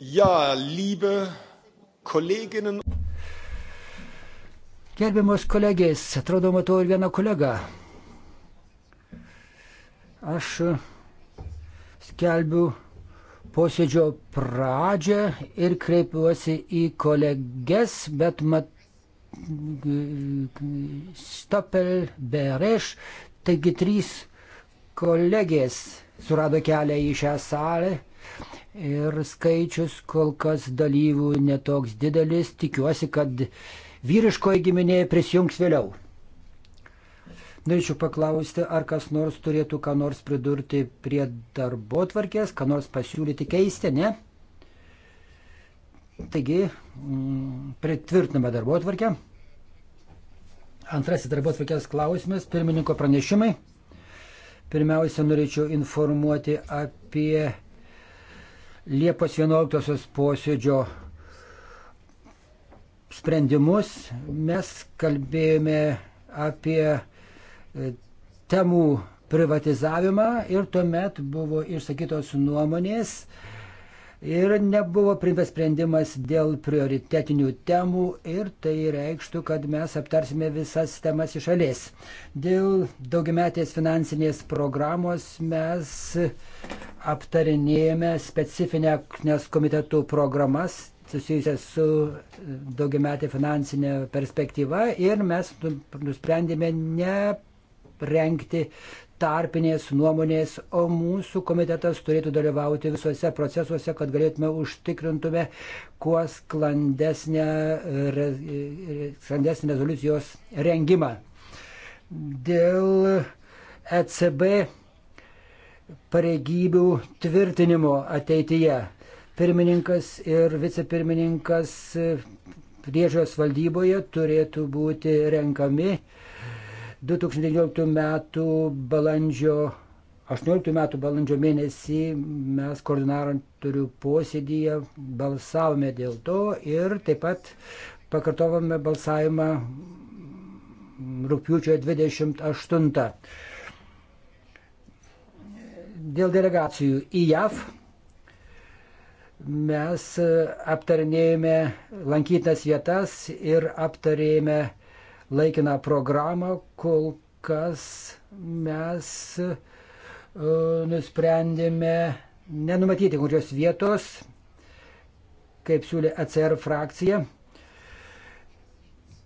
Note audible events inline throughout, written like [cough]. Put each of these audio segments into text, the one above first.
Ja, liebe Kolleginnen. Gerbiamos kolegės, atrodo, matau ir vieną kolegą. Aš skelbiu posėdžio pradžią ir kreipiuosi į kolegės, bet mat Stopel, Bereš, taigi trys kolegės surado kelią į šią salę ir skaičius kol kas dalyvių netoks didelis. Tikiuosi, kad vyriškoji giminė prisijungs vėliau. Norėčiau paklausti, ar kas nors turėtų ką nors pridurti prie darbo tvarkės, ką nors pasiūlyti keisti, ne? Taigi, mm, pritvirtiname darbo tvarkę. Antrasis darbo tvarkės klausimas - pirmininko pranešimai. Pirmiausia, norėčiau informuoti apie Liepos 11 posėdžio sprendimus mes kalbėjome apie e, temų privatizavimą ir tuomet buvo išsakytos nuomonės, ir nebuvo priimtas sprendimas dėl prioritetinių temų ir tai reikštų, kad mes aptarsime visas temas iš šalies. Dėl daugiametės finansinės programos mes aptarinėjame specifinės komitetų programas susijusias su daugiametė finansinė perspektyva ir mes nusprendėme ne rengti tarpinės nuomonės, o mūsų komitetas turėtų dalyvauti visuose procesuose, kad galėtume užtikrintume kuo sklandesnę, re, sklandesnį rezoliucijos rengimą. Dėl ECB pareigybių tvirtinimo ateityje pirmininkas ir vicepirmininkas priežios valdyboje turėtų būti renkami 2019 m. balandžio 18 metų balandžio mėnesį mes koordinatorių posėdėje balsavome dėl to ir taip pat pakartovome balsavimą rūpiučio 28. Dėl delegacijų į JAV mes aptarinėjome lankytas vietas ir aptarėjome laikiną programą, kol kas mes e, nusprendėme nenumatyti konkrečios vietos, kaip siūlė ACR e frakcija.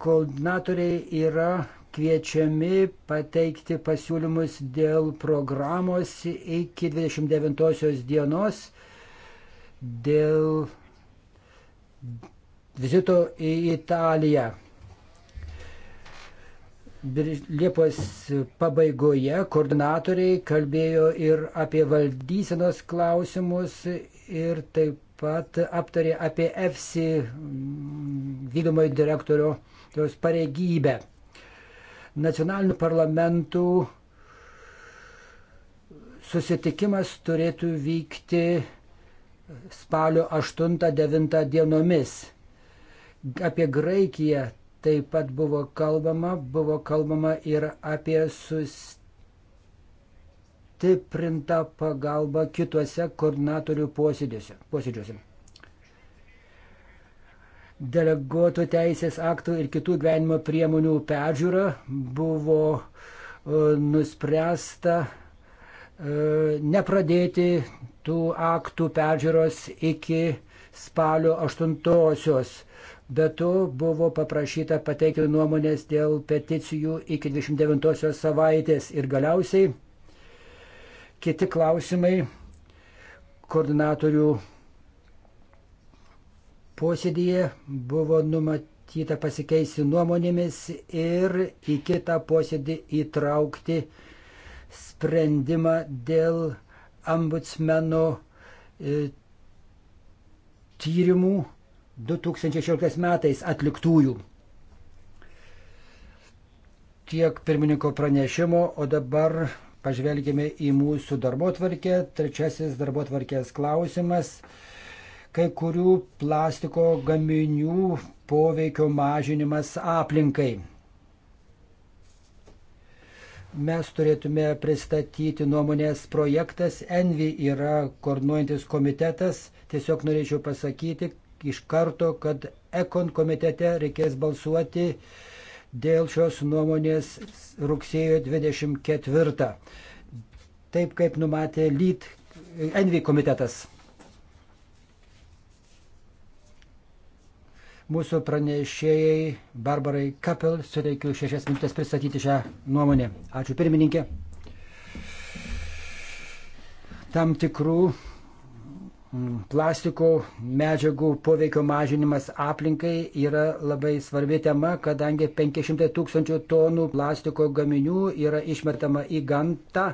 Koordinatoriai yra kviečiami pateikti pasiūlymus dėl programos iki 29 dienos, dėl vizito į Italiją. Liepos pabaigoje koordinatoriai kalbėjo ir apie valdysenos klausimus ir taip pat aptarė apie EFSI mm, vykdomojo direktoriaus pareigybę. Nacionalinių parlamentų susitikimas turėtų vykti spalio 8-9 dienomis. Apie Graikiją taip pat buvo kalbama, buvo kalbama ir apie sustiprintą pagalbą kituose koordinatorių posėdžiuose. Deleguotų teisės aktų ir kitų gyvenimo priemonių peržiūra buvo e, nuspręsta e, nepradėti tų aktų peržiūros iki spalio 8-osios Be to buvo paprašyta pateikti nuomonės dėl peticijų iki 29 savaitės ir galiausiai kiti klausimai koordinatorių posėdėje buvo numatyta pasikeisti nuomonėmis ir į kitą posėdį įtraukti sprendimą dėl ombudsmeno e, tyrimų 2016 metais atliktųjų. Tiek pirmininko pranešimo, o dabar pažvelgime į mūsų darbo tvarkę. Trečiasis darbo tvarkės klausimas - kai kurių plastiko gaminių poveikio mažinimas aplinkai. Mes turėtume pristatyti nuomonės projektas. Envi yra koordinuojantis komitetas. Tiesiog norėčiau pasakyti, iš karto, kad Ekon komitete reikės balsuoti dėl šios nuomonės rugsėjo 24. Taip kaip numatė LYT Envy komitetas. Mūsų pranešėjai Barbarai Kapel suteikiu šešias minutės pristatyti šią nuomonę. Ačiū pirmininkė. Tam tikrų Mm, plastiko medžiagų poveikio mažinimas aplinkai yra labai svarbi tema, kadangi 500 tūkstančių tonų plastiko gaminių yra išmetama į gamtą.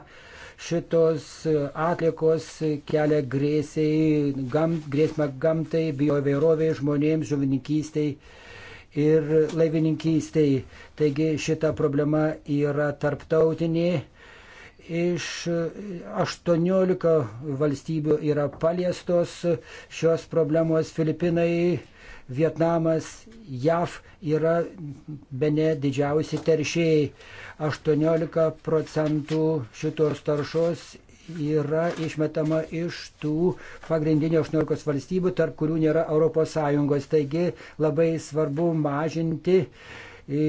Šitos e, atlikos kelia grėsiai, gam, grėsmę gamtai, biovairoviai, žmonėms, žuvininkystei ir laivininkystiai. Taigi šita problema yra tarptautinė iš 18 valstybių yra paliestos šios problemos. Filipinai, Vietnamas, JAV yra bene didžiausi teršėjai. 18 procentų šitos taršos yra išmetama iš tų pagrindinių 18 valstybių, tarp kurių nėra ES. Taigi labai svarbu mažinti e,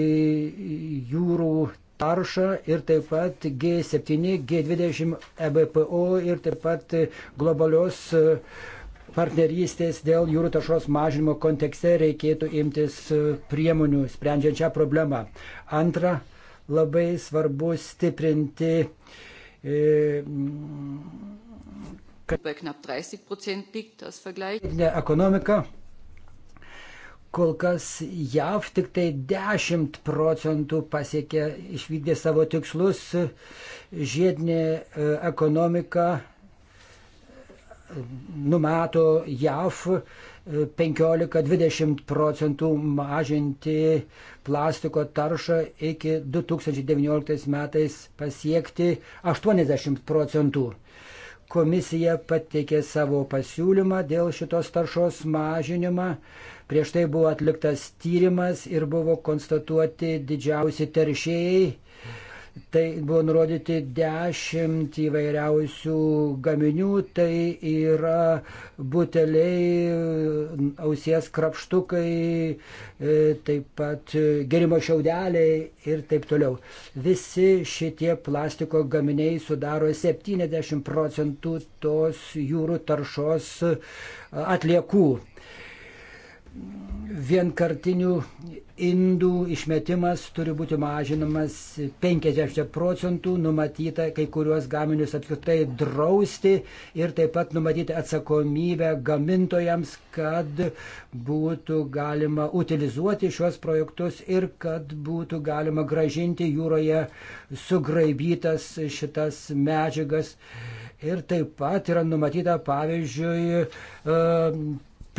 jūrų taršą ir taip pat G7, G20, EBPO ir taip pat globalios e, partnerystės dėl jūrų taršos mažinimo kontekste reikėtų imtis e, priemonių sprendžiant šią problemą. Antra, labai svarbu stiprinti. E, kad... Ekonomika kol kas JAV tik tai 10 procentų pasiekė, išvykdė savo tikslus, žiedinė e, ekonomika e, numato JAV 15-20 e, procentų mažinti plastiko taršą iki 2019 metais pasiekti 80 procentų komisija pateikė savo pasiūlymą dėl šitos taršos mažinimą. Prieš tai buvo atliktas tyrimas ir buvo konstatuoti didžiausi teršėjai Tai buvo nurodyti dešimt įvairiausių gaminių, tai yra buteliai, ausies krapštukai, e, taip pat gerimo šiaudeliai ir taip toliau. Visi šitie plastiko gaminiai sudaro 70 procentų tos jūrų taršos atliekų vienkartinių indų išmetimas turi būti mažinamas 50 procentų, numatyta kai kuriuos gaminius apskritai drausti ir taip pat numatyti atsakomybę gamintojams, kad būtų galima utilizuoti šios projektus ir kad būtų galima gražinti jūroje sugraibytas šitas medžiagas. Ir taip pat yra numatyta, pavyzdžiui,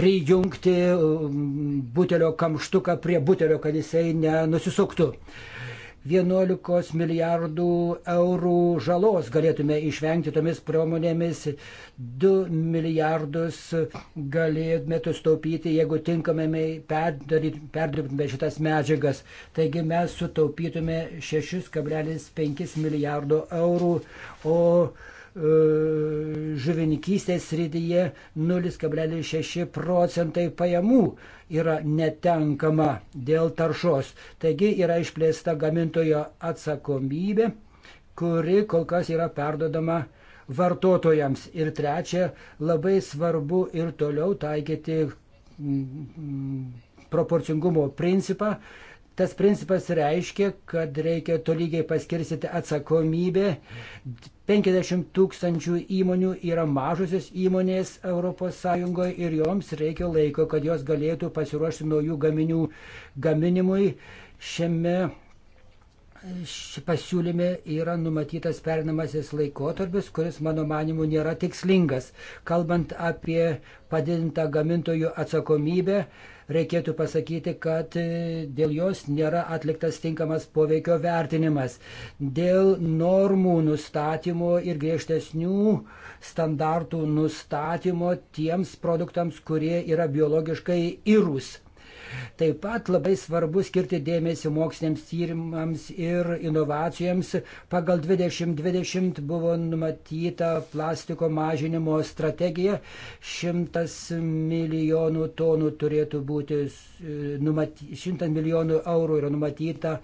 prijungti um, butelio kamštuką prie butelio, kad jisai nenusisuktų. 11 milijardų eurų žalos galėtume išvengti tomis priemonėmis, 2 milijardus galėtume sutaupyti, jeigu tinkamai perdirbtume šitas medžiagas. Taigi mes sutaupytume 6,5 milijardo eurų, o žuvininkystės srityje 0,6 procentai pajamų yra netenkama dėl taršos. Taigi yra išplėsta gamintojo atsakomybė, kuri kol kas yra perdodama vartotojams. Ir trečia, labai svarbu ir toliau taikyti proporcingumo principą Tas principas reiškia, kad reikia tolygiai paskirstyti atsakomybę. 50 tūkstančių įmonių yra mažosios įmonės ES ir joms reikia laiko, kad jos galėtų pasiruošti naujų gaminių gaminimui. Šiame pasiūlyme yra numatytas perinamasis laikotarpis, kuris mano manimu nėra tikslingas. Kalbant apie padidintą gamintojų atsakomybę, reikėtų pasakyti, kad e, dėl jos nėra atliktas tinkamas poveikio vertinimas. Dėl normų nustatymo ir griežtesnių standartų nustatymo tiems produktams, kurie yra biologiškai įrūs. Taip pat labai svarbu skirti dėmesį moksliniams tyrimams ir inovacijoms. Pagal 2020 buvo numatyta plastiko mažinimo strategija. Šimtas milijonų tonų turėtų būti, e, numaty, šimtas milijonų eurų yra numatyta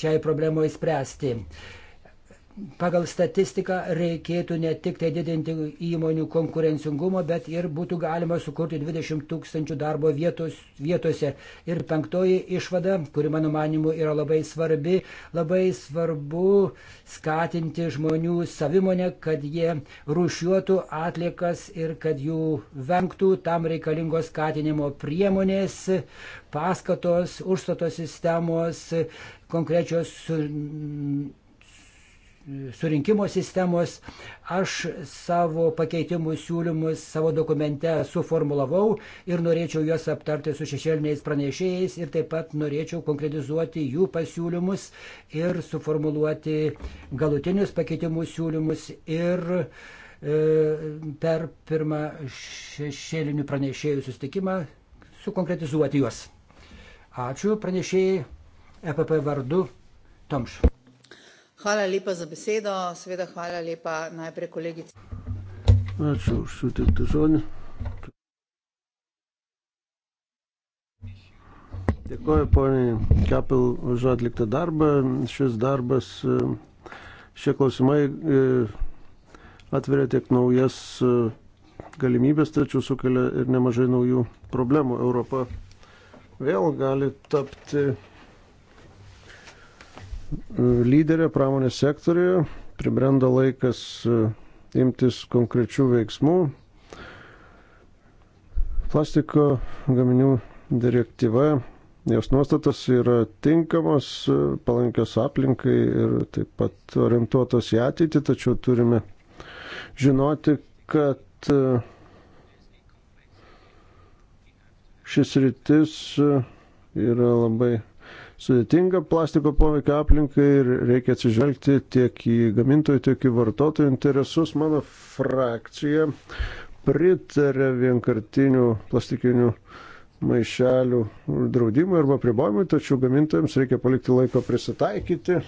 šiai problemai spręsti pagal statistiką reikėtų ne tik tai didinti įmonių konkurencingumą, bet ir būtų galima sukurti 20 tūkstančių darbo vietos, vietose. Ir penktoji išvada, kuri mano manimu yra labai svarbi, labai svarbu skatinti žmonių savimonę, kad jie rušiuotų atliekas ir kad jų vengtų tam reikalingos skatinimo priemonės, paskatos, užstato sistemos, konkrečios surinkimo sistemos. Aš savo pakeitimų siūlymus savo dokumente suformulavau ir norėčiau juos aptarti su šešėliniais pranešėjais ir taip pat norėčiau konkretizuoti jų pasiūlymus ir suformuluoti galutinius pakeitimų siūlymus ir e, per pirmą šešėlinių pranešėjų sustikimą sukonkretizuoti juos. Ačiū pranešėjai EPP vardu Tomš. Hvala lepa za besedo, seveda hvala lepa najprej kolegici. Ačiū už suteiktą žodį. Dėkuoju poniai Kapil už atliktą darbą. Šis darbas, šie klausimai atveria eh, tiek naujas eh, galimybės, tačiau sukelia ir nemažai naujų problemų. Europa vėl gali tapti lyderė pramonės sektoriuje, pribrendo laikas e, imtis konkrečių veiksmų. Plastiko gaminių direktyva, jos nuostatas yra tinkamos, e, palankios aplinkai ir taip pat orientuotos į ateitį, tačiau turime žinoti, kad e, šis rytis yra labai sudėtinga plastiko poveikia aplinkai ir reikia atsižvelgti tiek į gamintojų, tiek į vartotojų interesus. Mano frakcija pritarė vienkartinių plastikinių maišelių draudimui arba pribojimui, tačiau gamintojams reikia palikti laiko prisitaikyti,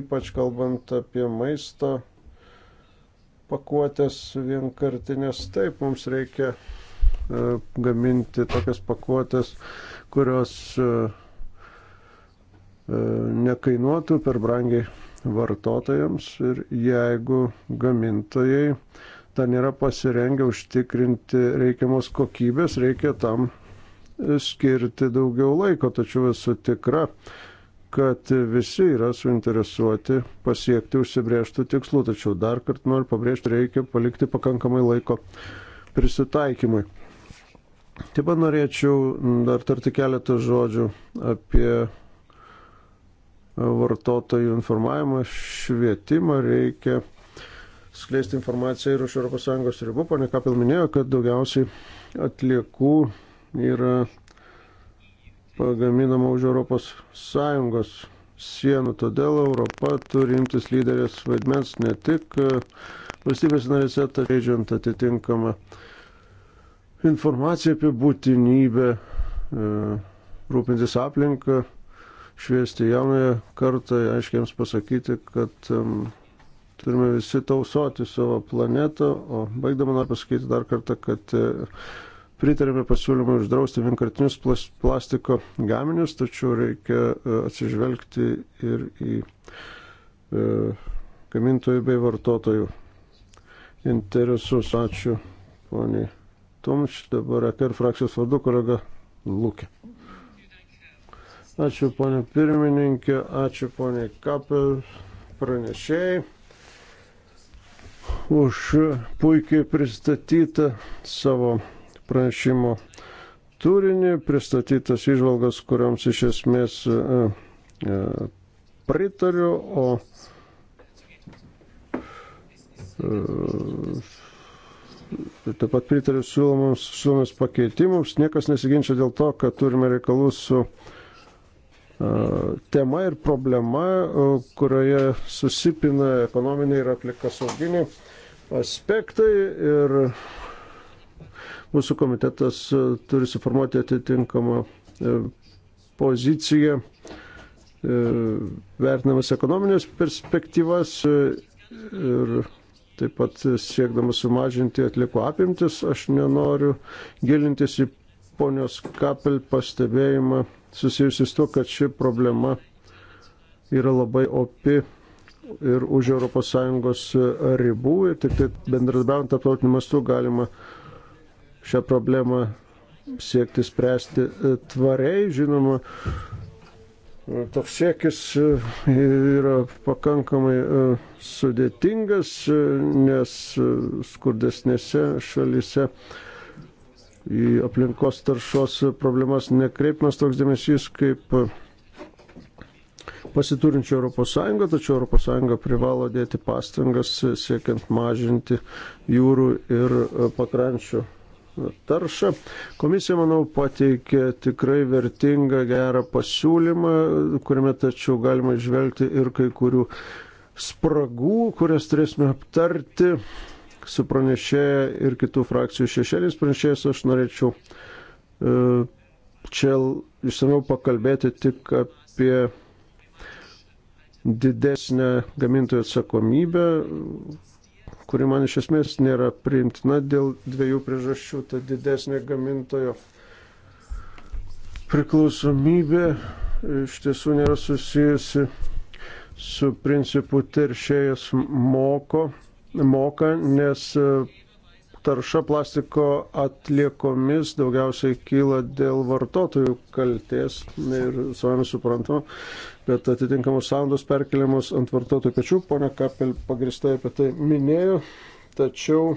ypač kalbant apie maisto pakuotės vienkartinės. Taip, mums reikia e, gaminti tokias pakuotės, kurios uh, E, nekainuotų per brangiai vartotojams ir jeigu gamintojai dar nėra pasirengę užtikrinti reikiamos kokybės, reikia tam e, skirti daugiau laiko, tačiau esu tikra, kad visi yra suinteresuoti pasiekti užsibrėžtų tikslų, tačiau dar kartą noriu pabrėžti, reikia palikti pakankamai laiko prisitaikymui. Taip pat norėčiau dar tarti keletą žodžių apie vartotojų informavimą, švietimą reikia skleisti informaciją ir už ES ribų. Pane Kapil minėjo, kad daugiausiai atliekų yra pagaminama už ES sienų, todėl Europa turi imtis lyderės vaidmens ne tik valstybės narėse, tačiau atitinkamą informaciją apie būtinybę e, rūpintis aplinką šviesti jaunąją kartą, aiškiai jiems pasakyti, kad um, turime visi tausoti savo planetą, o baigdama noriu pasakyti dar kartą, kad uh, pritarėme pasiūlymui uždrausti vienkartinius plas, plastiko gaminius, tačiau reikia uh, atsižvelgti ir į uh, gamintojų bei vartotojų interesus. Ačiū, poniai Tomč, dabar EKR frakcijos vardu kolega Lūkė. Ačiū ponė pirmininkė, ačiū ponė Kapel pranešėjai už puikiai pristatytą savo pranešimo turinį, pristatytas išvalgas, kuriams iš esmės e, e, pritariu, o e, taip pat pritariu siūlomams, siūlomams pakeitimams. Niekas nesiginčia dėl to, kad turime reikalus su E, tema ir problema, e, kurioje susipina ekonominiai ir aplikasauginiai aspektai ir mūsų komitetas e, turi suformuoti atitinkamą poziciją, vertinamas ekonominės perspektyvas ir taip pat siekdamas sumažinti atliko apimtis, aš nenoriu gilintis į ponios Kapel pastebėjimą susijusi su to, kad ši problema yra labai opi ir už ES ribų ir tik tai bendradarbiavant tarptautiniu mastu galima šią problemą siekti spręsti e, tvariai. Žinoma, e, toks siekis e, yra pakankamai sudėtingas, nes skurdesnėse šalise į aplinkos taršos problemas nekreipimas toks dėmesys kaip pasiturinčio ES, tačiau ES privalo dėti pastangas siekiant mažinti jūrų ir pakrančių taršą. Komisija, manau, pateikė tikrai vertingą, gerą pasiūlymą, kuriame tačiau galima išvelgti ir kai kurių spragų, kurias turėsime aptarti su pranešėja ir kitų frakcijų šešėliais pranešėjais aš norėčiau e, čia išsamiau pakalbėti tik apie didesnę gamintojų atsakomybę, kuri man iš esmės nėra priimtina dėl dviejų priežasčių. Ta didesnė gamintojo priklausomybė iš tiesų nėra susijusi su principu teršėjas moko moka, nes e, tarša plastiko atliekomis daugiausiai kyla dėl vartotojų kalties ir savame suprantama, bet atitinkamos sąnaudos perkeliamos ant vartotojų pečių, ponia Kapel pagristai apie tai minėjo, tačiau e,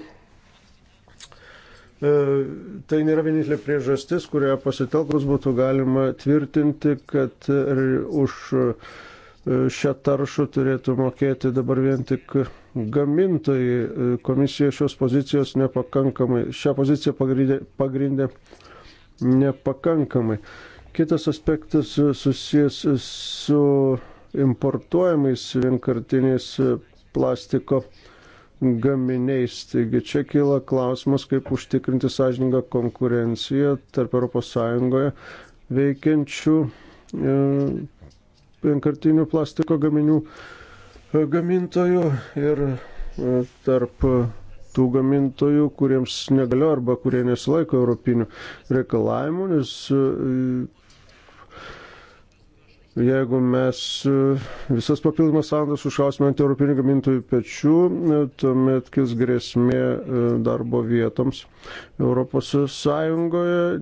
Tai nėra vienintelė priežastis, kurioje pasitelkus būtų galima tvirtinti, kad už e, šią taršą turėtų mokėti dabar vien tik gamintojai. E, komisija šios pozicijos nepakankamai, šią poziciją pagrindė, pagrindė nepakankamai. Kitas aspektas e, susijęs e, su importuojamais vienkartiniais plastiko gaminiais. Taigi čia kyla klausimas, kaip užtikrinti sąžiningą konkurenciją tarp ES veikiančių vienkartinių plastiko gaminių gamintojų ir e, tarp tų gamintojų, kuriems negaliu arba kurie nesilaiko europinių reikalavimų, nes e, jeigu mes e, visas papildomas sąnaudas užšausime ant europinių gamintojų pečių, tuomet kils grėsmė darbo vietoms ES,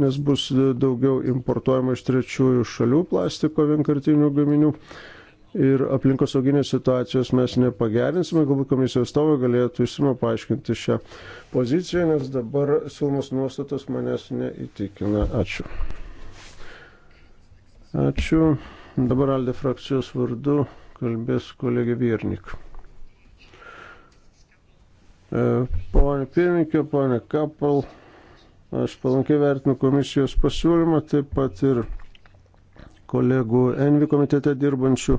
nes bus daugiau importuojama iš trečiųjų šalių plastiko vienkartinių gaminių ir aplinkosauginės situacijos mes nepagerinsime. Galbūt komisijos stovai galėtų išsimo paaiškinti šią poziciją, nes dabar siūlomos nuostatos manęs neįtikina. Ačiū. Ačiū. Dabar Alde frakcijos vardu kalbės kolegė Viernik. E, pone pirmininkė, pone Kapal, aš palankiai vertinu komisijos pasiūlymą, taip pat ir kolegų Envi komitete dirbančių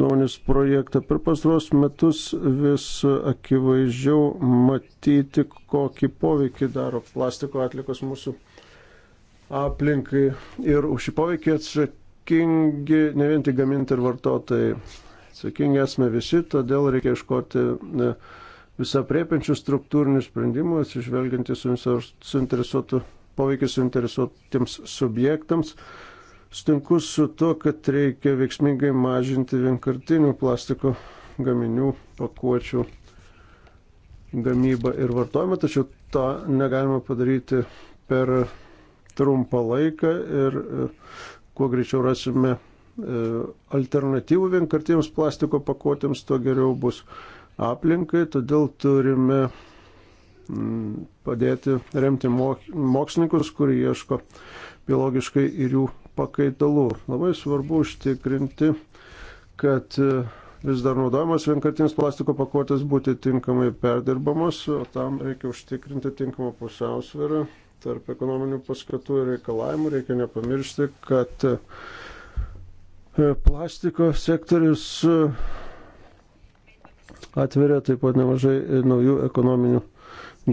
nuomonės projektą. Per pastaros metus vis akivaizdžiau matyti, kokį poveikį daro plastiko atlikos mūsų aplinkai. Ir už šį poveikį atsakingi ne vien tik gaminti ir vartotojai. Atsakingi esame visi, todėl reikia iškoti e, visą priepiančių struktūrinių sprendimų, atsižvelgiant į suinteresuotų poveikį suinteresuotiems subjektams. Stinku su to, kad reikia veiksmingai mažinti vienkartinių plastiko gaminių pakuočių gamybą ir vartojimą, tačiau tą negalima padaryti per trumpą laiką ir e, kuo greičiau rasime e, alternatyvų vienkartiniams plastiko pakuotėms, tuo geriau bus aplinkai, todėl turime padėti remti mokslininkus, kurie ieško biologiškai ir jų pakaitalų. Labai svarbu užtikrinti, kad e, vis dar naudojamos vienkartinės plastiko pakuotės būti tinkamai perdirbamos, o tam reikia užtikrinti tinkamą pusiausvyrą tarp ekonominių paskatų ir reikalavimų. Reikia nepamiršti, kad e, plastiko sektorius e, atveria taip pat nemažai naujų ekonominių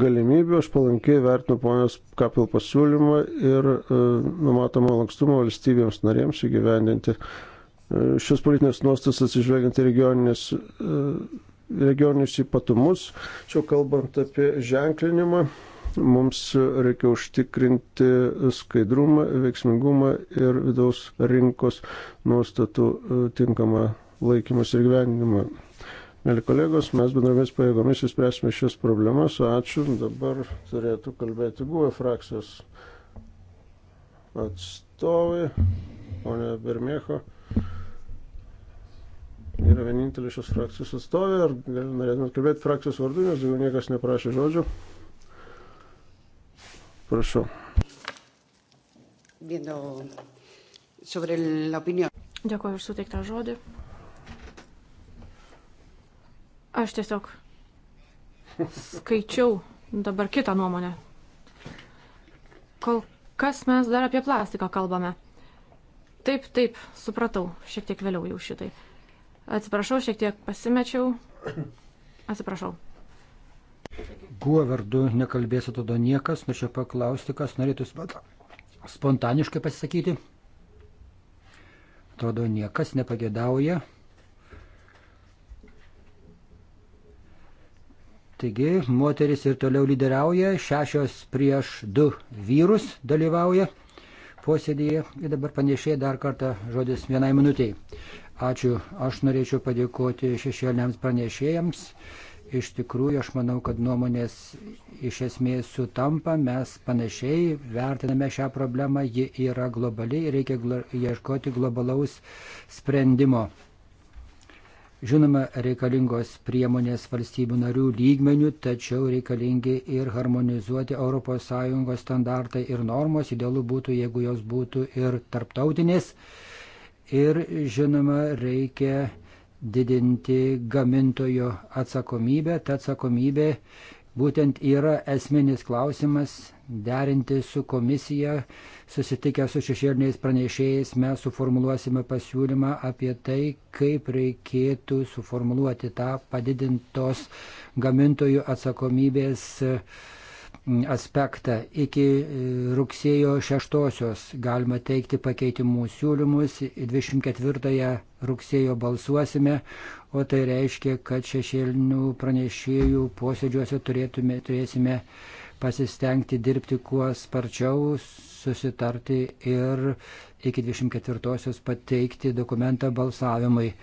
galimybių. Aš palankiai vertinu ponios Kapil pasiūlymą ir e, numatomą lankstumą valstybėms narėms įgyvendinti e, šios politinės nuostas atsižvelgiant į regioninės e, regioninius ypatumus. Čia kalbant apie ženklinimą, mums reikia užtikrinti skaidrumą, veiksmingumą ir vidaus rinkos nuostatų tinkamą laikymas ir gyvenimą. Mėly kolegos, mes bendromis pajėgomis įspręsime šias problemas. Ačiū. Dabar turėtų kalbėti GUE frakcijos atstovai, o ne Bermėcho. Yra vienintelė šios frakcijos atstovė. Ar norėtumėt kalbėti frakcijos vardu, nes daugiau niekas neprašė žodžio? Prašau. Dėkuoju už suteiktą žodį. Aš tiesiog skaičiau dabar kitą nuomonę. Kol kas mes dar apie plastiką kalbame. Taip, taip, supratau, šiek tiek vėliau jau šitai. Atsiprašau, šiek tiek pasimečiau. Atsiprašau. Guo vardu nekalbėsiu tada niekas, norėčiau nu paklausti, kas norėtų spontaniškai pasisakyti. Atrodo, niekas nepagėdauja. Taigi moteris ir toliau lyderiauja, šešios prieš du vyrus dalyvauja posėdėje. Ir dabar panešė dar kartą žodis vienai minutiai. Ačiū, aš norėčiau padėkoti šešėliniams pranešėjams. Iš tikrųjų, aš manau, kad nuomonės iš esmės sutampa, mes panašiai vertiname šią problemą, ji yra globali ir reikia gla ieškoti globalaus sprendimo. Žinoma, reikalingos priemonės valstybių narių lygmenių, tačiau reikalingi ir harmonizuoti ES standartai ir normos, idealu būtų, jeigu jos būtų ir tarptautinės. Ir žinoma, reikia didinti gamintojo atsakomybę, ta atsakomybė būtent yra esminis klausimas derinti su komisija. Susitikę su šešėliniais pranešėjais mes suformuluosime pasiūlymą apie tai, kaip reikėtų suformuluoti tą padidintos gamintojų atsakomybės aspektą. Iki e, rugsėjo 6 galima teikti pakeitimų siūlymus, 24 rugsėjo balsuosime, o tai reiškia, kad šešėlinių pranešėjų posėdžiuose turėtume, turėsime pasistengti dirbti kuo sparčiau, susitarti ir iki 24-osios pateikti dokumentą balsavimui.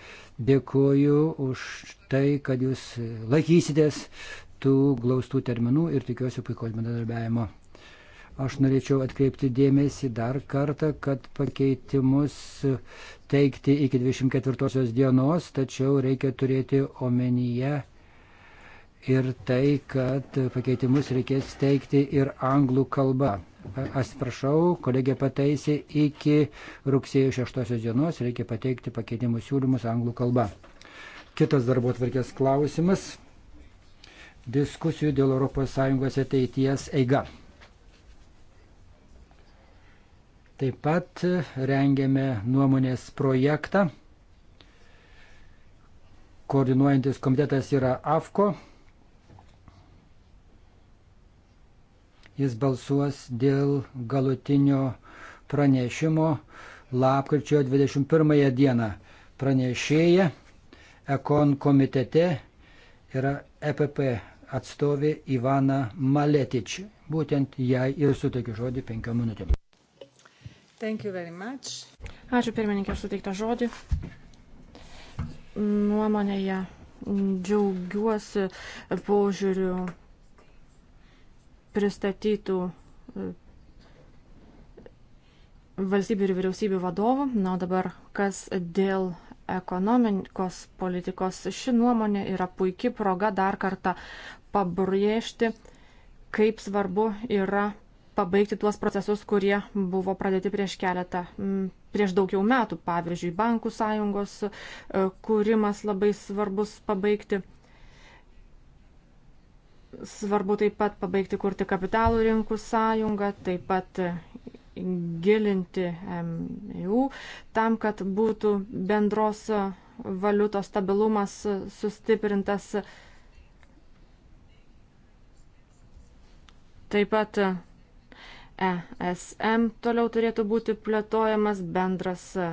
Dėkuoju už tai, kad jūs laikysitės tų glaustų terminų ir tikiuosi puikaus bendradarbiavimo. Aš norėčiau atkreipti dėmesį dar kartą, kad pakeitimus teikti iki 24 dienos, tačiau reikia turėti omenyje ir tai, kad pakeitimus reikės teikti ir anglų kalba. Atsiprašau, kolegė pataisė, iki rugsėjo 6 dienos reikia pateikti pakeitimų siūlymus anglų kalba. Kitas darbo atvarkės klausimas - diskusijų dėl ES ateities eiga. Taip pat rengiame nuomonės projektą. Koordinuojantis komitetas yra AFKO. Jis balsuos dėl galutinio pranešimo lapkričio 21 dieną. Pranešėja Ekon komitete yra EPP atstovė Ivana Maletič. Būtent jai ir suteikiu žodį penkiom minutėm. Ačiū pirmininkė už suteiktą žodį. Nuomonėje džiaugiuosi požiūriu pristatytų e, valstybių ir vyriausybių vadovų. Na, o dabar kas dėl ekonomikos politikos. Ši nuomonė yra puikia proga dar kartą pabrėžti, kaip svarbu yra pabaigti tuos procesus, kurie buvo pradėti prieš keletą, prieš daugiau metų, pavyzdžiui, bankų sąjungos e, kūrimas labai svarbus pabaigti. Svarbu taip pat pabaigti kurti kapitalų rinkų sąjungą, taip pat gilinti MU, tam, kad būtų bendros valiutos stabilumas sustiprintas. Taip pat ESM toliau turėtų būti plėtojamas bendras e,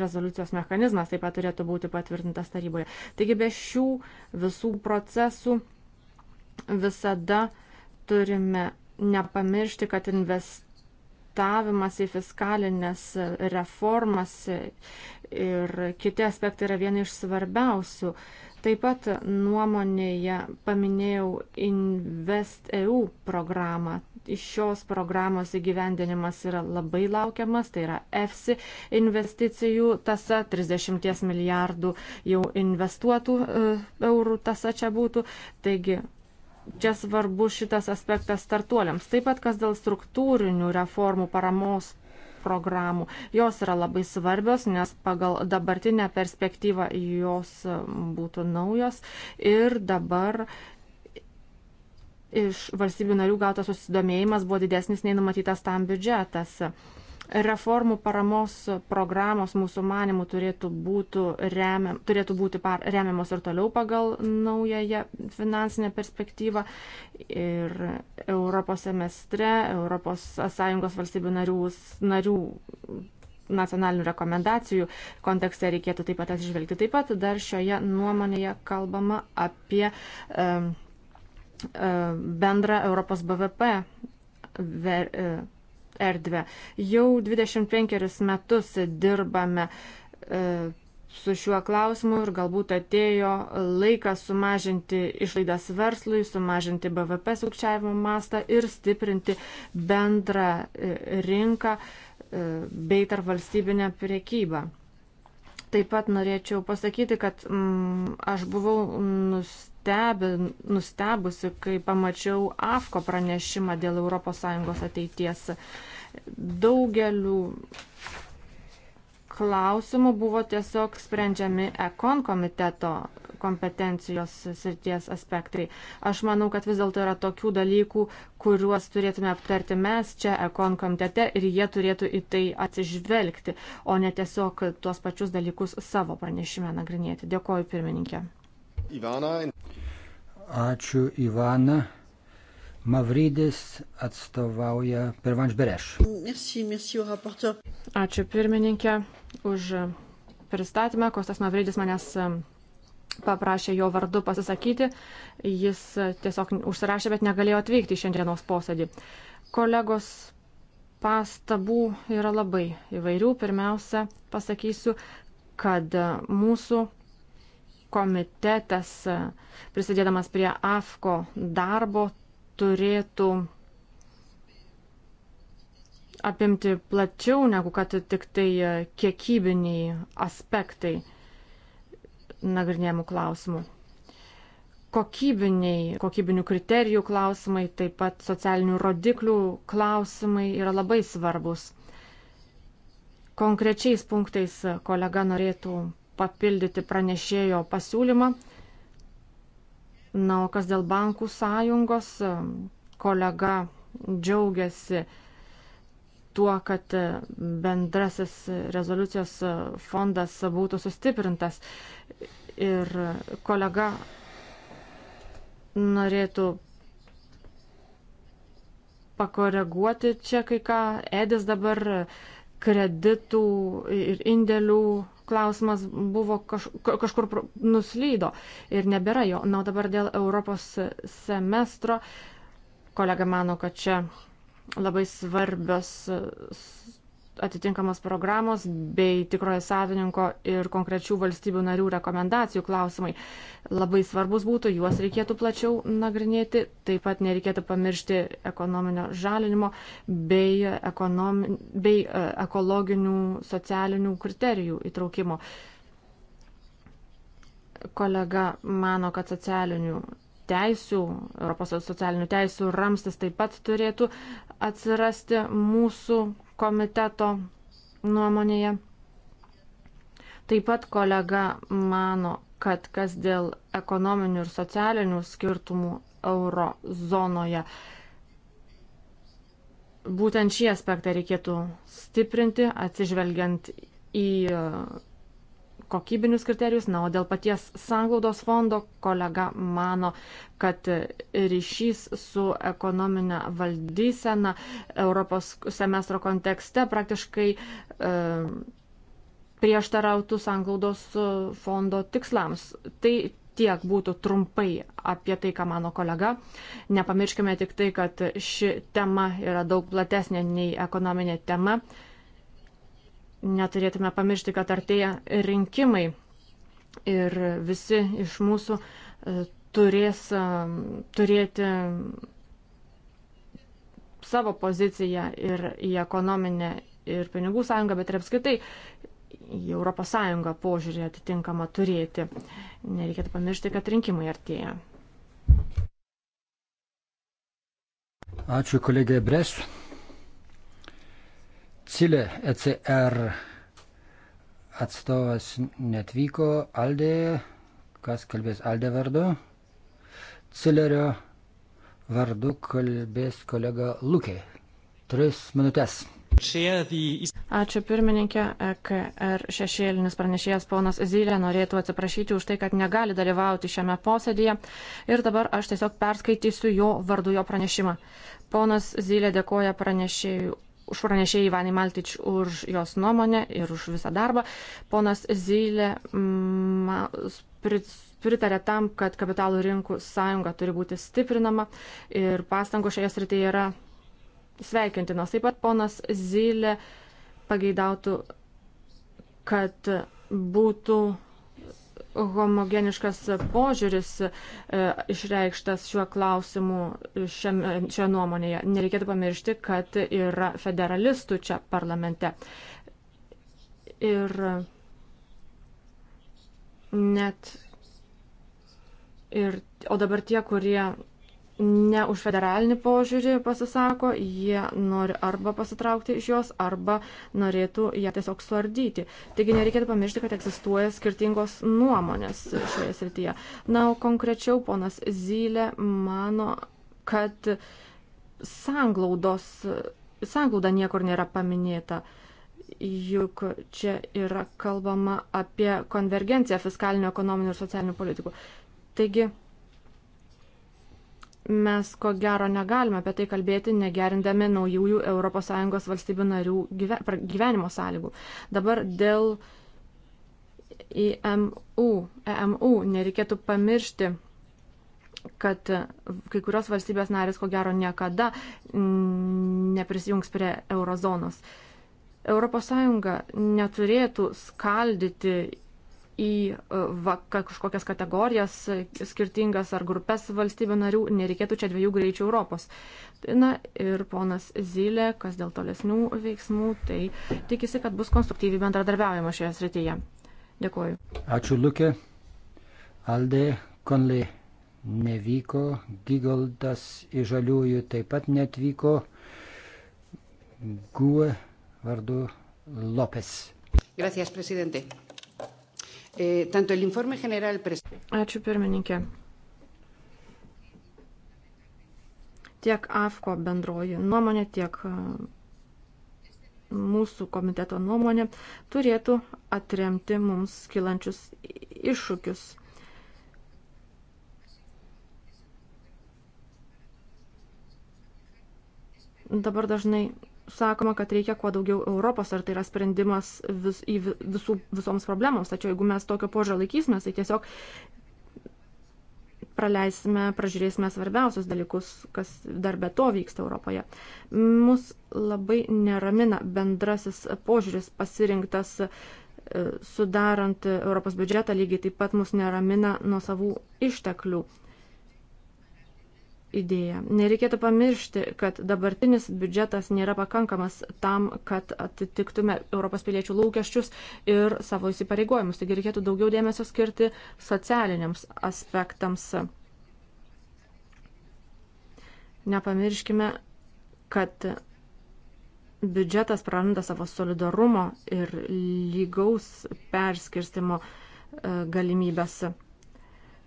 rezoliucijos mechanizmas, taip pat turėtų būti patvirtintas taryboje. Taigi be šių visų procesų visada turime nepamiršti, kad investavimas į fiskalinės reformas ir kiti aspektai yra vieni iš svarbiausių uh, Taip pat nuomonėje paminėjau InvestEU programą. Iš šios programos įgyvendinimas yra labai laukiamas, tai yra EFSI investicijų tasa, 30 milijardų jau investuotų e, eurų tasa čia būtų. Taigi čia svarbu šitas aspektas startuoliams. Taip pat, kas dėl struktūrinių reformų paramos programų. Jos yra labai svarbios, nes pagal dabartinę perspektyvą jos um, būtų naujos ir dabar iš valstybių narių gautas susidomėjimas buvo didesnis nei numatytas tam biudžetas reformų paramos programos mūsų manimų turėtų, būtų remiam, turėtų būti par, remiamos ir toliau pagal naująją finansinę perspektyvą. Ir Europos semestre, Europos Sąjungos valstybių narių, narių nacionalinių rekomendacijų kontekste reikėtų taip pat atsižvelgti. Taip pat dar šioje nuomonėje kalbama apie e, e, bendrą Europos BVP. Ver, e, erdvę. Jau 25 metus dirbame e, su šiuo klausimu ir galbūt atėjo laikas sumažinti išlaidas verslui, sumažinti BVP sukčiavimo mastą ir stiprinti bendrą e, rinką e, bei tarp valstybinę priekybą. Taip pat norėčiau pasakyti, kad mm, aš buvau nustebęs nustebė, nustebusi, kai pamačiau AFKO pranešimą dėl ES ateities. Daugeliu klausimų buvo tiesiog sprendžiami ekon komiteto kompetencijos srities aspektai. Aš manau, kad vis dėlto yra tokių dalykų, kuriuos turėtume aptarti mes čia ekon komitete ir jie turėtų į tai atsižvelgti, o ne tiesiog tuos pačius dalykus savo pranešime nagrinėti. Dėkoju pirmininkė. Ačiū Ivana. Mavrydis atstovauja Pervanš Bereš. Ačiū pirmininkė už pristatymą. Kostas Mavrydis manęs paprašė jo vardu pasisakyti. Jis tiesiog užsirašė, bet negalėjo atvykti į šiandienos posėdį. Kolegos pastabų yra labai įvairių. Pirmiausia, pasakysiu, kad mūsų komitetas, e, prisidėdamas prie AFKO darbo, turėtų apimti plačiau negu kad tik tai e, kiekybiniai aspektai nagrinėjimų klausimų. Kokybiniai, kokybinių kriterijų klausimai, taip pat socialinių rodiklių klausimai yra labai svarbus. Konkrečiais punktais kolega norėtų papildyti pranešėjo pasiūlymą. Na, o kas dėl bankų sąjungos, kolega džiaugiasi tuo, kad bendrasis rezoliucijos fondas būtų sustiprintas. Ir kolega norėtų pakoreguoti čia kai ką. Edis dabar kreditų ir indėlių klausimas buvo kaž, kažkur nuslydo ir nebėra jo. Na, o dabar dėl Europos semestro kolega mano, kad čia labai svarbios atitinkamos programos bei tikrojo savininko ir konkrečių valstybių narių rekomendacijų klausimai. Labai svarbus būtų, juos reikėtų plačiau nagrinėti, taip pat nereikėtų pamiršti ekonominio žalinimo bei, ekonomi, bei e, ekologinių socialinių kriterijų įtraukimo. Kolega mano, kad socialinių teisių, Europos socialinių teisių ramstis taip pat turėtų atsirasti mūsų komiteto nuomonėje. Taip pat kolega mano, kad kas dėl ekonominių ir socialinių skirtumų euro zonoje. Būtent šį aspektą reikėtų stiprinti, atsižvelgiant į kokybinius kriterijus. Na, o dėl paties sanglaudos fondo kolega mano, kad ryšys su ekonominė valdysena Europos semestro kontekste praktiškai e, prieštarautų sanglaudos fondo tikslams. Tai tiek būtų trumpai apie tai, ką mano kolega. Nepamirškime tik tai, kad ši tema yra daug platesnė nei ekonominė tema. E, neturėtume pamiršti, kad artėja rinkimai ir visi iš mūsų e, turės e, turėti savo poziciją ir į ekonominę ir pinigų sąjungą, bet ir apskritai į Europos sąjungą požiūrį atitinkamą turėti. Nereikėtų pamiršti, kad rinkimai artėja. Ačiū kolegė Bresu. Cilė ECR atstovas netvyko, Aldė, kas kalbės Aldė vardu? Cilerio vardu kalbės kolega Lukė. Tris minutės. Ačiū pirmininkė, EKR šešėlinis pranešėjas ponas Zylė norėtų atsiprašyti už tai, kad negali dalyvauti šiame posėdėje ir dabar aš tiesiog perskaitysiu jo vardu jo pranešimą. Ponas Zylė dėkoja pranešėjui už pranešėjai Ivanai Maltič už jos nuomonę ir už visą darbą. Ponas Zylė mm, pritarė tam, kad kapitalų rinkų sąjunga turi būti stiprinama ir pastangos šioje srityje yra sveikintinos. Taip pat ponas Zylė pageidautų, kad būtų homogeniškas požiūris e, išreikštas šiuo klausimu šiame, šioje nuomonėje. Nereikėtų pamiršti, kad yra federalistų čia parlamente. Ir net ir, o dabar tie, kurie ne už federalinį požiūrį pasisako, jie nori arba pasitraukti iš jos, arba norėtų ją tiesiog suardyti. Taigi nereikėtų pamiršti, kad egzistuoja skirtingos nuomonės šioje srityje. Na, o konkrečiau ponas Zylė mano, kad sanglaudos, sanglauda niekur nėra paminėta. Juk čia yra kalbama apie konvergenciją fiskalinių, ekonominių ir socialinių politikų. Taigi, mes ko gero negalime apie tai kalbėti, negerindami naujųjų ES valstybių narių gyvenimo sąlygų. Dabar dėl IMU, e EMU nereikėtų pamiršti kad kai kurios valstybės narės ko gero niekada neprisijungs prie eurozonos. ES neturėtų skaldyti į e, va, kažkokias kategorijas e, skirtingas ar grupės valstybių narių, nereikėtų čia dviejų greičių Europos. Na ir ponas Zylė, kas dėl tolesnių veiksmų, tai tikisi, kad bus konstruktyviai bendradarbiaujama šioje srityje. Dėkuoju. Ačiū Liukė. Aldė Konlė nevyko, Gigoldas iš Žaliųjų taip pat netvyko, Gue vardu Lopes. Gracias, presidente. Eh, tanto el informe general Ačiū pirmininkė. Tiek AFKO bendroji nuomonė, tiek e, mūsų komiteto nuomonė turėtų atremti mums kilančius iššūkius. Dabar dažnai sakoma, kad reikia kuo daugiau Europos, ar tai yra sprendimas vis, visų, visoms problemoms. Tačiau jeigu mes tokio požiūrio laikysimės, tai tiesiog praleisime, pražiūrėsime svarbiausius dalykus, kas dar be to vyksta Europoje. Mus labai neramina bendrasis požiūris pasirinktas e, sudarant Europos biudžetą, lygiai taip pat mus neramina nuo savų išteklių idėją. Nereikėtų pamiršti, kad dabartinis biudžetas nėra pakankamas tam, kad atitiktume Europos piliečių lūkesčius ir savo įsipareigojimus. Taigi reikėtų daugiau dėmesio skirti socialiniams aspektams. Nepamirškime, kad biudžetas praranda savo solidarumo ir lygaus perskirstimo e, galimybės.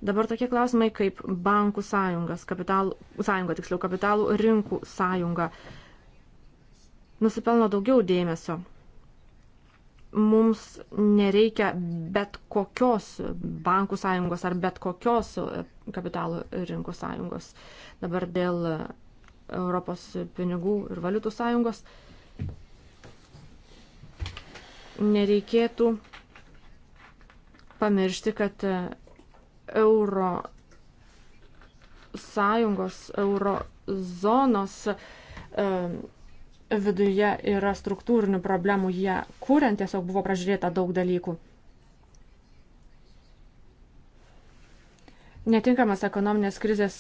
Dabar tokie klausimai kaip bankų sąjungas, kapitalų, sąjunga, tiksliau, kapitalų rinkų sąjunga nusipelno daugiau dėmesio. Mums nereikia bet kokios bankų sąjungos ar bet kokios kapitalų rinkų sąjungos. Dabar dėl Europos pinigų ir valiutų sąjungos nereikėtų pamiršti, kad euro sąjungos, euro zonos viduje yra struktūrinių problemų, jie kuriant tiesiog buvo pražiūrėta daug dalykų. Netinkamas ekonominės krizės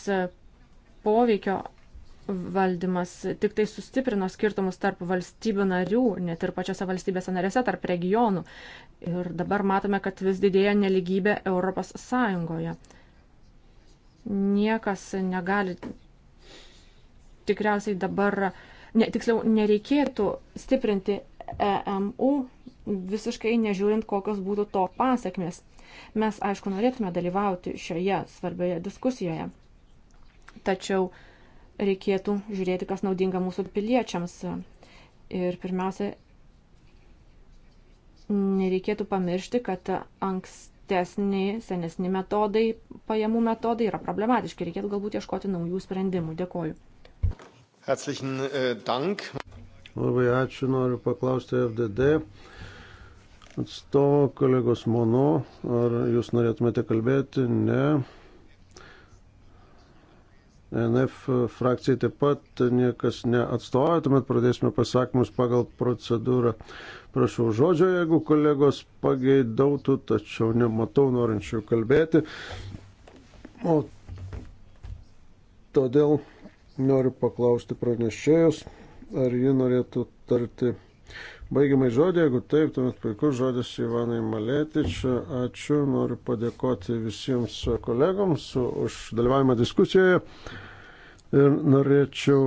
poveikio valdymas tik tai sustiprino skirtumus tarp valstybių narių, net ir pačiose valstybėse narėse, tarp regionų. Ir dabar matome, kad vis didėja neligybė Europos Sąjungoje. Niekas negali tikriausiai dabar, ne, tiksliau, nereikėtų stiprinti EMU visiškai nežiūrint, kokios būtų to pasiekmes. Mes, aišku, norėtume dalyvauti šioje svarbioje diskusijoje. Tačiau reikėtų žiūrėti, kas naudinga mūsų piliečiams. Ir pirmiausia, nereikėtų pamiršti, kad ankstesni, senesni metodai, pajamų metodai yra problematiški. Reikėtų galbūt ieškoti naujų sprendimų. Dėkoju. Herzlichen äh, Dank. Labai ačiū, noriu paklausti FDD atstovo kolegos Mono, ar jūs norėtumėte kalbėti? Ne. NF frakcijai taip pat niekas neatstovauja, tuomet pradėsime pasakymus pagal procedūrą. Prašau žodžio, jeigu kolegos pageidautų, tačiau nematau norinčių kalbėti. O todėl noriu paklausti pranešėjus, ar ji norėtų tarti Baigiamai žodį, jeigu taip, tuomet puikus žodis Ivanai Maletič. Ačiū, noriu padėkoti visiems kolegoms už dalyvavimą diskusijoje. Ir norėčiau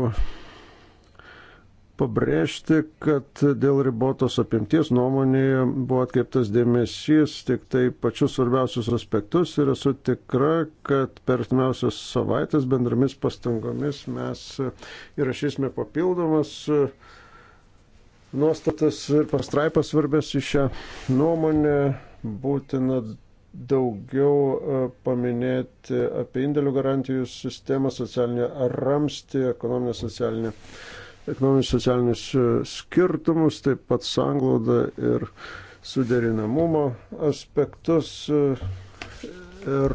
pabrėžti, kad dėl ribotos apimties nuomonėje buvo atkreiptas dėmesys tik tai pačius svarbiausius aspektus ir esu tikra, kad per artimiausias savaitės bendromis pastangomis mes įrašysime papildomas uh, nuostatas ir pastraipas svarbės į šią nuomonę. Būtina daugiau e, paminėti apie indėlių garantijų sistemą, socialinę ramstį, ekonominę socialinę ekonominius socialinius e, skirtumus, taip pat sanglaudą ir suderinamumo aspektus. E, ir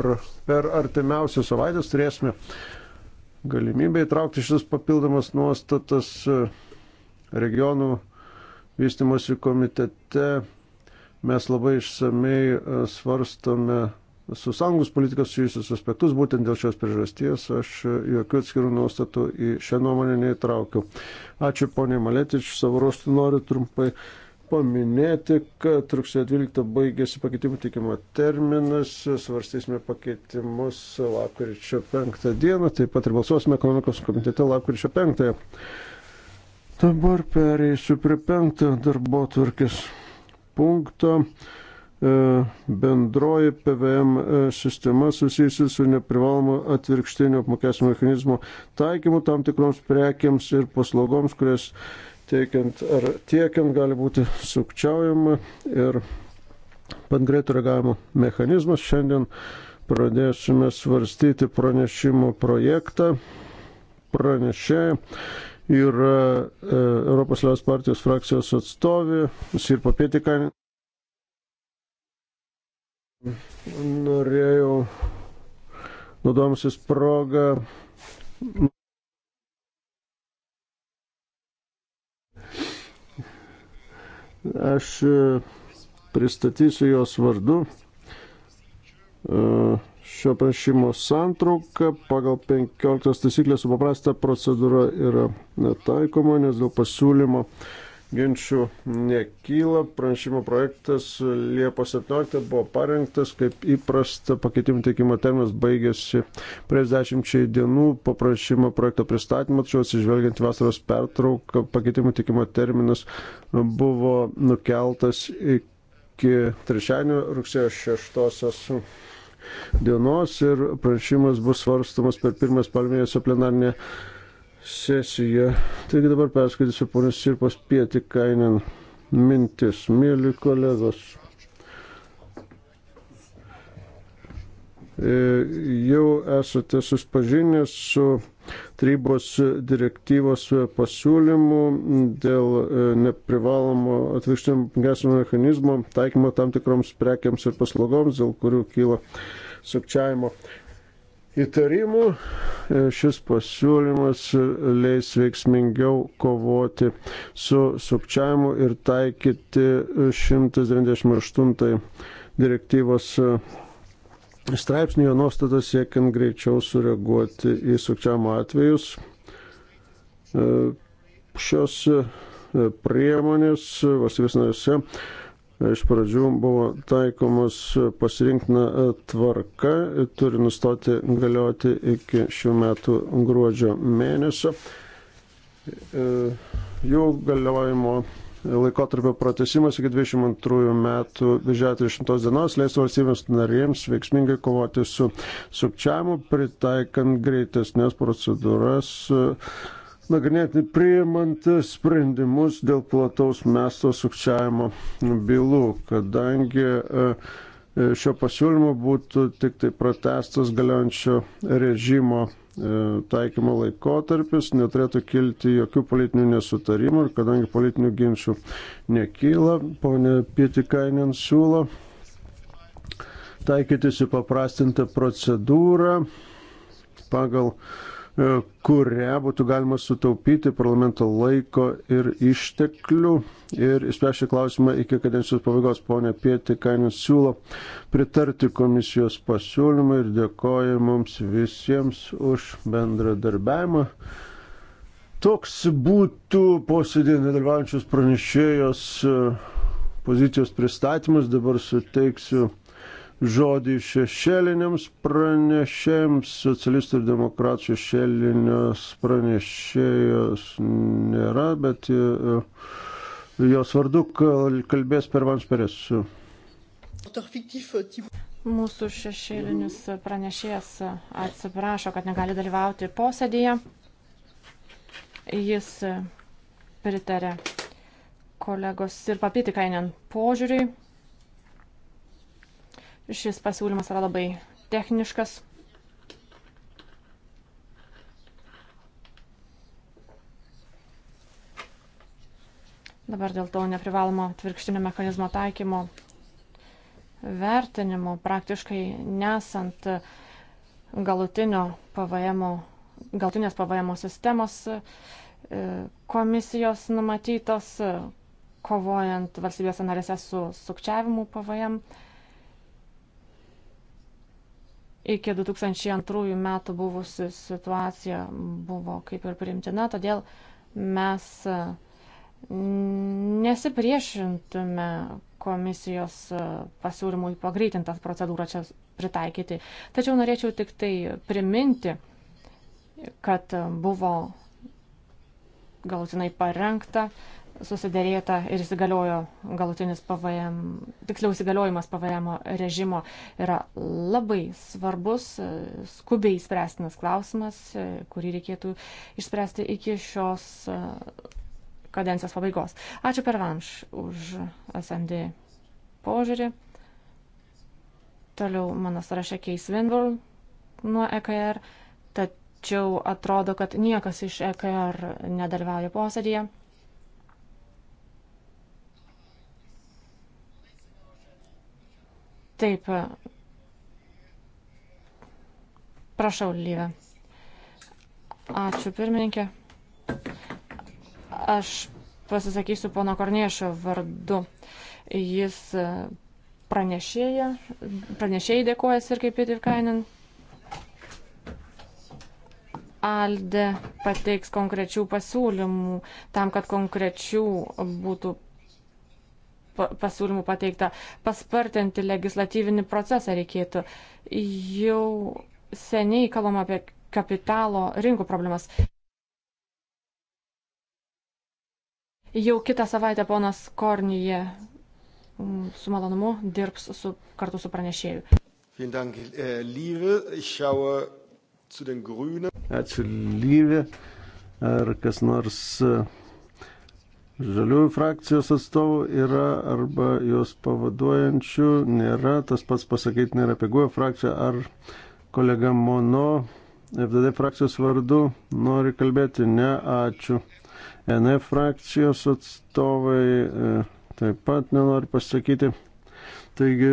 per artimiausias savaitės turėsime galimybę įtraukti šitas papildomas nuostatas regionų vystimosi komitete mes labai išsamei e, svarstome su sąjungos politikos susijusius aspektus, būtent dėl šios priežasties aš e, jokių atskirų nuostatų į šią nuomonę neįtraukiu. Ačiū ponė Maletič, savo ruoštų noriu trumpai paminėti, kad rugsėjo 12 baigėsi pakeitimų tikimo terminas, svarstysime pakeitimus lapkričio 5 dieną, taip pat ir balsuosime ekonomikos komitete lapkričio 5. -ąją. Dabar pereisiu prie penktojo darbo tvarkės punkto. E, bendroji PVM e, sistema susijusi su neprivalomu atvirkštinio apmokestinio mechanizmo taikymu tam tikroms prekiams ir paslaugoms, kurias teikiant ar tiekiant gali būti sukčiaujama ir pat greito reagavimo mechanizmas. Šiandien pradėsime svarstyti pranešimo projektą pranešėjai yra e, Europos Liaudės partijos frakcijos atstovė, Sir Papietikan. Norėjau, naudomusis progą, aš e, pristatysiu jos vardu. Uh, šio prašymo santrauka pagal 15 taisyklę supaprasta procedūra yra netaikoma, nes dėl pasiūlymo ginčių nekyla. Pranešimo projektas Liepos 17 buvo parengtas, kaip įprasta, pakeitimų teikimo terminas baigėsi prieš 10 dienų po prašymo projekto pristatymo, tačiau atsižvelgiant vasaros pertrauką, pakeitimų teikimo terminas buvo nukeltas iki trečiadienio rugsėjo 6 dienos ir pranešimas bus svarstamas per pirmą spalmėjusio plenarnę sesiją. Taigi dabar perskaitysiu ponios Sirpos pietį kainin mintis, mėly kolegos. E, jau esate suspažinę su tarybos direktyvos pasiūlymų dėl e, neprivalomo atvirkštinio apmokestinimo mechanizmo taikymo tam tikroms prekiams ir paslaugoms, dėl kurių kyla sukčiavimo. Įtarimų e, šis pasiūlymas leis veiksmingiau kovoti su sukčiavimu ir taikyti 198 direktyvos straipsnį jo nuostatą siekiant greičiau sureaguoti į sukčiamo atvejus. E, šios e, priemonės valstybės narėse e, iš pradžių buvo taikomas pasirinktina tvarka, turi nustoti galioti iki šių metų gruodžio mėnesio. Jų galiojimo laikotarpio pratesimas iki 22 metų birželio 30 dienos leis valstybėms narėms veiksmingai kovoti su sukčiavimu, pritaikant greitesnės procedūras, nagrinėti priimant sprendimus dėl plataus mesto sukčiavimo bylų, kadangi uh, E, šio pasiūlymo būtų tik tai protestas galiojančio režimo e, taikymo laikotarpis, neturėtų kilti jokių politinių nesutarimų ir kadangi politinių ginčių nekyla, ponė Pietikainen siūlo taikytis į paprastintą procedūrą pagal E, kuria būtų galima sutaupyti parlamento laiko ir išteklių ir išspręsti klausimą iki kadencijos pabaigos. Pone Pieti, kainis siūlo pritarti komisijos pasiūlymą ir dėkoja mums visiems už bendradarbiavimą. Toks būtų posėdėje nedalyvaujančios pranešėjos e, pozicijos pristatymas. Dabar suteiksiu žodį šešėliniams pranešėjams, socialistų ir demokratų šešėlinės pranešėjos nėra, bet e, jos vardu kalbės per Vansperės. Mūsų šešėlinis pranešėjas atsiprašo, kad negali dalyvauti posėdėje. Jis pritarė kolegos ir papitikainen požiūriui. Šis pasiūlymas yra labai techniškas. Dabar dėl to neprivalomo atvirkštinio mechanizmo taikymo vertinimo praktiškai nesant galutinio pavajamo, galutinės pavajamo sistemos e, komisijos numatytos, kovojant valstybės narėse su sukčiavimu pavajamu iki 2002 metų buvusi situacija buvo kaip ir primtina, todėl mes e, nesipriešintume komisijos e, pasiūlymui pagreitintas procedūrą čia pritaikyti. Tačiau norėčiau tik tai priminti, kad e, buvo galutinai parengta uh, susidėrėta ir įsigaliojo galutinis PVM, tiksliau įsigaliojimas PVM režimo yra labai svarbus, skubiai spręstinas klausimas, kurį reikėtų išspręsti iki šios e, kadencijos pabaigos. Ačiū per Vanš už SND požiūrį. Toliau mano sąraše Keis Winburn nuo EKR, tačiau atrodo, kad niekas iš EKR nedalyvauja posėdėje. Taip. Prašau, Lyve. Ačiū, pirmininkė. Aš pasisakysiu pono Korniešo vardu. Jis pranešėja, pranešėjai dėkoja Sirkai Pitivkainin. Alde pateiks konkrečių pasiūlymų tam, kad konkrečių būtų pasiūlymų pateikta. Paspartinti legislatyvinį procesą reikėtų. Jau seniai kalbam apie kapitalo rinkų problemas. Jau kitą savaitę ponas Kornyje mm, su malonumu dirbs su, kartu su pranešėju. Äh, Ačiū, Lyvi. Ar kas nors äh, žaliųjų frakcijos atstovų yra arba juos pavaduojančių nėra. Tas pats pasakyti nėra apie GUE frakciją ar kolega Mono FDD frakcijos vardu nori kalbėti. Ne, ačiū. NF frakcijos atstovai e, taip pat nenori pasakyti. Taigi,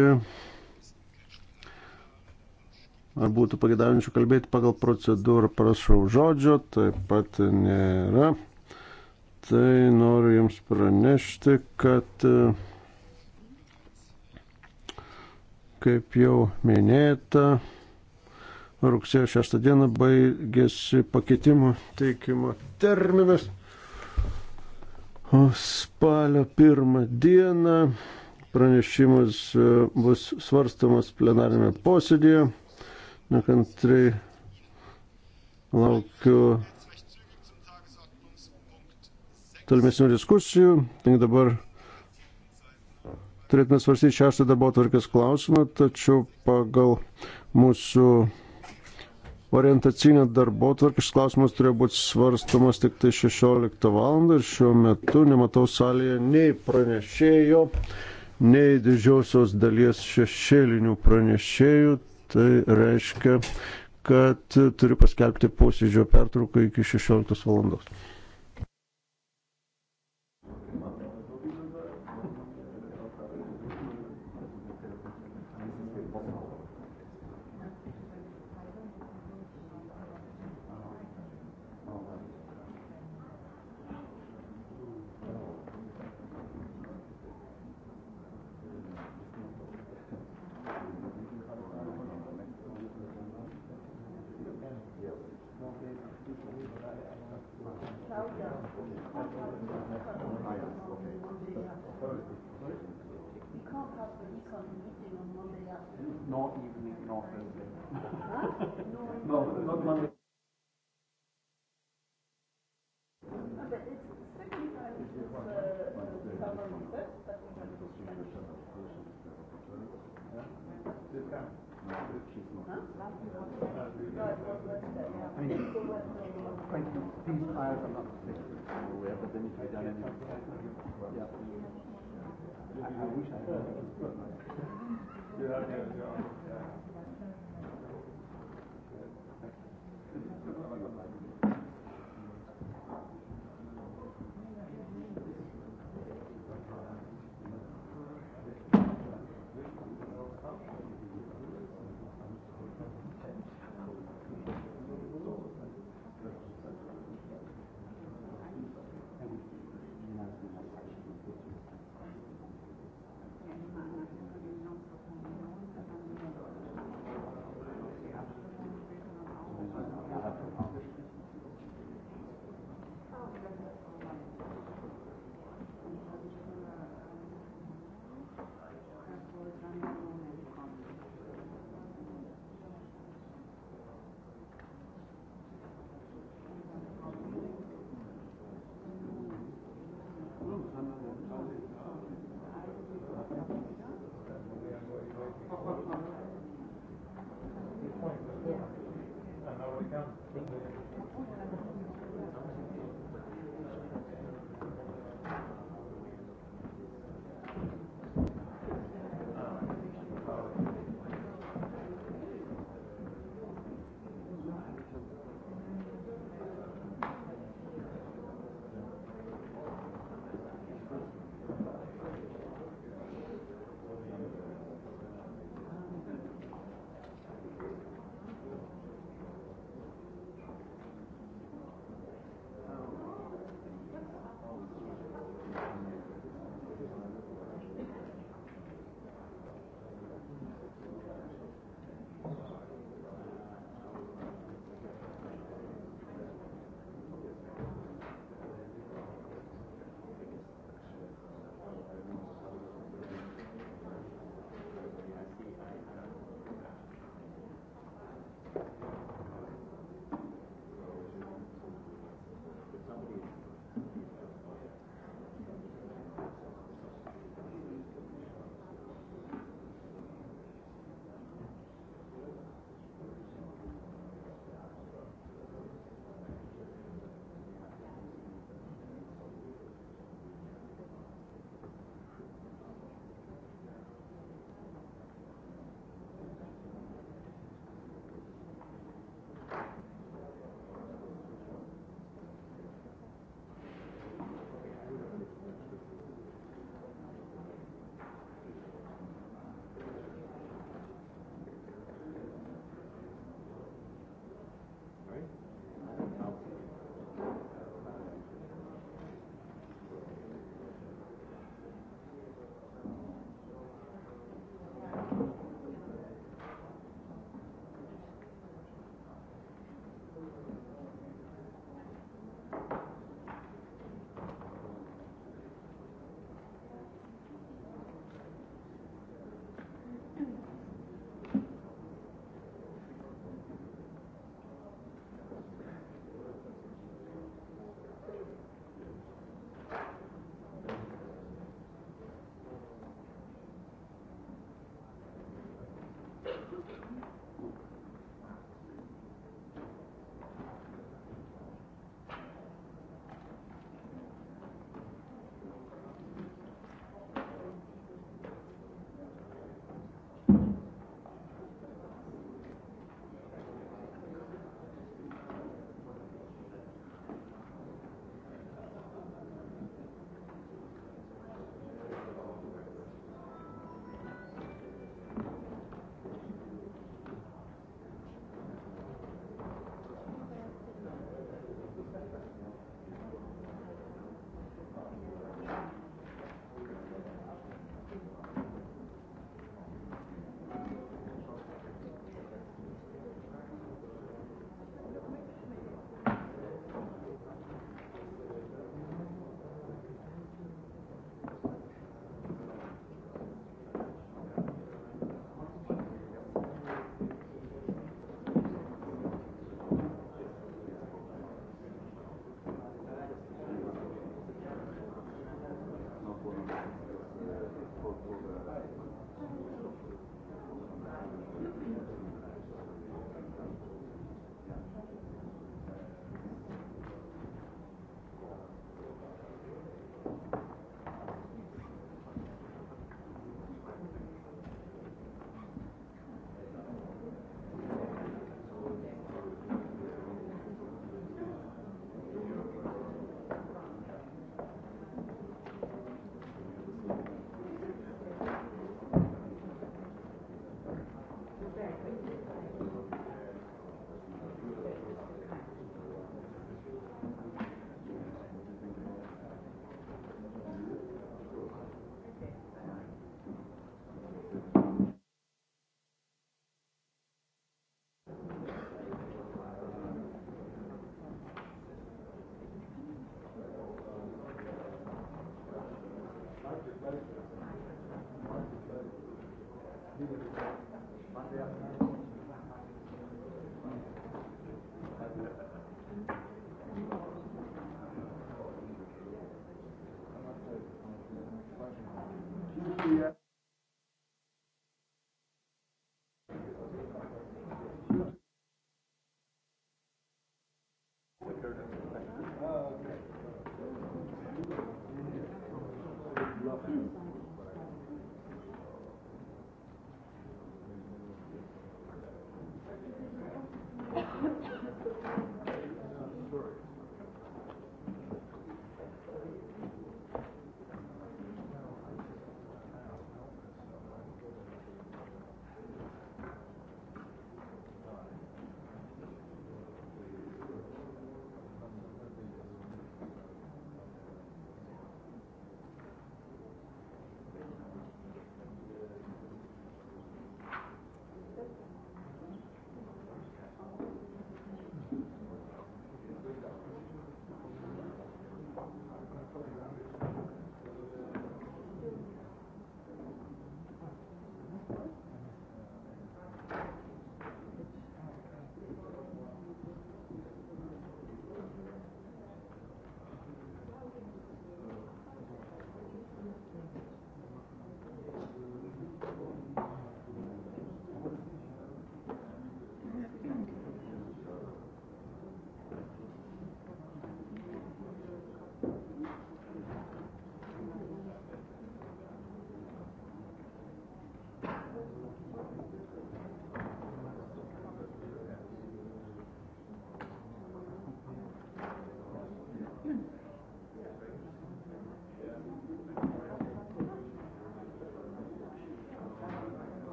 ar būtų pagėdavinčių kalbėti pagal procedūrą, prašau žodžio, taip pat nėra tai noriu Jums pranešti, kad e, kaip jau minėta, rugsėjo 6 dieną baigėsi pakeitimo teikimo terminas. O spalio 1 dieną pranešimas e, bus svarstamas plenarinėme posėdėje. Nekantrai laukiu tolimesnių diskusijų. Tik dabar turėtume svarstyti šeštą darbo tvarkės klausimą, tačiau pagal mūsų orientacinė darbo tvarkis klausimas turėjo būti svarstamas tik tai 16 val. ir šiuo metu nematau salėje nei pranešėjo, nei didžiosios dalies šešėlinių pranešėjų. Tai reiškia, kad turiu paskelbti posėdžio pertrauką iki 16 val. aware, but then if I done anything, yeah. I, I wish I had. yeah, yeah, yeah. yeah.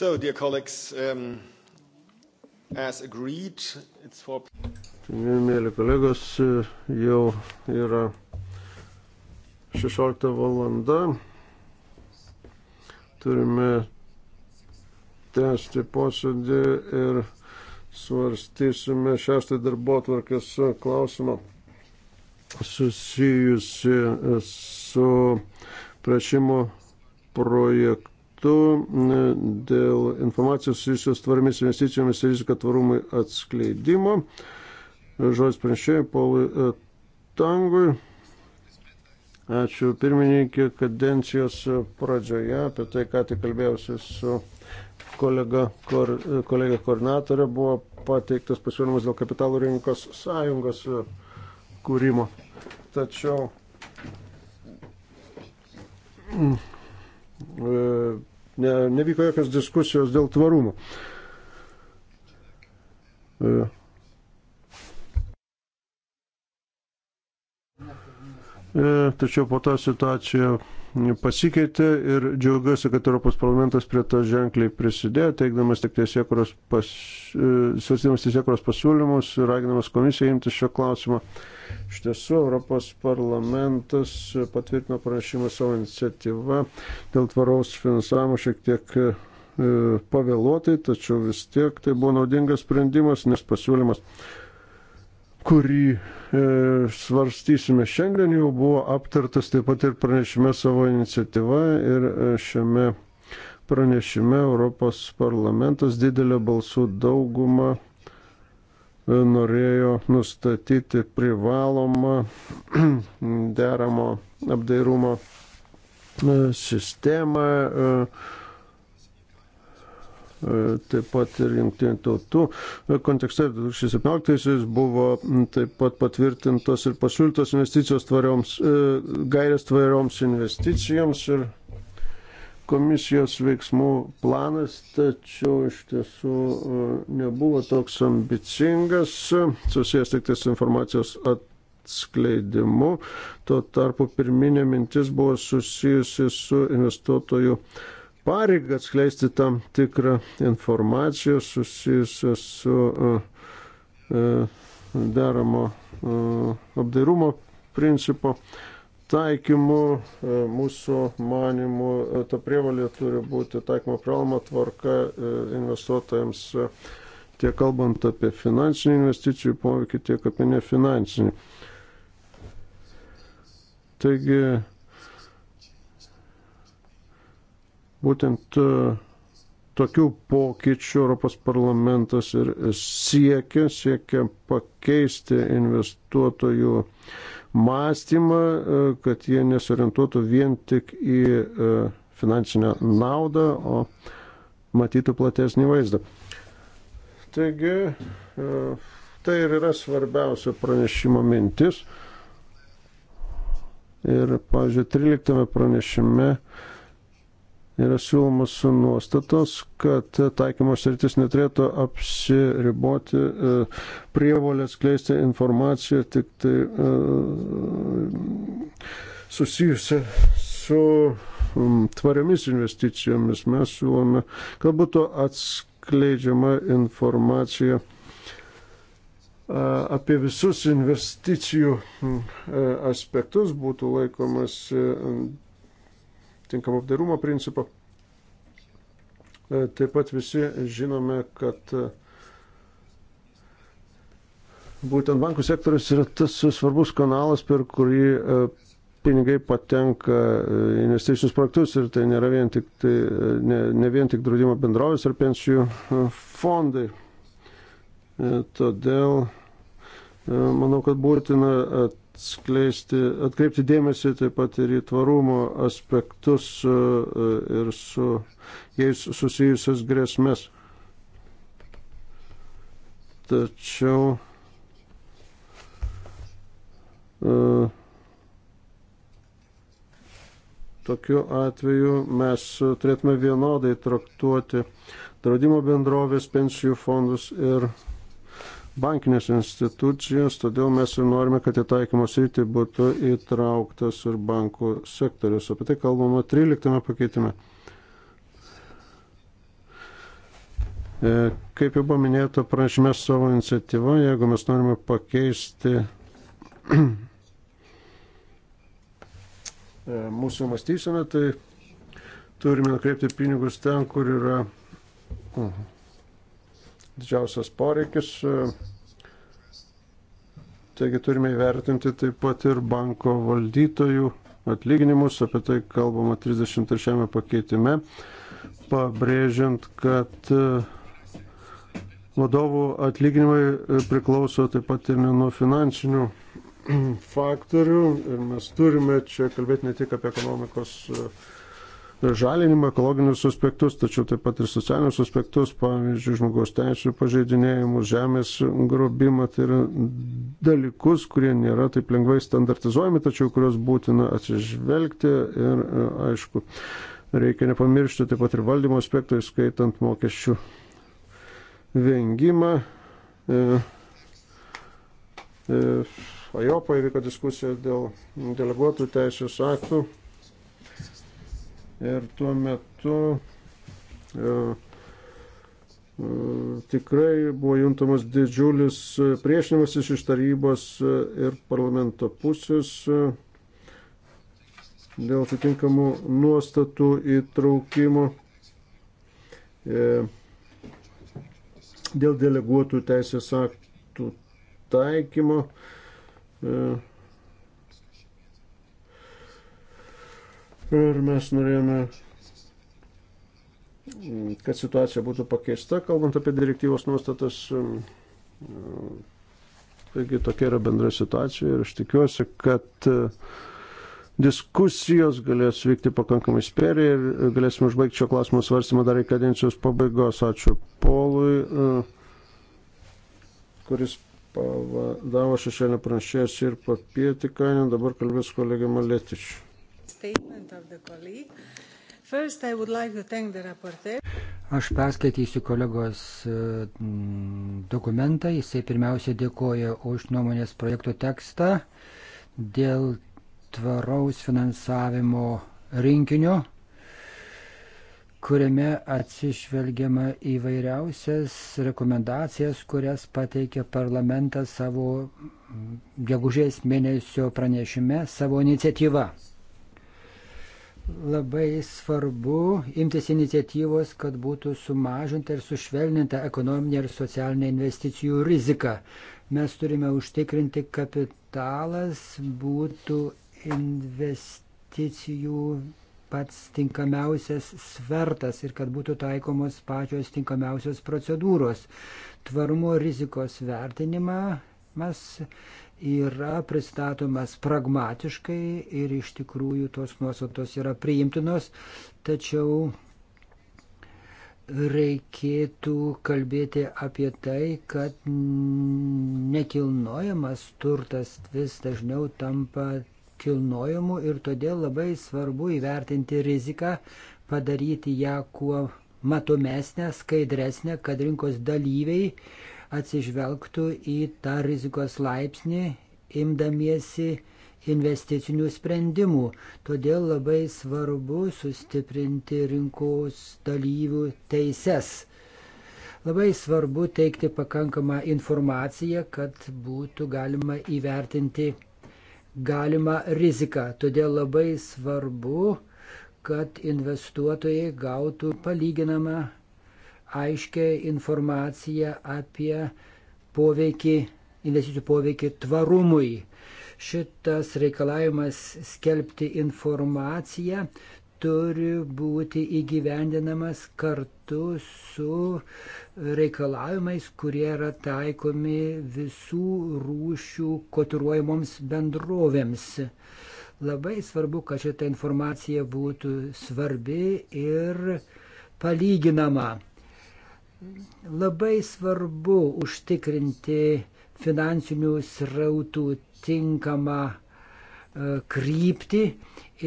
So, dear colleagues, um, as agreed, it's for... Mėly kolegos, jau yra 16 valanda. Turime tęsti posėdį ir svarstysime šeštą darbo tvarkės klausimą susijusi su prašymo projektu mastu dėl informacijos susijusios tvarimis investicijomis ir rizika tvarumui atskleidimo. Žodis pranešėjai Paului e, Tangui. Ačiū pirmininkė kadencijos pradžioje, apie tai, ką tik kalbėjausi su kolega, kor, e, kolega koordinatorė, buvo pateiktas pasiūlymas dėl kapitalų rinkos sąjungos e, kūrimo. Tačiau ne, nevyko jokios diskusijos dėl tvarumo. E. E, tačiau po to situacija pasikeitė ir džiaugiuosi, kad Europos parlamentas prie to ženkliai prisidėjo, teikdamas tik tiesiekuros pas, e, tiesiekuros pasiūlymus, raginamas komisiją imtis šio klausimo. Iš tiesų, Europos parlamentas patvirtino pranešimą savo iniciatyvą dėl tvaraus finansavimo šiek tiek e, pavėluotai, tačiau vis tiek tai buvo naudingas sprendimas, nes pasiūlymas kurį e, svarstysime šiandien, jau buvo aptartas taip pat ir pranešime savo iniciatyva ir e, šiame pranešime Europos parlamentas didelę balsų daugumą e, norėjo nustatyti privalomą [clears throat] deramo apdairumo sistemą E, taip pat ir jungtinių tautų kontekste 2017 buvo taip pat patvirtintos ir pasiūlytos investicijos tvarioms, e, gairės tvarioms investicijoms ir komisijos veiksmų planas, tačiau iš tiesų e, nebuvo toks ambicingas, susijęs tik tais informacijos at atskleidimu. Tuo tarpu pirminė mintis buvo susijusi su investuotojų pareigą atskleisti tam tikrą informaciją susijusią su e, e, deramo e, apdairumo principo taikymu. Mūsų manimų ta prievalė turi būti taikoma privaloma tvarka investuotojams tiek kalbant apie finansinį investicijų poveikį, tiek apie nefinansinį. Taigi Būtent e, tokių pokyčių Europos parlamentas ir siekia, siekia pakeisti investuotojų mąstymą, e, kad jie nesorientuotų vien tik į e, finansinę naudą, o matytų platesnį vaizdą. Taigi, tai ir yra svarbiausia pranešimo mintis. Ir, pavyzdžiui, 13 pranešime yra siūlomas nuostatos, kad taikymos rytis neturėtų apsiriboti e, prievolės kleisti informaciją tik tai e, susijusią su tvariomis investicijomis. Mes siūlome, kad būtų atskleidžiama informacija e, apie visus investicijų aspektus būtų laikomas atitinkamo apdarumo principo. E, taip pat visi žinome, kad e, būtent bankų sektorius yra tas svarbus kanalas, per kurį e, pinigai patenka investicinius projektus ir tai nėra vien tik, tai, ne, ne vien tik draudimo bendrovės ar pensijų fondai. Todėl E, manau, kad būtina atskleisti, atkreipti dėmesį taip pat ir į tvarumo aspektus e, ir su jais susijusias grėsmės. Tačiau e, tokiu atveju mes turėtume vienodai traktuoti draudimo bendrovės, pensijų fondus ir bankinės institucijas, todėl mes ir norime, kad į taikymo sritį būtų įtrauktas ir bankų sektorius. Apie tai kalbama 13 pakeitime. E, kaip jau buvo minėta, pranešime savo iniciatyvą, jeigu mes norime pakeisti [clears throat] e, mūsų mąstyseną, tai turime nukreipti pinigus ten, kur yra. Uh mhm, -huh didžiausias poreikis. Taigi turime įvertinti taip pat ir banko valdytojų atlyginimus, apie tai kalbama 33 pakeitime, pabrėžiant, kad vadovų atlyginimai priklauso taip pat ir nuo finansinių [clears throat] faktorių ir mes turime čia kalbėti ne tik apie ekonomikos uh, žalinimą, ekologinius aspektus, tačiau taip pat ir socialinius aspektus, pavyzdžiui, žmogaus teisų pažeidinėjimus, žemės grobimą, tai yra dalykus, kurie nėra taip lengvai standartizuojami, tačiau kuriuos būtina atsižvelgti ir, aišku, reikia nepamiršti taip pat ir valdymo aspektų, įskaitant mokesčių vengimą. E, e, Ajopoje vyko diskusija dėl deleguotų teisės aktų ir tuo metu e, e, tikrai buvo juntamas didžiulis priešinimasis iš tarybos ir parlamento pusės dėl atitinkamų nuostatų įtraukimo, e, dėl deleguotų teisės aktų taikymo. E, Ir mes norėjome, mm, kad situacija būtų pakeista, kalbant apie direktyvos nuostatas. Mm, taigi tokia yra bendra situacija ir aš tikiuosi, kad e, diskusijos galės vykti pakankamai spėriai ir galėsime užbaigti šio klausimo svarstymą dar iki kadencijos pabaigos. Ačiū Polui, e, kuris pavadavo šešėlį pranešėjas ir papietį kainą, dabar kalbės kolegė Maletičius statement of the colleague. First, I would like to thank the rapporteur. Aš perskaitysiu kolegos e, dokumentą. Jisai pirmiausia dėkoja už nuomonės projekto tekstą dėl tvaraus finansavimo rinkinio, kuriame atsižvelgiama įvairiausias rekomendacijas, kurias pateikė parlamentas savo gegužės mėnesio pranešime savo iniciatyvą labai svarbu imtis iniciatyvos, kad būtų sumažinta ir sušvelninta ekonominė ir socialinė investicijų rizika. Mes turime užtikrinti, kad kapitalas būtų investicijų pats tinkamiausias svertas ir kad būtų taikomos pačios tinkamiausios procedūros. Tvarumo rizikos vertinimą mes yra pristatomas pragmatiškai ir iš tikrųjų tos nuostatos yra priimtinos, tačiau reikėtų kalbėti apie tai, kad nekilnojamas turtas vis dažniau tampa kilnojamu ir todėl labai svarbu įvertinti riziką, padaryti ją kuo matomesnę, skaidresnę, kad rinkos dalyviai atsižvelgtų į tą rizikos laipsnį, imdamiesi investicinių sprendimų. Todėl labai svarbu sustiprinti rinkos dalyvių teises. Labai svarbu teikti pakankamą informaciją, kad būtų galima įvertinti galimą riziką. Todėl labai svarbu, kad investuotojai gautų palyginamą aiškę informaciją apie poveikį, investicijų poveikį tvarumui. Šitas reikalavimas skelbti informaciją turi būti įgyvendinamas kartu su reikalavimais, kurie yra taikomi visų rūšių kotiruojamoms bendrovėms. Labai svarbu, kad šita informacija būtų svarbi ir palyginama. Labai svarbu užtikrinti finansinių srautų tinkamą e, kryptį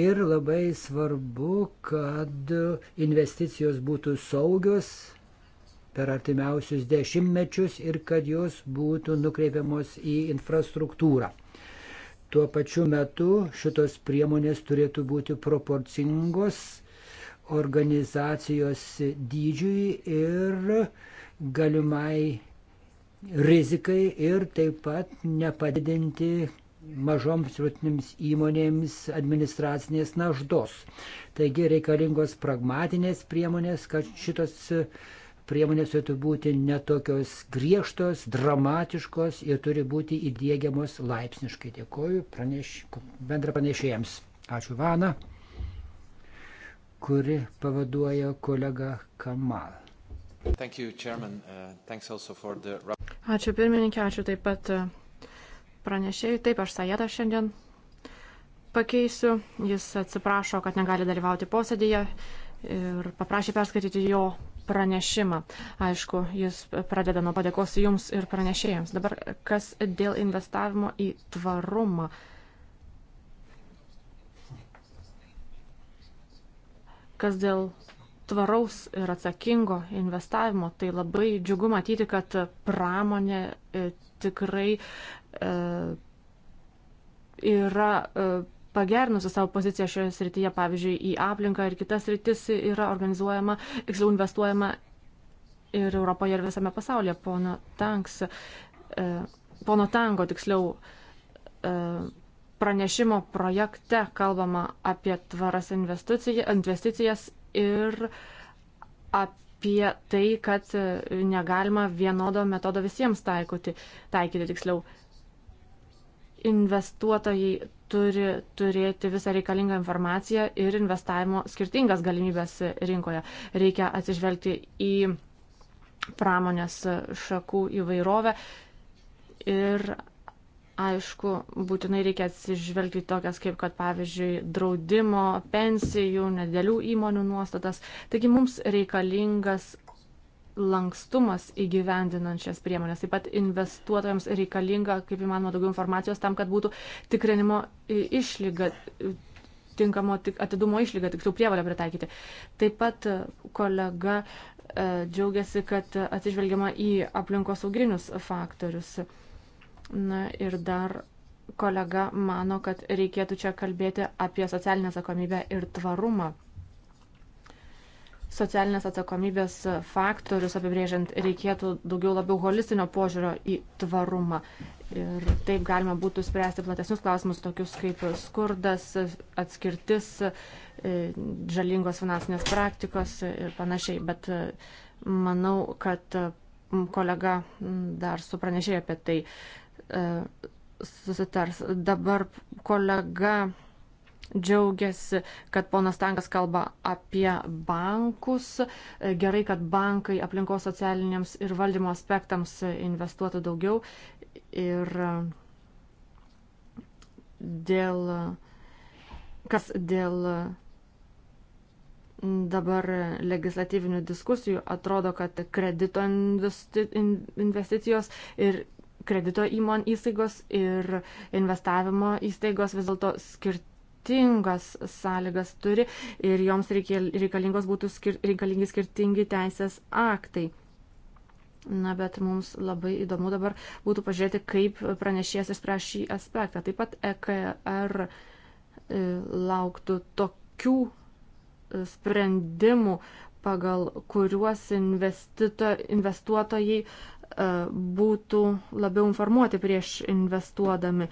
ir labai svarbu, kad investicijos būtų saugios per artimiausius dešimtmečius ir kad jos būtų nukreipiamos į infrastruktūrą. Tuo pačiu metu šitos priemonės turėtų būti proporcingos organizacijos dydžiui ir galimai rizikai ir taip pat nepadidinti mažoms rutinėms įmonėms administracinės naštos. Taigi reikalingos pragmatinės priemonės, kad šitos priemonės turėtų būti netokios griežtos, dramatiškos ir turi būti įdėgiamos laipsniškai. Dėkoju praneš, bendra pranešėjams. Ačiū Vana kuri pavaduoja kolegą Kamal. You, uh, the... Ačiū pirmininkė, ačiū taip pat uh, pranešėjai. Taip, aš Sajedą šiandien pakeisiu. Jis atsiprašo, kad negali dalyvauti posėdėje ir paprašė perskaityti jo pranešimą. Aišku, jis pradeda nuo padėkos jums ir pranešėjams. Dabar kas dėl investavimo į tvarumą Kas dėl tvaraus ir atsakingo investavimo, tai labai džiugu matyti, kad pramonė e, tikrai e, yra e, pagernusi savo poziciją šioje srityje, pavyzdžiui, į aplinką ir kitas rytis yra organizuojama, tiksliau investuojama ir Europoje, ir visame pasaulyje. Pono, tanks, e, pono tango, tiksliau, e, pranešimo projekte kalbama apie tvaras investicijas ir apie tai, kad negalima vienodo metodo visiems taikyti, taikyti tiksliau. Investuotojai turi turėti visą reikalingą informaciją ir investavimo skirtingas galimybės rinkoje. Reikia atsižvelgti į pramonės šakų įvairovę ir Aišku, būtinai reikia atsižvelgti tokias kaip, kad pavyzdžiui, draudimo, pensijų, nedėlių įmonių nuostatas. Taigi mums reikalingas lankstumas įgyvendinant šias priemonės. Taip pat investuotojams reikalinga, kaip įmanoma, daugiau informacijos tam, kad būtų tikrinimo išlyga, tinkamo atidumo išlyga, tiksliau prievalę pritaikyti. Taip pat e, kolega e, džiaugiasi, kad atsižvelgiama į aplinkosauginius faktorius. Na ir dar kolega mano, kad reikėtų čia kalbėti apie socialinę atsakomybę ir tvarumą. Socialinės atsakomybės faktorius apibrėžiant reikėtų daugiau labiau holistinio požiūrio į tvarumą. Ir taip galima būtų spręsti platesnius klausimus, tokius kaip skurdas, atskirtis, e, žalingos finansinės praktikos ir panašiai. Bet e, manau, kad kolega dar supranešė apie tai E, susitars. Dabar kolega džiaugiasi, kad ponas Tankas kalba apie bankus. E, gerai, kad bankai aplinkos socialiniams ir valdymo aspektams investuotų daugiau. Ir e, dėl, kas dėl dabar legislatyvinių diskusijų atrodo, kad kredito investicijos ir kredito įmon įstaigos ir investavimo įstaigos vis dėlto skirtingas sąlygas turi ir joms reikalingos būtų skir reikalingi skirtingi teisės aktai. Na, bet mums labai įdomu dabar būtų pažiūrėti, kaip pranešėjas išspręs šį aspektą. Taip pat EKR e, lauktų tokių e, sprendimų, pagal kuriuos investuotojai E, būtų labiau informuoti prieš investuodami.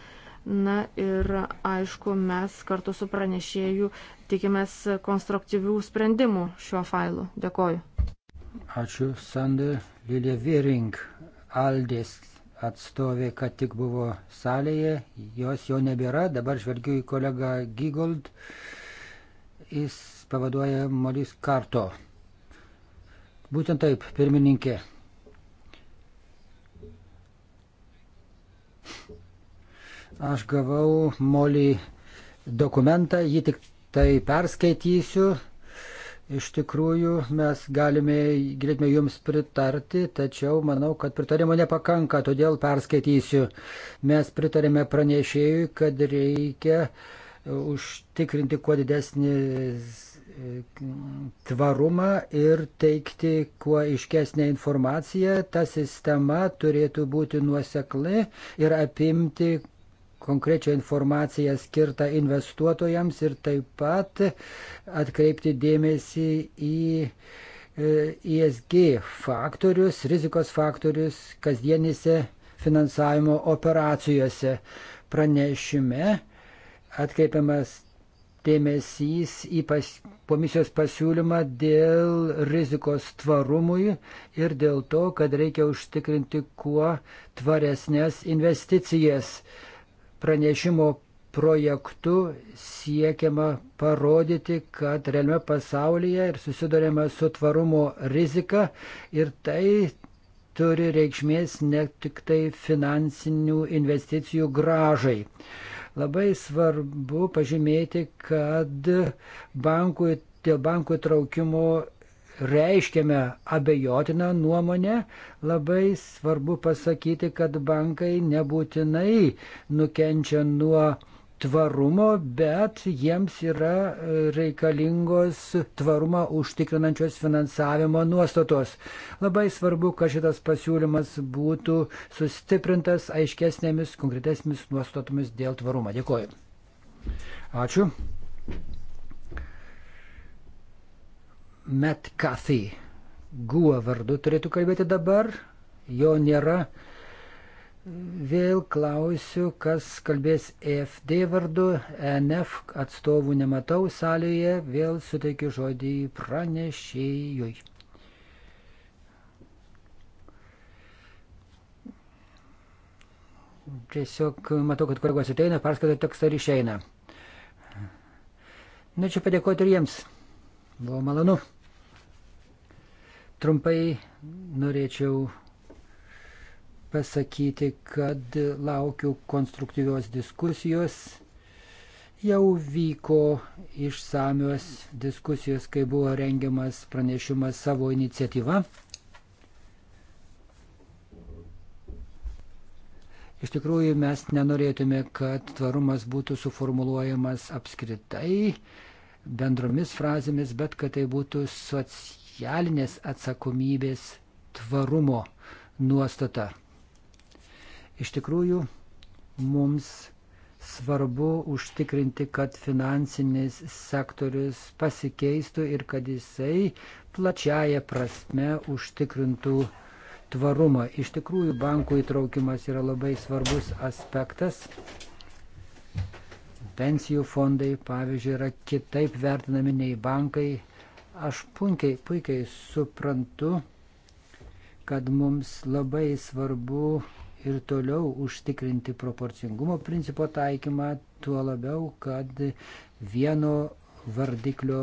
Na ir aišku, mes kartu su pranešėju tikimės konstruktyvių sprendimų šiuo failu. Dėkoju. Ačiū, Sandė Lilė Viring, Aldės atstovė, kad tik buvo salėje, jos jau nebėra, dabar žvelgiu į kolegą Gigold, jis pavaduoja Molis Karto. Būtent taip, pirmininkė. Aš gavau molį dokumentą, jį tik tai perskaitysiu. Iš tikrųjų, mes galime, galėtume jums pritarti, tačiau manau, kad pritarimo nepakanka, todėl perskaitysiu. Mes pritarėme pranešėjui, kad reikia užtikrinti kuo didesnis tvarumą ir teikti kuo iškesnę informaciją. Ta sistema turėtų būti nuosekli ir apimti konkrečią informaciją skirtą investuotojams ir taip pat atkreipti dėmesį į ESG e faktorius, rizikos faktorius kasdienėse finansavimo operacijose. Pranešime atkreipiamas dėmesys į pas, komisijos pasiūlymą dėl rizikos tvarumui ir dėl to, kad reikia užtikrinti kuo tvaresnės investicijas. Pranešimo projektu siekiama parodyti, kad realiame pasaulyje ir susidurėme su tvarumo rizika ir tai turi reikšmės ne tik tai finansinių investicijų gražai. Labai svarbu pažymėti, kad bankui, dėl bankų įtraukimo reiškiame abejotiną nuomonę. Labai svarbu pasakyti, kad bankai nebūtinai nukenčia nuo tvarumo, bet jiems yra e, reikalingos tvarumą užtikrinančios finansavimo nuostatos. Labai svarbu, kad šitas pasiūlymas būtų sustiprintas aiškesnėmis, konkretesnėmis nuostatomis dėl tvarumo. Dėkoju. Ačiū. Met Cathy. Guo vardu turėtų kalbėti dabar. Jo nėra. Vėl klausiu, kas kalbės EFD vardu, e NF atstovų nematau salėje, vėl suteikiu žodį pranešėjui. Tiesiog matau, kad kolegos ateina, perskaito tekstą ir išeina. Norėčiau nu, padėkoti ir jiems. Buvo malonu. Trumpai norėčiau pasakyti, kad laukiu konstruktyvios diskusijos. Jau vyko išsamios diskusijos, kai buvo rengiamas pranešimas savo iniciatyva. Iš tikrųjų, mes nenorėtume, kad tvarumas būtų suformuluojamas apskritai bendromis frazėmis, bet kad tai būtų socialinės atsakomybės tvarumo nuostata. Iš tikrųjų, mums svarbu užtikrinti, kad finansinis sektorius pasikeistų ir kad jisai plačiaja prasme užtikrintų tvarumą. Iš tikrųjų, bankų įtraukimas yra labai svarbus aspektas. Pensijų fondai, pavyzdžiui, yra kitaip vertinami nei bankai. Aš punkiai, puikiai suprantu, kad mums labai svarbu ir toliau užtikrinti proporcingumo principo taikymą, tuo labiau, kad vieno vardiklio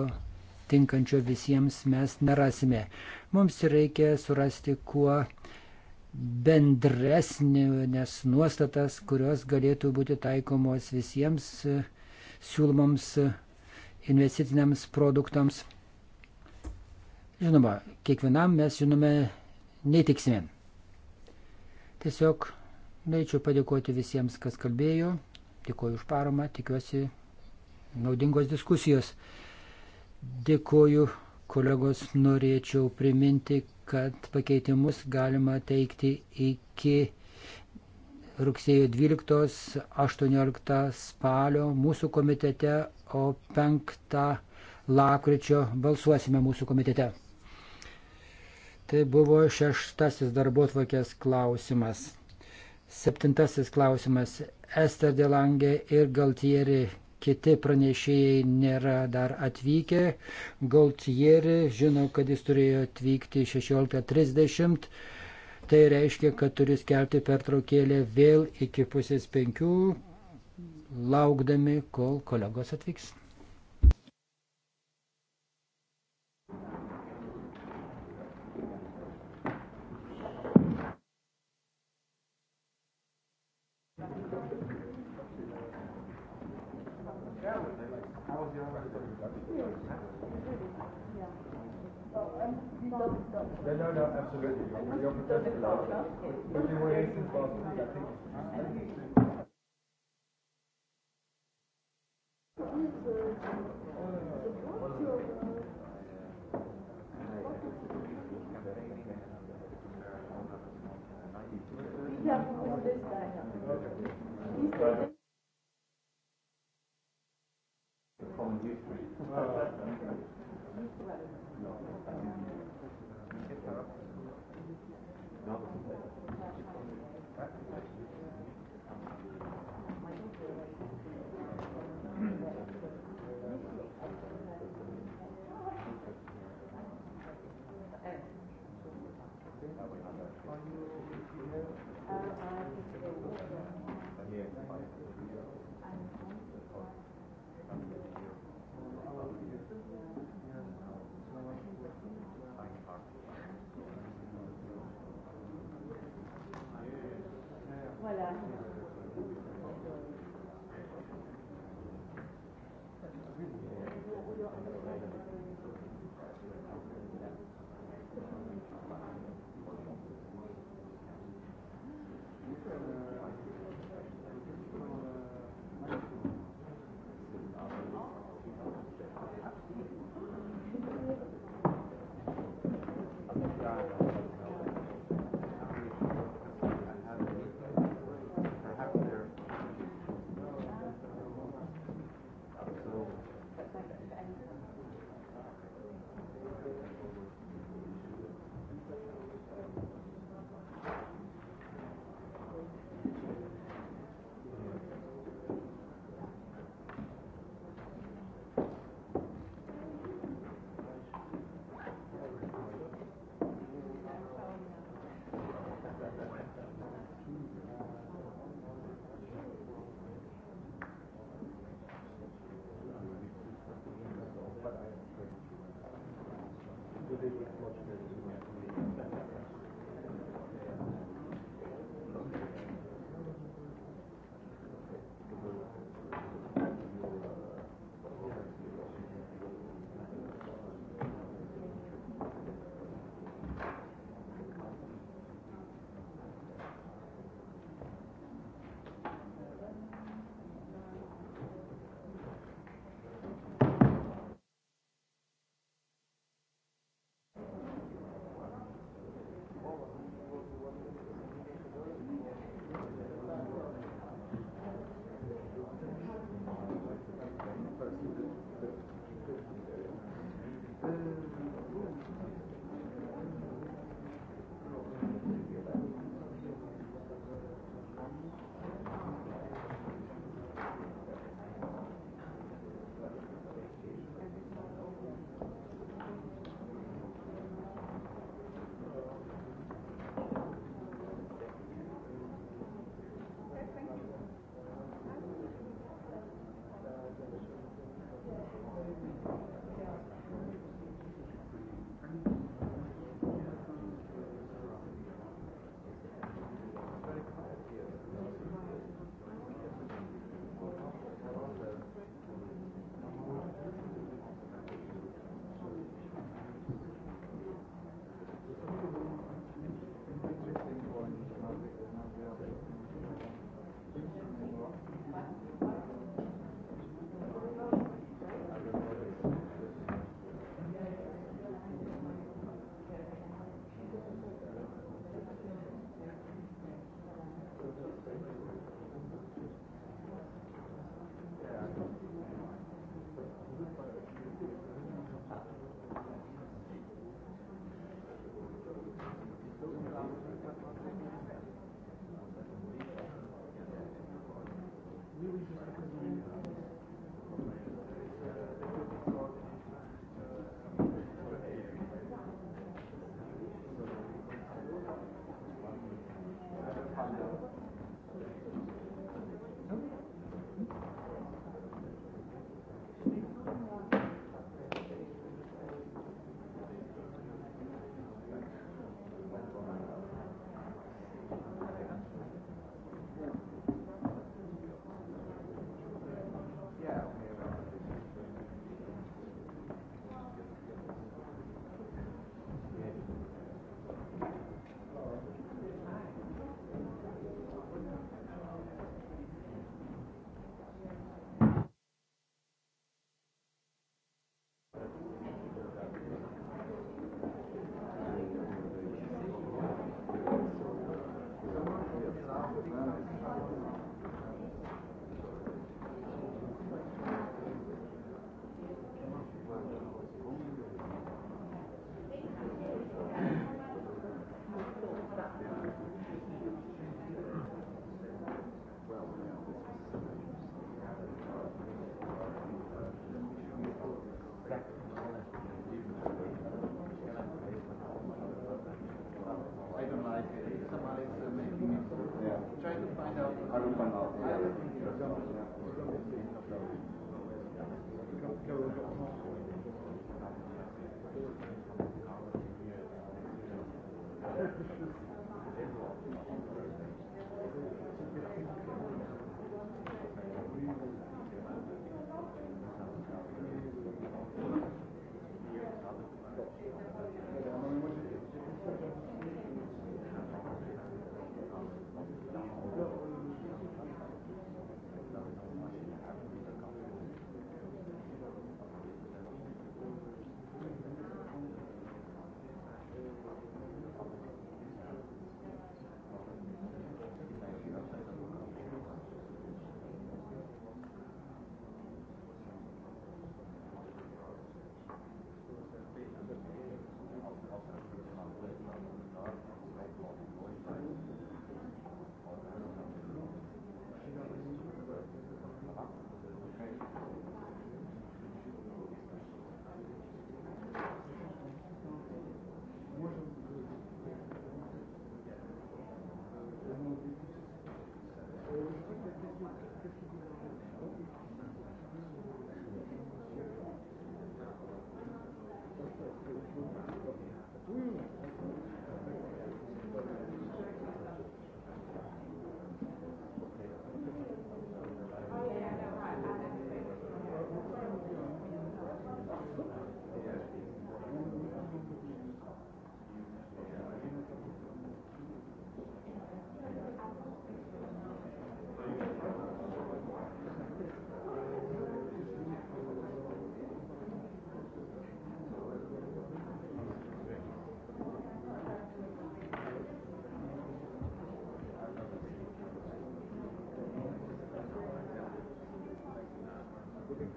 tinkančio visiems mes nerasime. Mums reikia surasti kuo bendresnės nuostatas, kurios galėtų būti taikomos visiems siūlomams investiciniams produktams. Žinoma, kiekvienam mes žinome netiksime. Tiesiog norėčiau padėkoti visiems, kas kalbėjo. Dėkoju už paramą, tikiuosi naudingos diskusijos. Dėkoju kolegos, norėčiau priminti, kad pakeitimus galima teikti iki rugsėjo 12-18 spalio mūsų komitete, o 5 lakryčio balsuosime mūsų komitete. Tai buvo šeštasis darbo tvarkės klausimas. Septintasis klausimas. Ester Delangė ir Galtieri kiti pranešėjai nėra dar atvykę. Galtieri žino, kad jis turėjo atvykti 16.30. Tai reiškia, kad turi skelbti pertraukėlę vėl iki pusės penkių, laukdami, kol kolegos atvyks. No, no, no, absolutely. You're, you're protesting. But you were racist last week, I think. Thank you.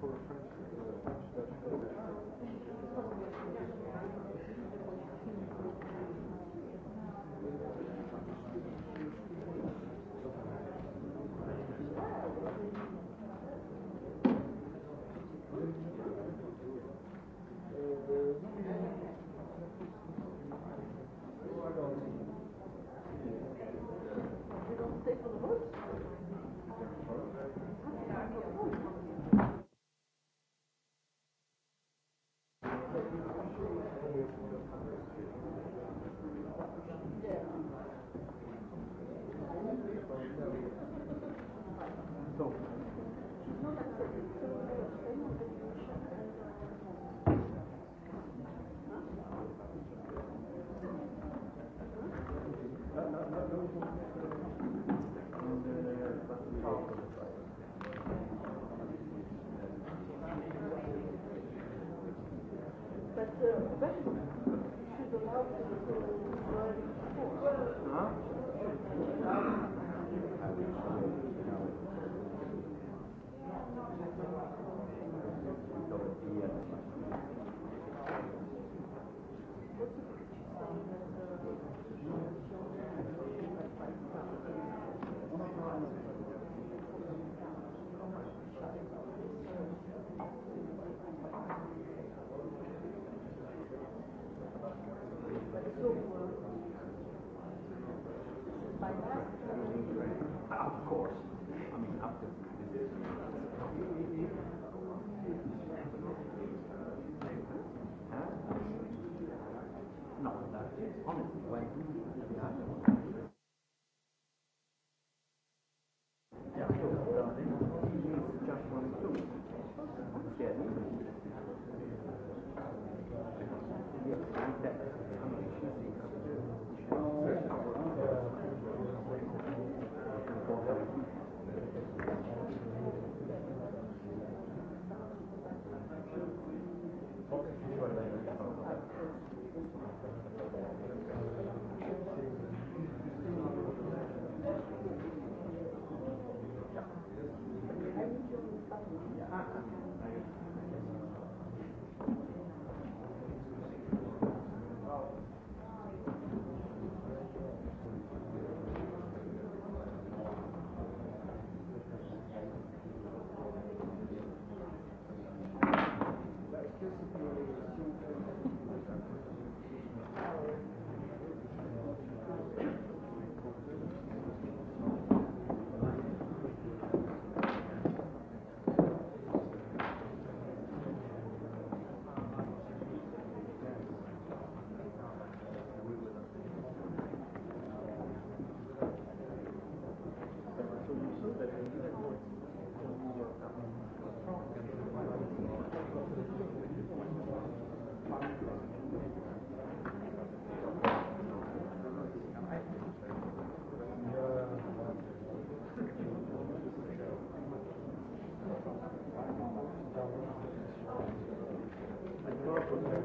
kur Honestly, like, Thank you.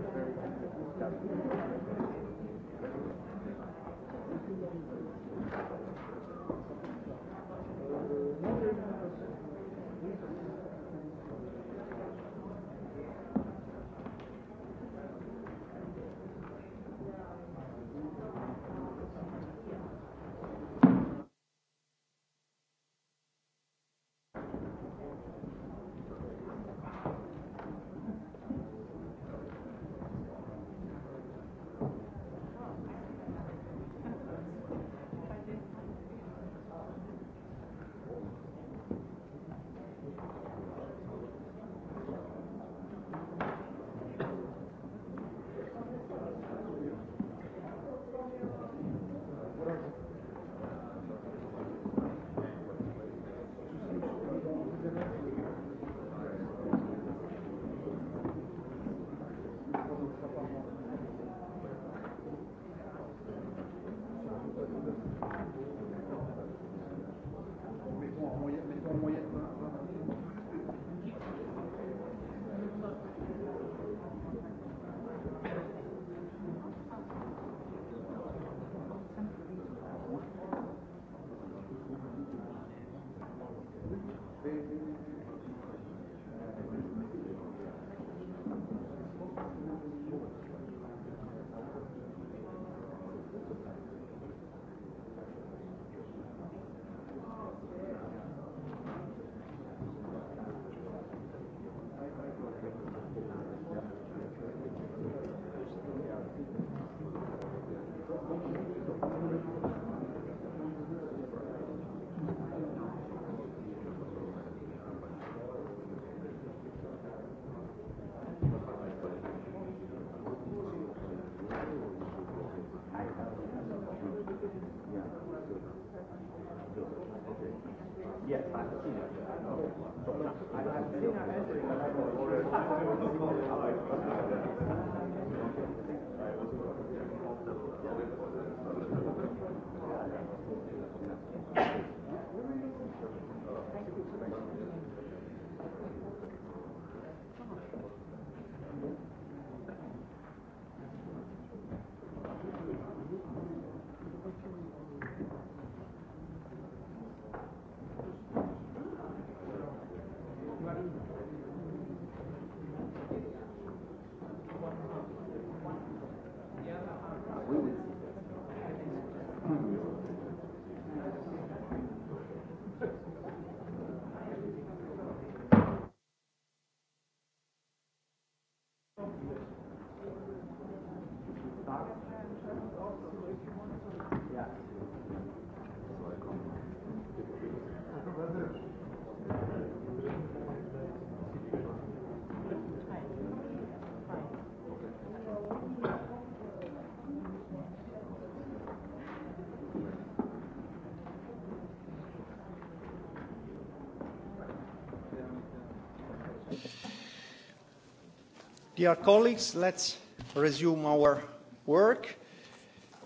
Dear colleagues, let's resume our work.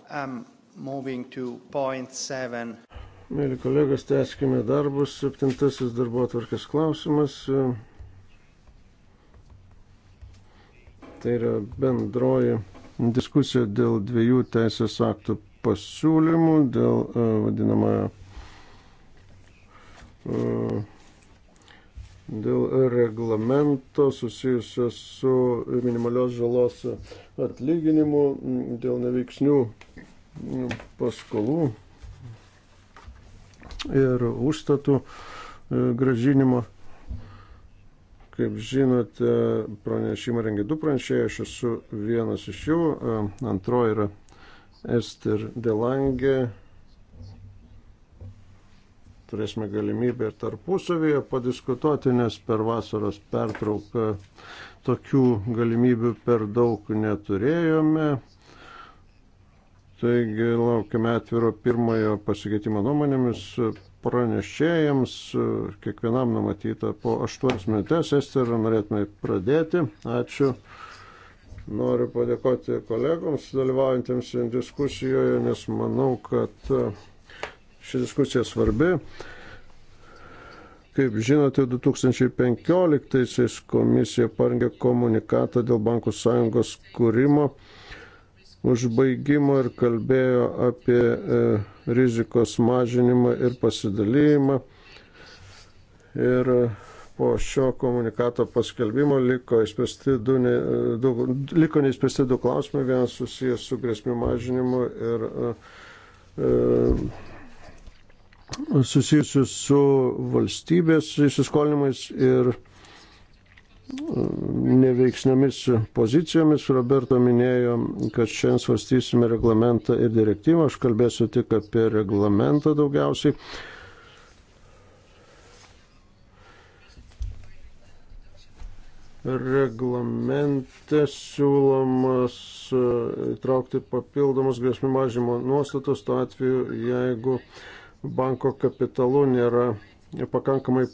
Um, moving to point seven. Mėly kolegos, tęskime darbus. Septintasis darbo atvarkės klausimas. Tai yra bendroji diskusija dėl dviejų teisės aktų pasiūlymų, dėl uh, vadinamojo nuostatos susijusios su minimalios žalos atlyginimu dėl neveiksnių paskolų ir užstatų e, gražinimo. Kaip žinote, pranešimą rengia du pranešėjai, aš esu vienas iš jų, e, antroji yra Ester Delangė, turėsime galimybę ir tarpusavyje padiskutuoti, nes per vasaros pertrauką tokių galimybių per daug neturėjome. Taigi laukiame atviro pirmojo pasikeitimo nuomonėmis pranešėjams, kiekvienam numatyta po 8 minutės, Ester, norėtume pradėti. Ačiū. Noriu padėkoti kolegoms dalyvaujantiems diskusijoje, nes manau, kad Ši diskusija svarbi. Kaip žinote, 2015 komisija parengė komunikatą dėl bankų sąjungos kūrimo, užbaigimo ir kalbėjo apie e, rizikos mažinimą ir pasidalymą. Ir e, po šio komunikato paskelbimo liko, du ne, e, du, liko neįspręsti du klausimai, vienas susijęs su grėsmių mažinimu ir e, e, susijusius su valstybės įsiskolinimais ir e, neveiksniomis pozicijomis. Roberto minėjo, kad šiandien svarstysime reglamentą ir direktyvą. Aš kalbėsiu tik apie reglamentą daugiausiai. Reglamente siūlomas e, įtraukti papildomus grėsmių mažymo nuostatus, tuo atveju, jeigu uh, banko kapitalu nėra pakankamai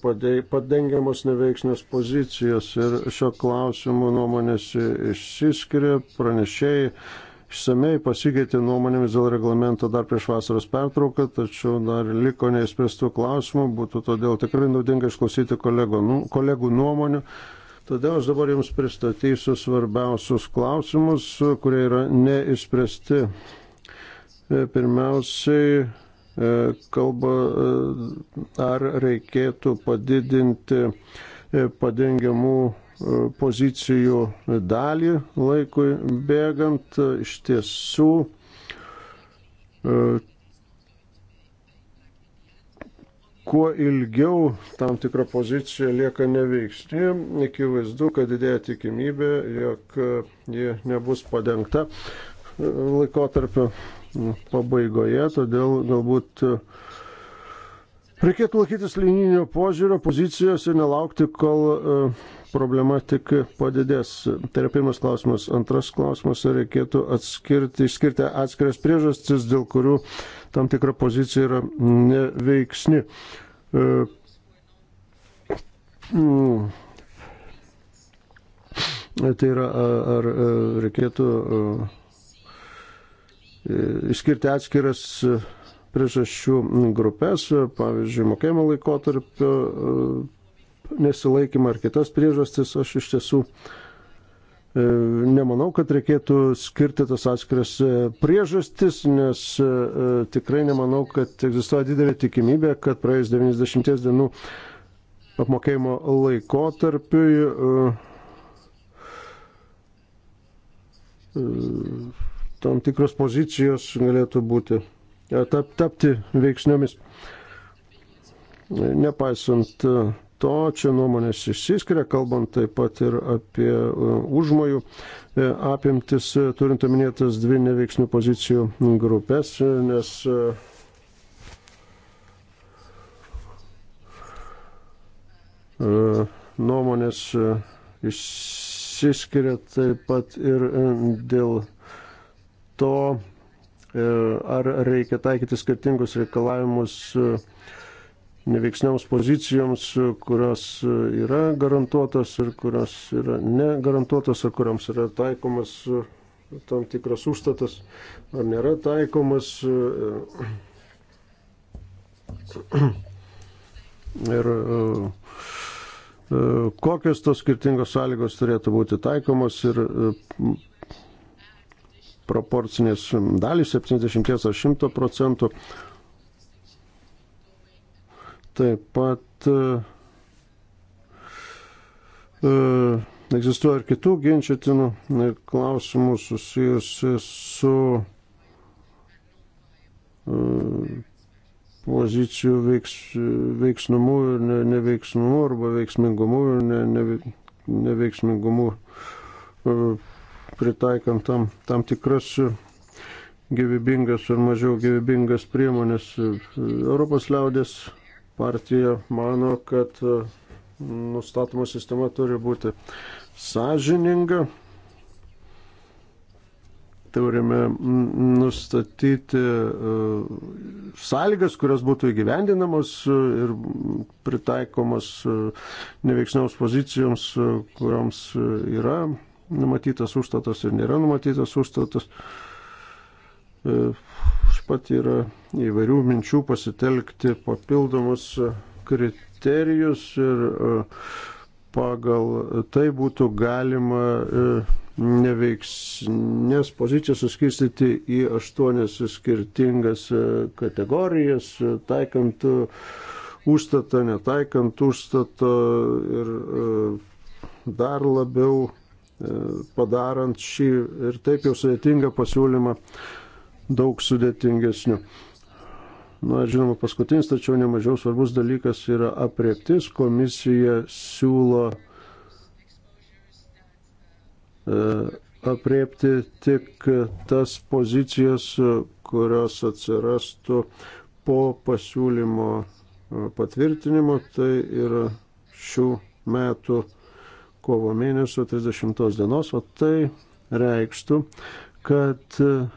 padengiamos neveiksnios pozicijos ir šio klausimu nuomonės išsiskiria pranešėjai. Išsamei pasikeitė nuomonėmis dėl reglamento dar prieš vasaros pertrauką, tačiau dar liko neįspręstų klausimų, būtų todėl tikrai naudinga išklausyti kolego, nu, kolegų nuomonių. Todėl aš dabar jums pristatysiu svarbiausius klausimus, kurie yra neįspręsti. Pirmiausiai E, kalba, e, ar reikėtų padidinti e, padengiamų pozicijų dalį laikui bėgant. Iš tiesų, kuo ilgiau tam tikra pozicija lieka neveiksni, akivaizdu, kad didėja tikimybė, jog ji nebus padengta laikotarpio pabaigoje, todėl galbūt e, reikėtų laikytis linijinio požiūrio, pozicijos ir nelaukti, kol e, problema tik padidės. Tai yra pirmas klausimas. Antras klausimas, ar reikėtų atskirti, išskirti atskiras priežastis, dėl kurių tam tikra pozicija yra neveiksni. E, mm. Tai yra, ar reikėtų išskirti atskiras e, priežasčių grupės, e, pavyzdžiui, mokėjimo laikotarpio e, nesilaikymą ar kitas priežastis, aš iš tiesų nemanau, kad reikėtų skirti tas atskiras priežastis, nes tikrai nemanau, kad egzistuoja didelė tikimybė, kad praėjus 90 dienų apmokėjimo laikotarpiui tam tikros pozicijos galėtų būti, e, tap, tapti veiksniomis. Nepaisant e, to, čia nuomonės išsiskiria, kalbant taip pat ir apie e, užmojų apimtis, turint omenėtas dvi neveiksnių pozicijų grupės, nes nuomonės išsiskiria taip pat ir dėl to, e, ar reikia taikyti skirtingus reikalavimus e, neveiksnioms pozicijoms, e, kurios yra garantuotos ir kurios yra negarantuotos, ar kuriams yra taikomas tam tikras užstatas, ar nėra taikomas. Ir kokios tos skirtingos sąlygos turėtų būti taikomos ir proporcinės dalys 70 ar 100 procentų. Taip pat uh, egzistuoja ir kitų ginčiatinų klausimų susijusių su uh, pozicijų veiks, veiksnumu ir ne, neveiksnumu arba veiksmingumu ir ne, ne, neveiksmingumu. Uh, pritaikant tam, tam tikras gyvybingas ir mažiau gyvybingas priemonės. Europos liaudės partija mano, kad e, nustatoma sistema turi būti sąžininga. Turime nustatyti e, sąlygas, kurios būtų įgyvendinamos e, ir pritaikomos neveiksnioms pozicijoms, kuriams yra numatytas užstatas ir nėra numatytas užstatas. E, Aš pat yra įvairių minčių pasitelkti papildomus kriterijus ir e, pagal tai būtų galima e, neveiksnės pozicijas suskirstyti į aštuonias skirtingas kategorijas, taikant užstatą, netaikant užstato ir dar labiau E, padarant šį ir taip jau sudėtingą pasiūlymą daug sudėtingesniu. Na, žinoma, paskutinis, tačiau nemažiau svarbus dalykas yra apriektis. Komisija siūlo e, apriepti tik tas pozicijas, kurios atsirastų po pasiūlymo patvirtinimo, tai yra šių metų kovo mėnesio 30 dienos, o tai reikštų, kad e,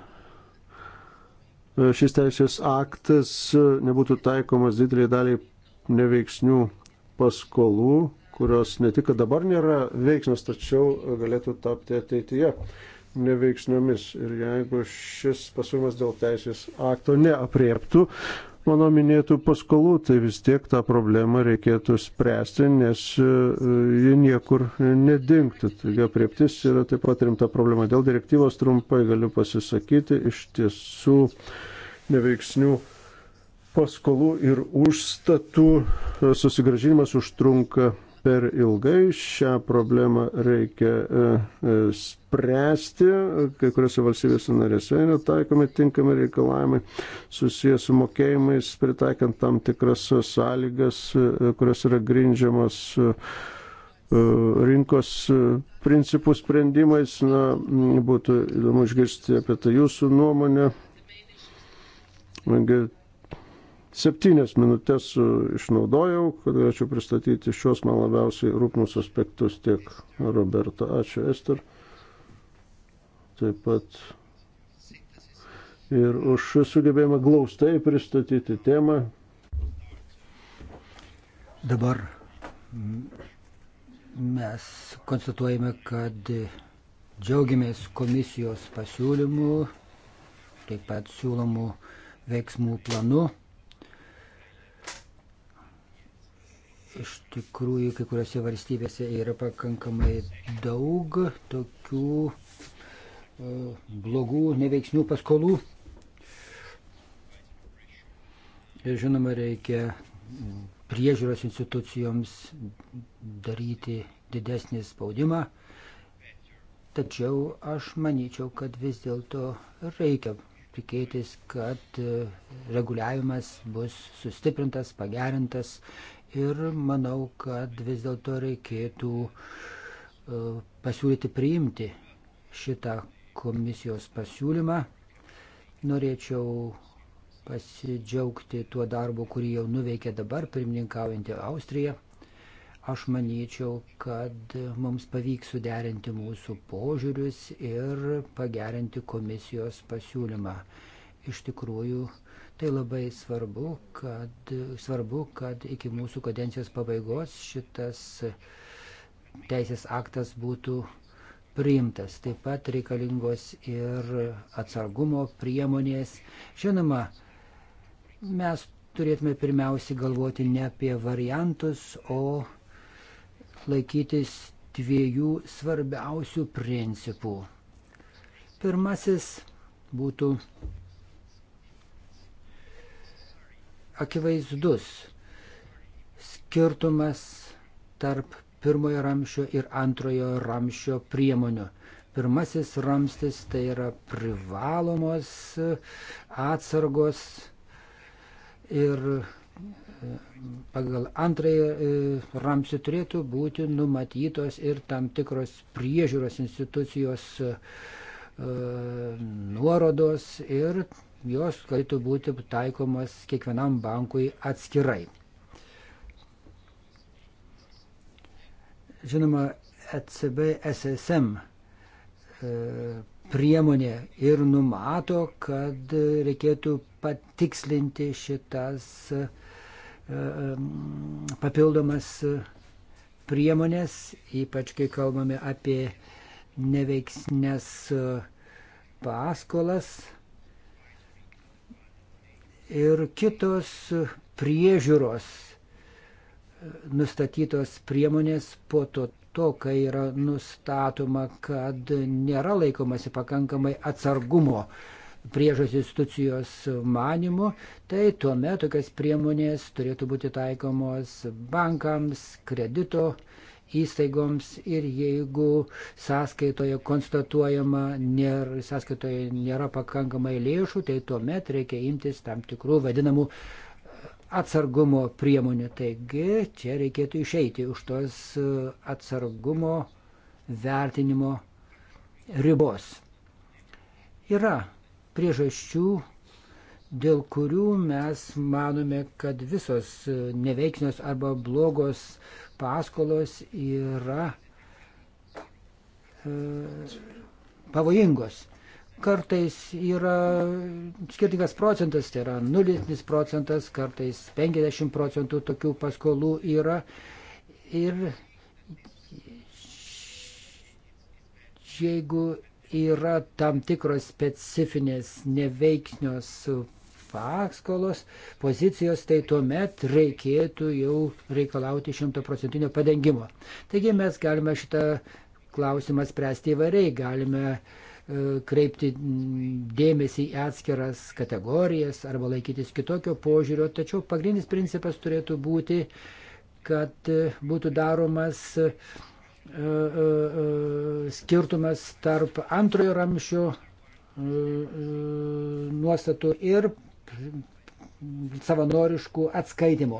šis teisės aktas e, nebūtų taikomas didelį dalį neveiksnių paskolų, kurios ne tik dabar nėra veiksnios, tačiau galėtų tapti ateityje neveiksniomis. Ir jeigu šis pasiūlymas dėl teisės akto neapriektų mano minėtų paskolų, tai vis tiek tą problemą reikėtų spręsti, nes e, ji niekur nedingtų. Taigi apriektis yra taip pat rimta problema. Dėl direktyvos trumpai galiu pasisakyti, iš tiesų neveiksnių paskolų ir užstatų e, susigražinimas užtrunka per ilgai. Šią problemą reikia e, e, spręsti. Kai kuriuose valstybėse narėse yra taikomi tinkami reikalavimai susijęs su mokėjimais, pritaikant tam tikras sąlygas, e, kurios yra grindžiamas rinkos principų sprendimais. Na, būtų įdomu išgirsti apie tai jūsų nuomonę. Septynias minutės e, išnaudojau, kad galėčiau pristatyti šios man labiausiai rūpmus aspektus tiek Roberto. Ačiū, Ester. Taip pat ir už sugebėjimą glaustai pristatyti temą. Dabar mes konstatuojame, kad džiaugiamės komisijos pasiūlymų, taip pat siūlomų veiksmų planu. Iš tikrųjų, kai kuriuose valstybėse yra pakankamai daug tokių e, blogų neveiksnių paskolų. Ir žinoma, reikia priežiūros institucijoms daryti didesnį spaudimą. Tačiau aš manyčiau, kad vis dėlto reikia tikėtis, kad e, reguliavimas bus sustiprintas, pagerintas ir manau, kad vis dėlto reikėtų e, pasiūlyti priimti šitą komisijos pasiūlymą. Norėčiau pasidžiaugti tuo darbu, kurį jau nuveikė dabar pirmininkaujantį Austriją. Aš manyčiau, kad mums pavyks suderinti mūsų požiūrius ir pagerinti komisijos pasiūlymą. Iš tikrųjų, Tai labai svarbu, kad, svarbu, kad iki mūsų kadencijos pabaigos šitas teisės aktas būtų priimtas. Taip pat reikalingos ir atsargumo priemonės. Žinoma, mes turėtume pirmiausiai galvoti ne apie variantus, o laikytis dviejų svarbiausių principų. Pirmasis būtų akivaizdus skirtumas tarp pirmojo ramščio ir antrojo ramščio priemonių. Pirmasis ramstis tai yra privalomos atsargos ir e, pagal antrąjį e, ramsį turėtų būti numatytos ir tam tikros priežiūros institucijos e, nuorodos ir jos galėtų būti taikomas kiekvienam bankui atskirai. Žinoma, ECB SSM e, priemonė ir numato, kad reikėtų patikslinti šitas e, e, papildomas priemonės, ypač kai kalbame apie neveiksnės paskolas, ir kitos priežiūros nustatytos priemonės po to, to, kai yra nustatoma, kad nėra laikomasi pakankamai atsargumo priežos institucijos manimu, tai tuomet tokias priemonės turėtų būti taikomos bankams, kredito įstaigoms ir jeigu sąskaitoje konstatuojama, nėr, sąskaitoje nėra pakankamai lėšų, tai tuomet reikia imtis tam tikrų vadinamų e, atsargumo priemonių. Taigi čia reikėtų išeiti už tos e, atsargumo vertinimo ribos. Yra priežasčių, dėl kurių mes manome, kad visos neveiksnios arba blogos uh, paskolos yra e, pavojingos. Kartais yra skirtingas procentas, tai yra nulinis procentas, kartais 50 procentų tokių paskolų yra. Ir jeigu yra tam tikros specifinės neveiksnios paskolos pozicijos, tai tuomet reikėtų jau reikalauti šimtoprocentinio padengimo. Taigi mes galime šitą klausimą spręsti įvairiai, galime e, kreipti mm, dėmesį į atskiras kategorijas arba laikytis kitokio požiūrio, tačiau pagrindinis principas turėtų būti, kad e, būtų daromas e, skirtumas tarp antrojo ramščio nuostatų ir savanoriškų atskaitimų.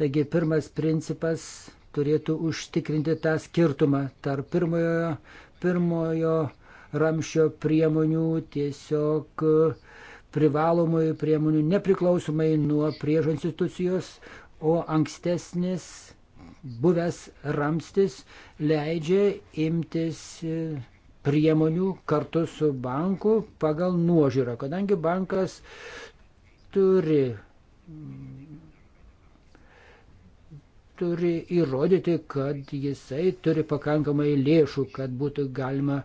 Taigi pirmas principas turėtų užtikrinti tą skirtumą tarp pirmojo, pirmojo ramšio priemonių tiesiog privalomųjų priemonių nepriklausomai nuo priežo institucijos, o ankstesnis buvęs ramstis leidžia imtis priemonių kartu su banku pagal nuožiūrą, kadangi bankas turi, turi įrodyti, kad jisai turi pakankamai lėšų, kad būtų galima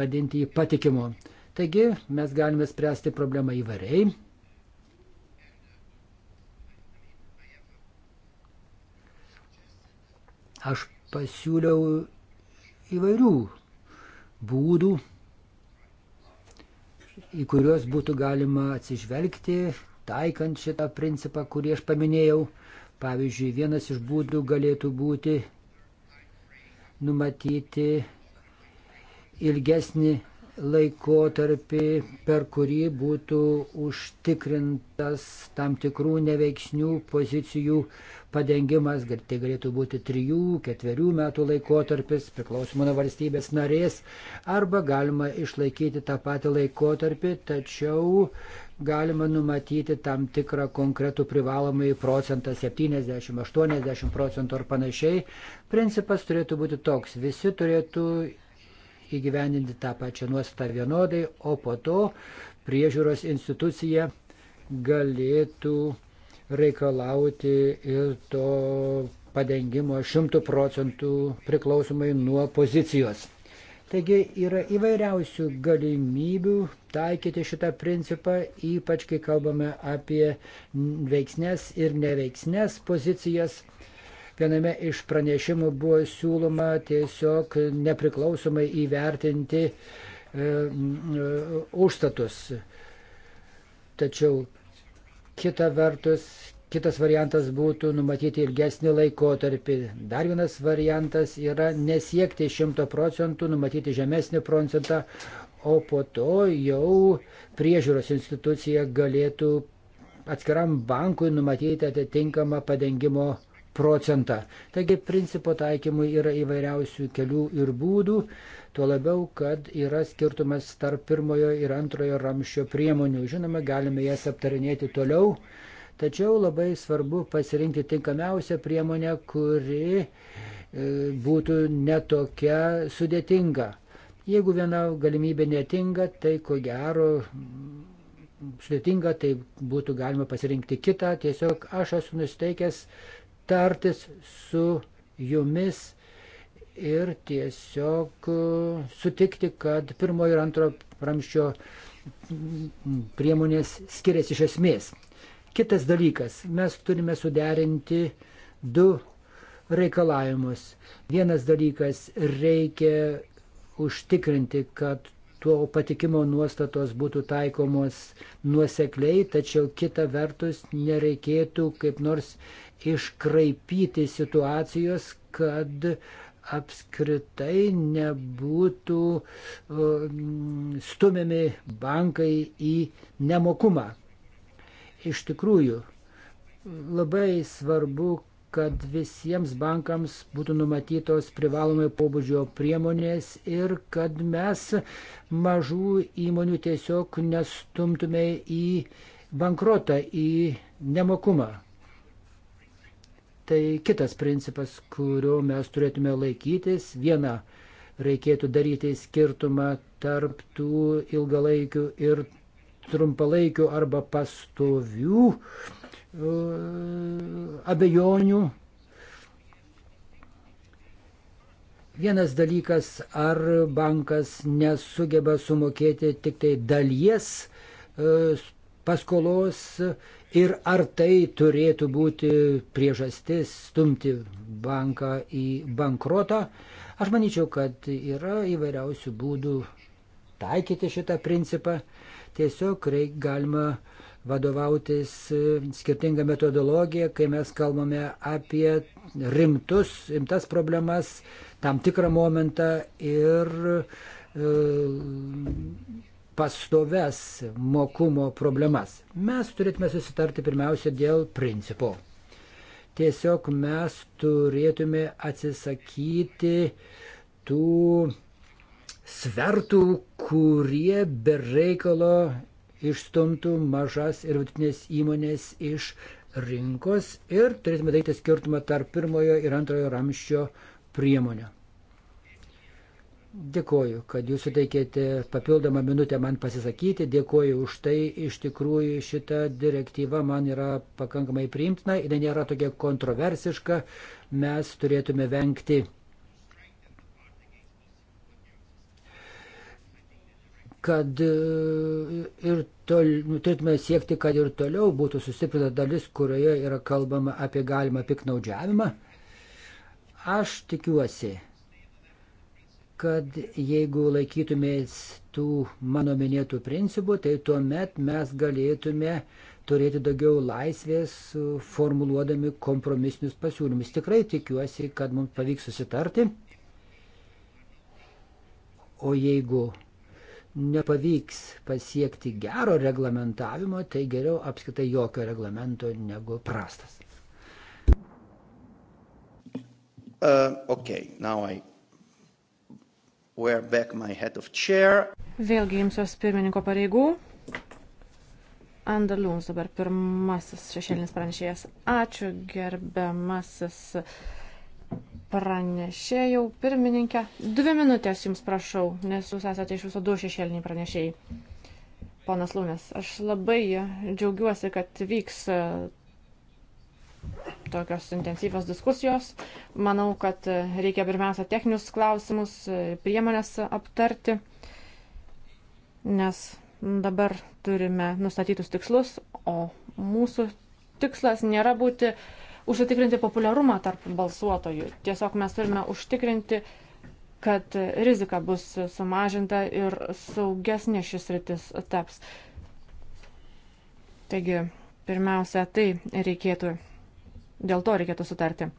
vadinti jį patikimu. Taigi mes galime spręsti problemą įvariai. Aš pasiūliau įvairių būdų, į kuriuos būtų galima atsižvelgti, taikant šitą principą, kurį aš paminėjau. Pavyzdžiui, vienas iš būdų galėtų būti numatyti ilgesnį laikotarpį, per kurį būtų užtikrintas tam tikrų neveiksnių pozicijų padengimas, tai galėtų būti trijų, ketverių metų laikotarpis, priklausomai nuo valstybės narės, arba galima išlaikyti tą patį laikotarpį, tačiau galima numatyti tam tikrą konkretų privalomąjį procentą 70, 80 procentų ar panašiai. Principas turėtų būti toks, visi turėtų įgyvendinti tą pačią nuostatą vienodai, o po to priežiūros institucija galėtų reikalauti ir to padengimo 100 procentų priklausomai nuo pozicijos. Taigi yra įvairiausių galimybių taikyti šitą principą, ypač kai kalbame apie veiksnės ir neveiksnės pozicijas Viename iš pranešimų buvo siūloma tiesiog nepriklausomai įvertinti e, e, užstatus. Tačiau kita vertus, kitas variantas būtų numatyti ilgesnį laikotarpį. Dar vienas variantas yra nesiekti 100 procentų, numatyti žemesnį procentą, o po to jau priežiūros institucija galėtų atskiram bankui numatyti atitinkamą padengimo procentą. Taigi principo taikymui yra įvairiausių kelių ir būdų, tuo labiau, kad yra skirtumas tarp pirmojo ir antrojo ramščio priemonių. Žinoma, galime jas aptarinėti toliau, tačiau labai svarbu pasirinkti tinkamiausią priemonę, kuri e, būtų netokia sudėtinga. Jeigu viena galimybė netinga, tai ko gero sudėtinga, tai būtų galima pasirinkti kitą. Tiesiog aš esu nusteikęs tartis su jumis ir tiesiog e, sutikti, kad pirmojo ir antro ramščio priemonės skiriasi iš esmės. Kitas dalykas, mes turime suderinti du reikalavimus. Vienas dalykas, reikia užtikrinti, kad tuo patikimo nuostatos būtų taikomos nuosekliai, tačiau kita vertus nereikėtų kaip nors iškraipyti situacijos, kad apskritai nebūtų mm, stumiami bankai į nemokumą. Iš tikrųjų, labai svarbu, kad visiems bankams būtų numatytos privalomai pobūdžio priemonės ir kad mes mažų įmonių tiesiog nestumtume į bankrotą, į nemokumą. Tai kitas principas, kurio mes turėtume laikytis. Viena, reikėtų daryti skirtumą tarp tų ilgalaikių ir trumpalaikių arba pastovių uh, Uh, abejonių. Vienas dalykas, ar bankas nesugeba sumokėti tik tai dalies uh, paskolos ir ar tai turėtų būti priežastis stumti banką į bankrotą. Aš manyčiau, kad yra įvairiausių būdų taikyti šitą principą. Tiesiog reik, galima uh, vadovautis e, skirtinga metodologija, kai mes kalbame apie rimtus, rimtas problemas, tam tikrą momentą ir e, pastoves mokumo problemas. Mes turėtume susitarti pirmiausia dėl principo. Tiesiog mes turėtume atsisakyti tų svertų, kurie be reikalo išstumtų mažas ir vidutinės įmonės iš rinkos ir turėtume daryti skirtumą tarp pirmojo ir antrojo ramščio priemonių. Dėkoju, kad jūs suteikėte papildomą minutę man pasisakyti. Dėkoju už tai. Iš tikrųjų, šita direktyva man yra pakankamai priimtina. Ji nėra tokia kontroversiška. Mes turėtume vengti kad e, ir tol, nu, turėtume siekti, kad ir toliau būtų sustiprinta dalis, kurioje yra kalbama apie galimą piknaudžiavimą. Aš tikiuosi, kad jeigu laikytumės tų mano minėtų principų, tai tuomet mes galėtume turėti daugiau laisvės e, formuluodami kompromisinius pasiūlymus. Tikrai tikiuosi, kad mums pavyks susitarti. O jeigu nepavyks pasiekti gero reglamentavimo, tai geriau apskritai jokio reglamento negu prastas. Uh, okay, now I wear back my head of chair. Vėlgi imsiuos pirmininko pareigų. Andalūns dabar pirmasis šešėlinis pranešėjas. Ačiū gerbiamasis. Uh, pranešėjau, pirmininkė. Dvi minutės jums prašau, nes jūs esate iš viso du šešėliniai pranešėjai. Ponas Lūnės, aš labai džiaugiuosi, kad vyks e, tokios intensyvios diskusijos. Manau, kad e, reikia pirmiausia techninius klausimus, e, priemonės aptarti, nes dabar turime nustatytus tikslus, o mūsų tikslas nėra būti uh, užsitikrinti populiarumą tarp balsuotojų. Tiesiog mes turime užtikrinti, kad rizika bus sumažinta ir saugesnė šis rytis taps. Taigi, pirmiausia, tai reikėtų, dėl to reikėtų sutarti.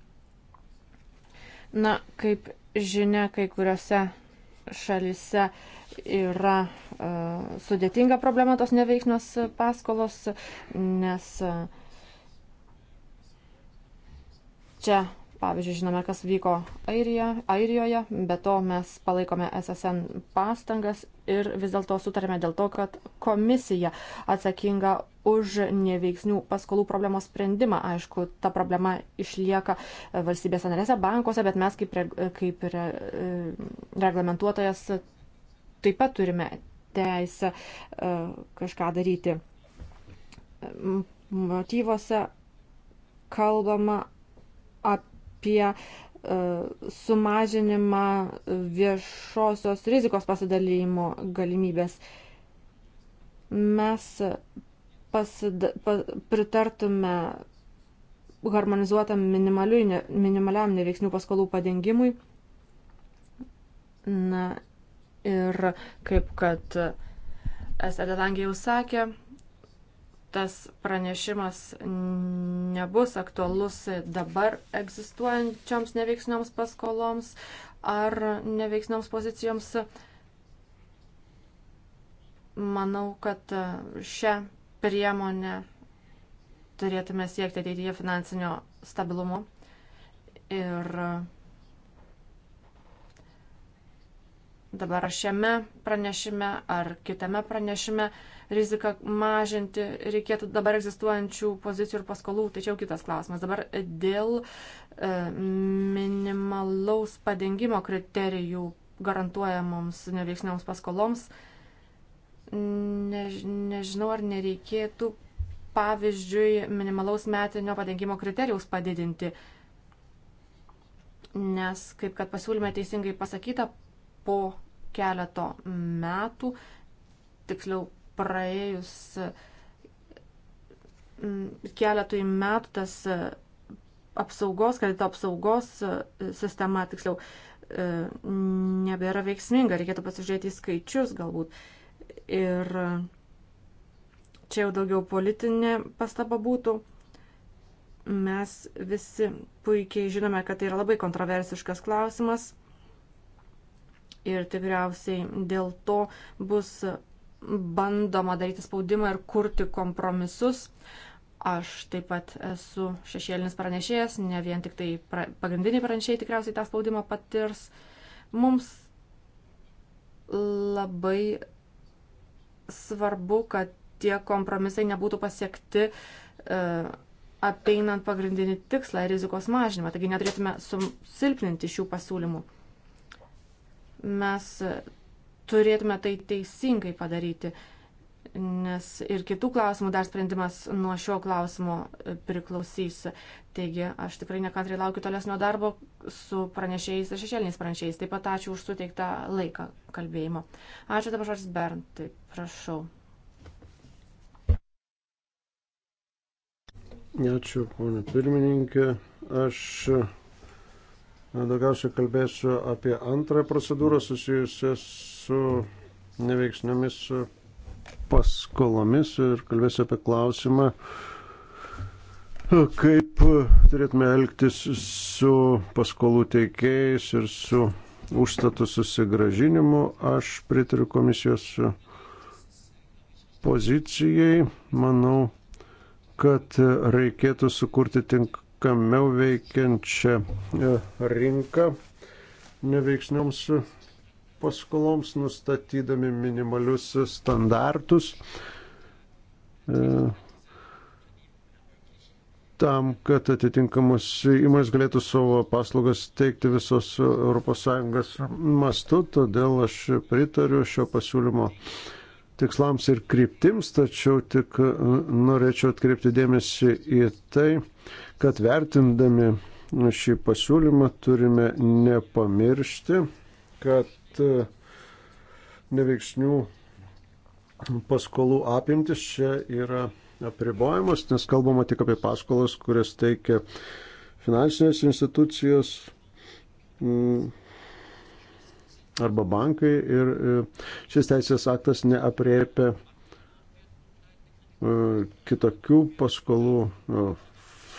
Na, kaip žinia, kai kuriuose šalise yra uh, sudėtinga problema tos neveiksnios paskolos, nes uh, Čia, pavyzdžiui, žinome, kas vyko Airija, Airijoje, be to mes palaikome SSN pastangas ir vis dėlto sutarėme dėl to, kad komisija atsakinga už neveiksnių paskolų problemos sprendimą. Aišku, ta problema išlieka valstybės narėse, bankuose, bet mes kaip, kaip re, reglamentuotojas taip pat turime teisę e, kažką daryti. Motyvose kalbama apie e, sumažinimą viešosios rizikos pasidalymo galimybės. Mes pasida, pa, pritartume harmonizuotam ne, minimaliam neveiksnių paskolų padengimui. Na ir kaip kad Esther Delangė jau sakė, tas pranešimas nebus aktualus dabar egzistuojančioms neveiksnioms paskoloms ar neveiksnioms pozicijoms. Manau, kad šią priemonę turėtume siekti ateityje finansinio stabilumo ir dabar šiame pranešime ar kitame pranešime riziką mažinti reikėtų dabar egzistuojančių pozicijų ir paskolų, tai čia jau kitas klausimas. Dabar dėl e, minimalaus padengimo kriterijų garantuojamoms neveiksnioms paskoloms, ne, nežinau ar nereikėtų, pavyzdžiui, minimalaus metinio padengimo kriterijaus padidinti. Nes, kaip kad pasiūlyme teisingai pasakyta, po keleto metų, tiksliau praėjus mm, keletui metų tas e, apsaugos, kredito apsaugos e, sistema, tiksliau, e, nebėra veiksminga, reikėtų pasižiūrėti į skaičius galbūt. Ir čia jau daugiau politinė pastaba būtų. Mes visi puikiai žinome, kad tai yra labai kontroversiškas klausimas ir tikriausiai dėl to bus bandoma daryti spaudimą ir kurti kompromisus. Aš taip pat esu šešėlinis pranešėjas, ne vien tik tai pra, pagrindiniai pranešėjai tikriausiai tą spaudimą patirs. Mums labai svarbu, kad tie kompromisai nebūtų pasiekti uh, apeinant pagrindinį tikslą - rizikos mažinimą. Taigi neturėtume silpninti šių pasiūlymų. Mes turėtume tai teisingai padaryti, nes ir kitų klausimų dar sprendimas nuo šio klausimo e, priklausys. Taigi aš tikrai nekantriai laukiu tolesnio darbo su pranešėjais ir šešėliniais pranešėjais. Taip pat ačiū už suteiktą laiką kalbėjimo. Ačiū dabar žodis Berntai, prašau. Ačiū, ponė pirmininkė. Aš Daugiausiai kalbėsiu apie antrą procedūrą susijusią su neveiksniomis paskolomis ir kalbėsiu apie klausimą, kaip turėtume elgtis su paskolų teikėjais ir su užstatų susigražinimu. Aš pritariu komisijos pozicijai. Manau, kad reikėtų sukurti tink tinkamiau veikiančią e, rinką neveiksnioms paskoloms, nustatydami minimalius standartus e, tam, kad atitinkamos įmonės galėtų savo paslaugas teikti visos ES mastu, todėl aš pritariu šio pasiūlymo tikslams ir kryptims, tačiau tik norėčiau atkreipti dėmesį į tai, kad vertindami šį pasiūlymą turime nepamiršti, kad e, neveiksnių paskolų apimtis čia yra apribojimas, nes kalbama tik apie paskolas, kurias teikia finansinės institucijos mm, arba bankai ir e, šis teisės aktas neapriepia e, kitokių paskolų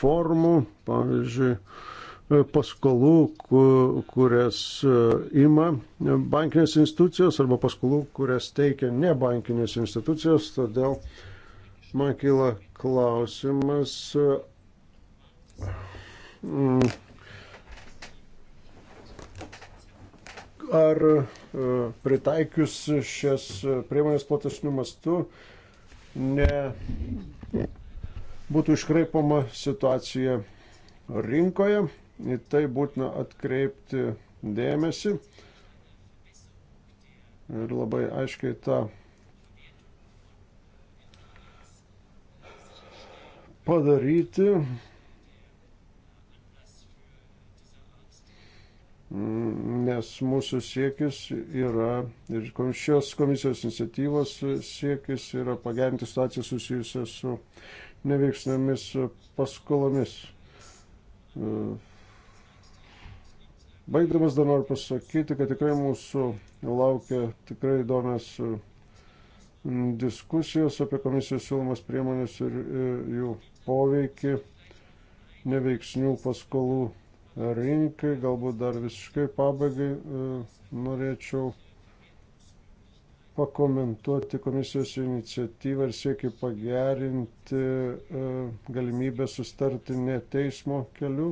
formų, pavyzdžiui, paskolų, kurias e, ima bankinės institucijos arba paskolų, kurias teikia ne bankinės institucijos. Todėl man kyla klausimas, e, mm, ar e, pritaikius šias priemonės platesnių mastų, ne būtų iškraipoma situacija rinkoje. Į tai būtina atkreipti dėmesį ir labai aiškiai tą padaryti. Nes mūsų siekis yra, ir šios komisijos iniciatyvos siekis yra pagerinti situaciją susijusią su neveiksniomis paskolomis. E, baigdamas dar noriu pasakyti, kad tikrai mūsų laukia tikrai įdomias e, diskusijos apie komisijos siūlomas priemonės ir e, jų poveikį neveiksnių paskolų rinkai. Galbūt dar visiškai pabaigai norėčiau pakomentuoti komisijos iniciatyvą ir siekį pagerinti e, galimybę sustarti ne teismo keliu.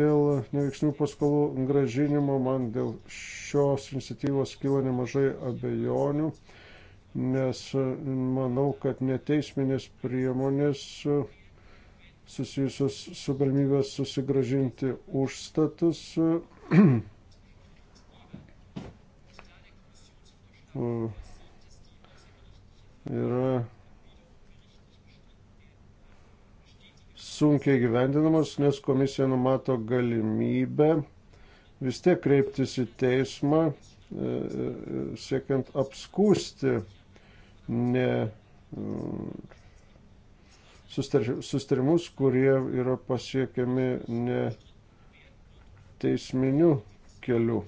Dėl neveiksnių paskolų gražinimo man dėl šios iniciatyvos kilo nemažai abejonių, nes e, manau, kad neteisminės priemonės e, susijusios su galimybės susigražinti užstatus [clears throat] Mm. yra sunkiai gyvendinamos, nes komisija numato galimybę vis tiek kreiptis į teismą, e, e, siekiant apskūsti ne mm, sustarimus, kurie yra pasiekiami ne teisminiu keliu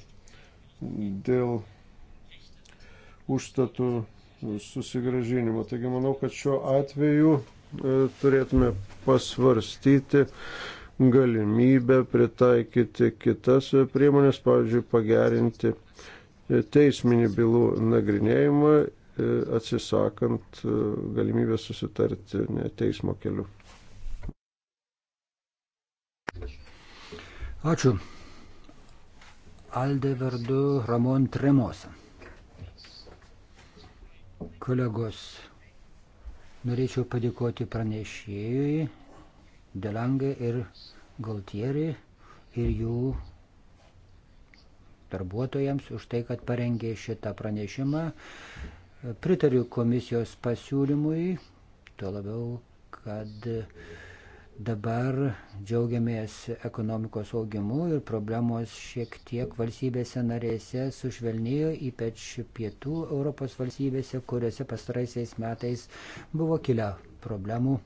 dėl užstatų susigražinimo. Taigi manau, kad šiuo atveju e, turėtume pasvarstyti galimybę pritaikyti kitas priemonės, pavyzdžiui, pagerinti teisminį bylų nagrinėjimą, e, atsisakant e, galimybę susitarti ne teismo keliu. Ačiū. Alde vardu Ramon Tremosa. Kolegos, norėčiau padėkoti pranešėjui Delangai ir Galtieriui ir jų darbuotojams už tai, kad parengė šitą pranešimą. Pritariu komisijos pasiūlymui, tuo labiau, kad Dabar džiaugiamės ekonomikos augimu ir problemos šiek tiek valstybėse narėse sušvelnėjo, ypač pietų Europos valstybėse, kuriuose pastaraisiais metais buvo kilę problemų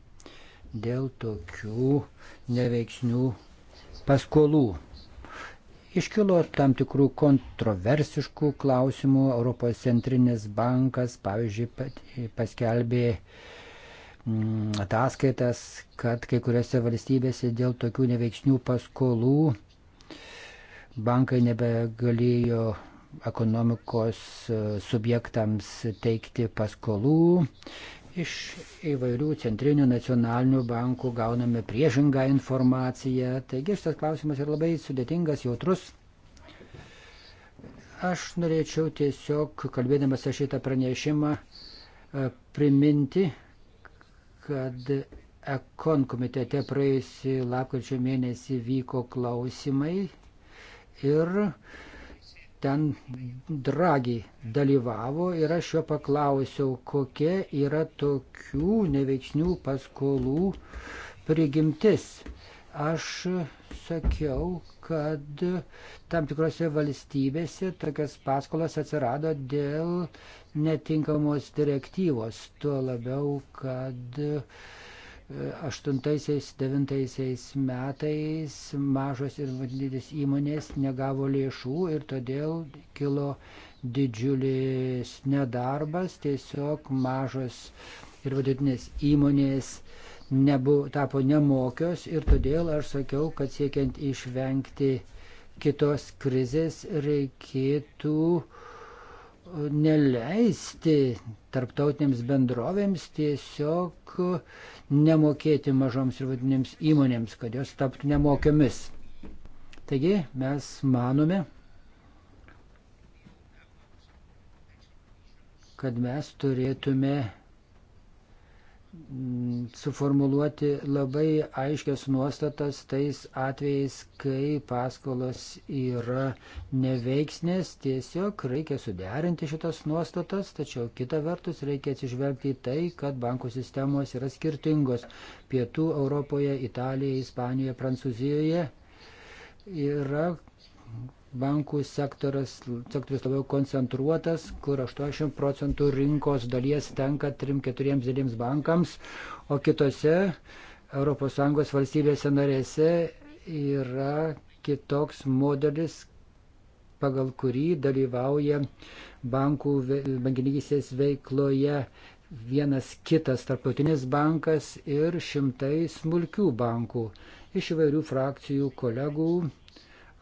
dėl tokių neveiksnių paskolų. Iškilo tam tikrų kontroversiškų klausimų. Europos centrinis bankas, pavyzdžiui, paskelbė Mm, ataskaitas, kad kai kuriuose valstybėse dėl tokių neveiksnių paskolų bankai nebegalėjo ekonomikos e, subjektams teikti paskolų. Iš įvairių centrinių nacionalinių bankų gauname priešingą informaciją. Taigi šitas klausimas yra labai sudėtingas, jautrus. Aš norėčiau tiesiog, kalbėdamas šitą pranešimą, e, priminti kad Ekon komitete praėjusi lapkričio mėnesį vyko klausimai ir ten Dragi dalyvavo ir aš jo paklausiau, kokia yra tokių neveiksnių paskolų prigimtis. Aš sakiau, kad tam tikrose valstybėse tokias paskolas atsirado dėl uh, netinkamos direktyvos, tuo labiau, kad 8-9 e, metais mažos ir vadinėtis įmonės negavo lėšų ir todėl kilo didžiulis nedarbas, tiesiog mažos ir vidutinės įmonės nebu, tapo nemokios ir todėl aš sakiau, kad siekiant išvengti kitos krizės reikėtų uh, neleisti tarptautinėms bendrovėms tiesiog nemokėti mažoms ir vadinėms įmonėms, kad jos taptų nemokiamis. Taigi mes manome, kad mes turėtume Mm, suformuluoti labai aiškias nuostatas tais atvejais, kai paskolos yra neveiksnės, tiesiog reikia suderinti šitas nuostatas, tačiau kita vertus reikia atsižvelgti į tai, kad bankų sistemos yra skirtingos pietų Europoje, Italijoje, Ispanijoje, Prancūzijoje. Yra bankų sektoras, sektorius labiau koncentruotas, kur 80 procentų rinkos dalies tenka 3-4 dėlėms bankams, o kitose ES valstybėse narėse yra kitoks modelis, pagal kurį dalyvauja bankų bankininkysės veikloje vienas kitas tarptautinis bankas ir šimtai smulkių bankų iš įvairių frakcijų kolegų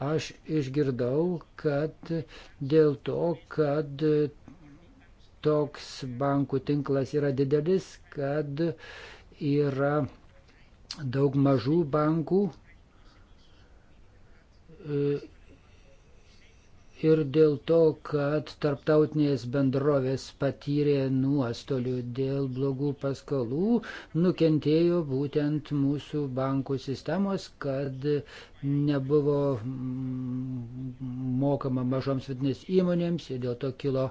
Aš išgirdau, kad dėl to, kad toks bankų tinklas yra didelis, kad yra daug mažų bankų ir dėl to, kad tarptautinės bendrovės patyrė nuostolių dėl blogų paskolų, nukentėjo būtent mūsų bankų sistemos, kad nebuvo mm, mokama mažoms vidinės įmonėms ir dėl to kilo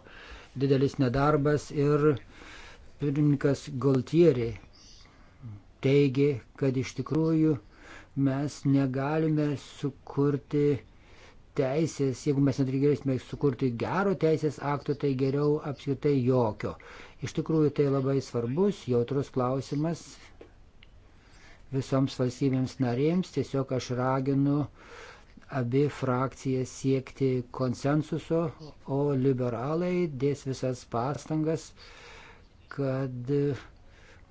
didelis nedarbas ir pirmininkas Galtieri teigė, kad iš tikrųjų mes negalime sukurti teisės, jeigu mes neturėsime sukurti gero teisės akto, tai geriau apskritai jokio. Iš tikrųjų tai labai svarbus, jautrus klausimas visoms valstybėms narėms. Tiesiog aš raginu abi frakcijas siekti konsensuso, o liberalai dės visas pastangas, kad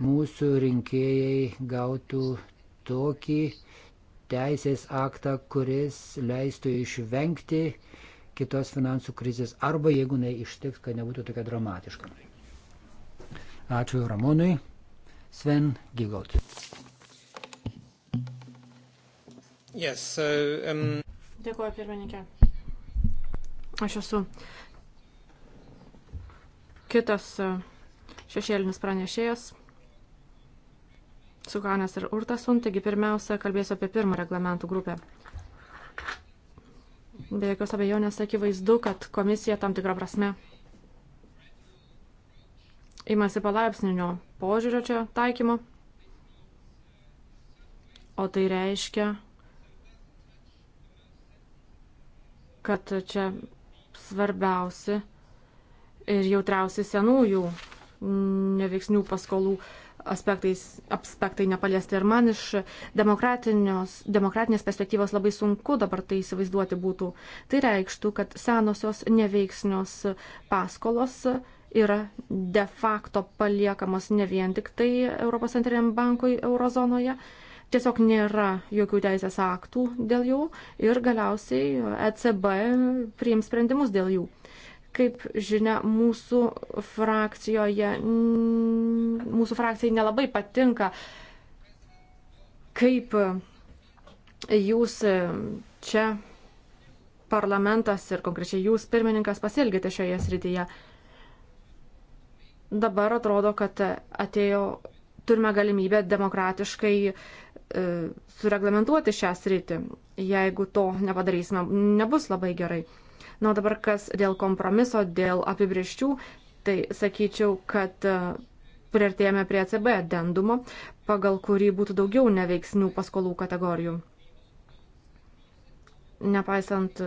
mūsų rinkėjai gautų tokį teisės aktą, kuris leistų išvengti kitos finansų krizės arba jeigu jinai ištiks, kad nebūtų tokia dramatiška. Ačiū Ramonui. Sven Gigot. Yes, so, um... Dėkuoju, pirmininkė. Aš esu kitas uh, šešėlinis pranešėjas. Sukanės ir Urtasun, taigi pirmiausia kalbėsiu apie pirmą reglamentų grupę. Be jokios abejonės akivaizdu, kad komisija tam tikrą prasme imasi palaipsninio požiūrio čia taikymo, o tai reiškia, kad čia svarbiausi ir jautriausi senųjų neveiksnių paskolų aspektai nepaliesti. Ir man iš demokratinės perspektyvos labai sunku dabar tai įsivaizduoti būtų. Tai reikštų, kad senosios neveiksnios paskolos yra de facto paliekamos ne vien tik tai Europos centriniam bankui eurozonoje. Tiesiog nėra jokių teisės aktų dėl jų ir galiausiai ECB priims sprendimus dėl jų. Kaip žinia, mūsų frakcijoje, mūsų frakcijai nelabai patinka, kaip jūs čia parlamentas ir konkrečiai jūs pirmininkas pasielgėte šioje srityje. Dabar atrodo, kad atėjo, turime galimybę demokratiškai e, sureglamentuoti šią sritį. Jeigu to nepadarysime, nebus labai gerai. Na, dabar kas dėl kompromiso, dėl apibrieščių, tai sakyčiau, kad e, priartėjame prie ECB dendumo, pagal kurį būtų daugiau neveiksnių paskolų kategorijų. Nepaisant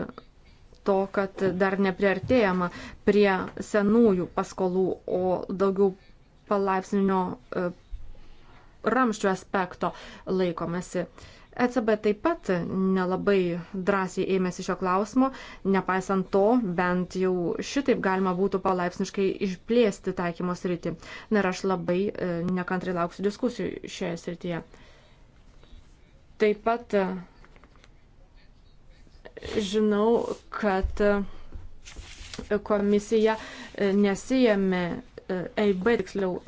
to, kad dar nepriartėjama prie senųjų paskolų, o daugiau palaipsninio e, ramščių aspekto laikomasi. Uh, ECB taip pat nelabai drąsiai ėmėsi šio klausimo, nepaisant to, bent jau šitaip galima būtų palaipsniškai išplėsti taikymo sritį. Na ir aš labai e, nekantrai lauksiu diskusijų šioje srityje. Taip pat e, žinau, kad e, komisija nesijėmė, EIB tiksliau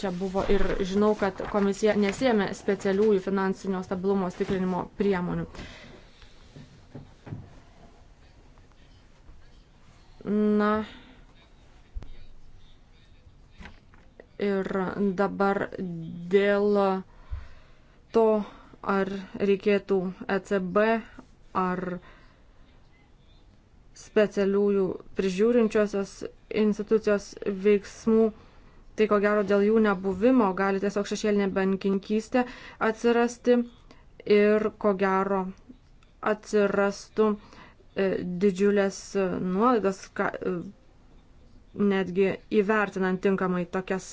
čia buvo ir žinau, kad komisija nesėmė specialiųjų finansinio stabilumo stiprinimo priemonių. Na. Ir dabar dėl to, ar reikėtų ECB ar specialiųjų prižiūrinčiosios institucijos veiksmų tai ko gero dėl jų nebuvimo gali tiesiog šešėlinė bankinkystė atsirasti ir ko gero atsirastų e, didžiulės e, nuolaidas, ka, e, netgi įvertinant tinkamai tokias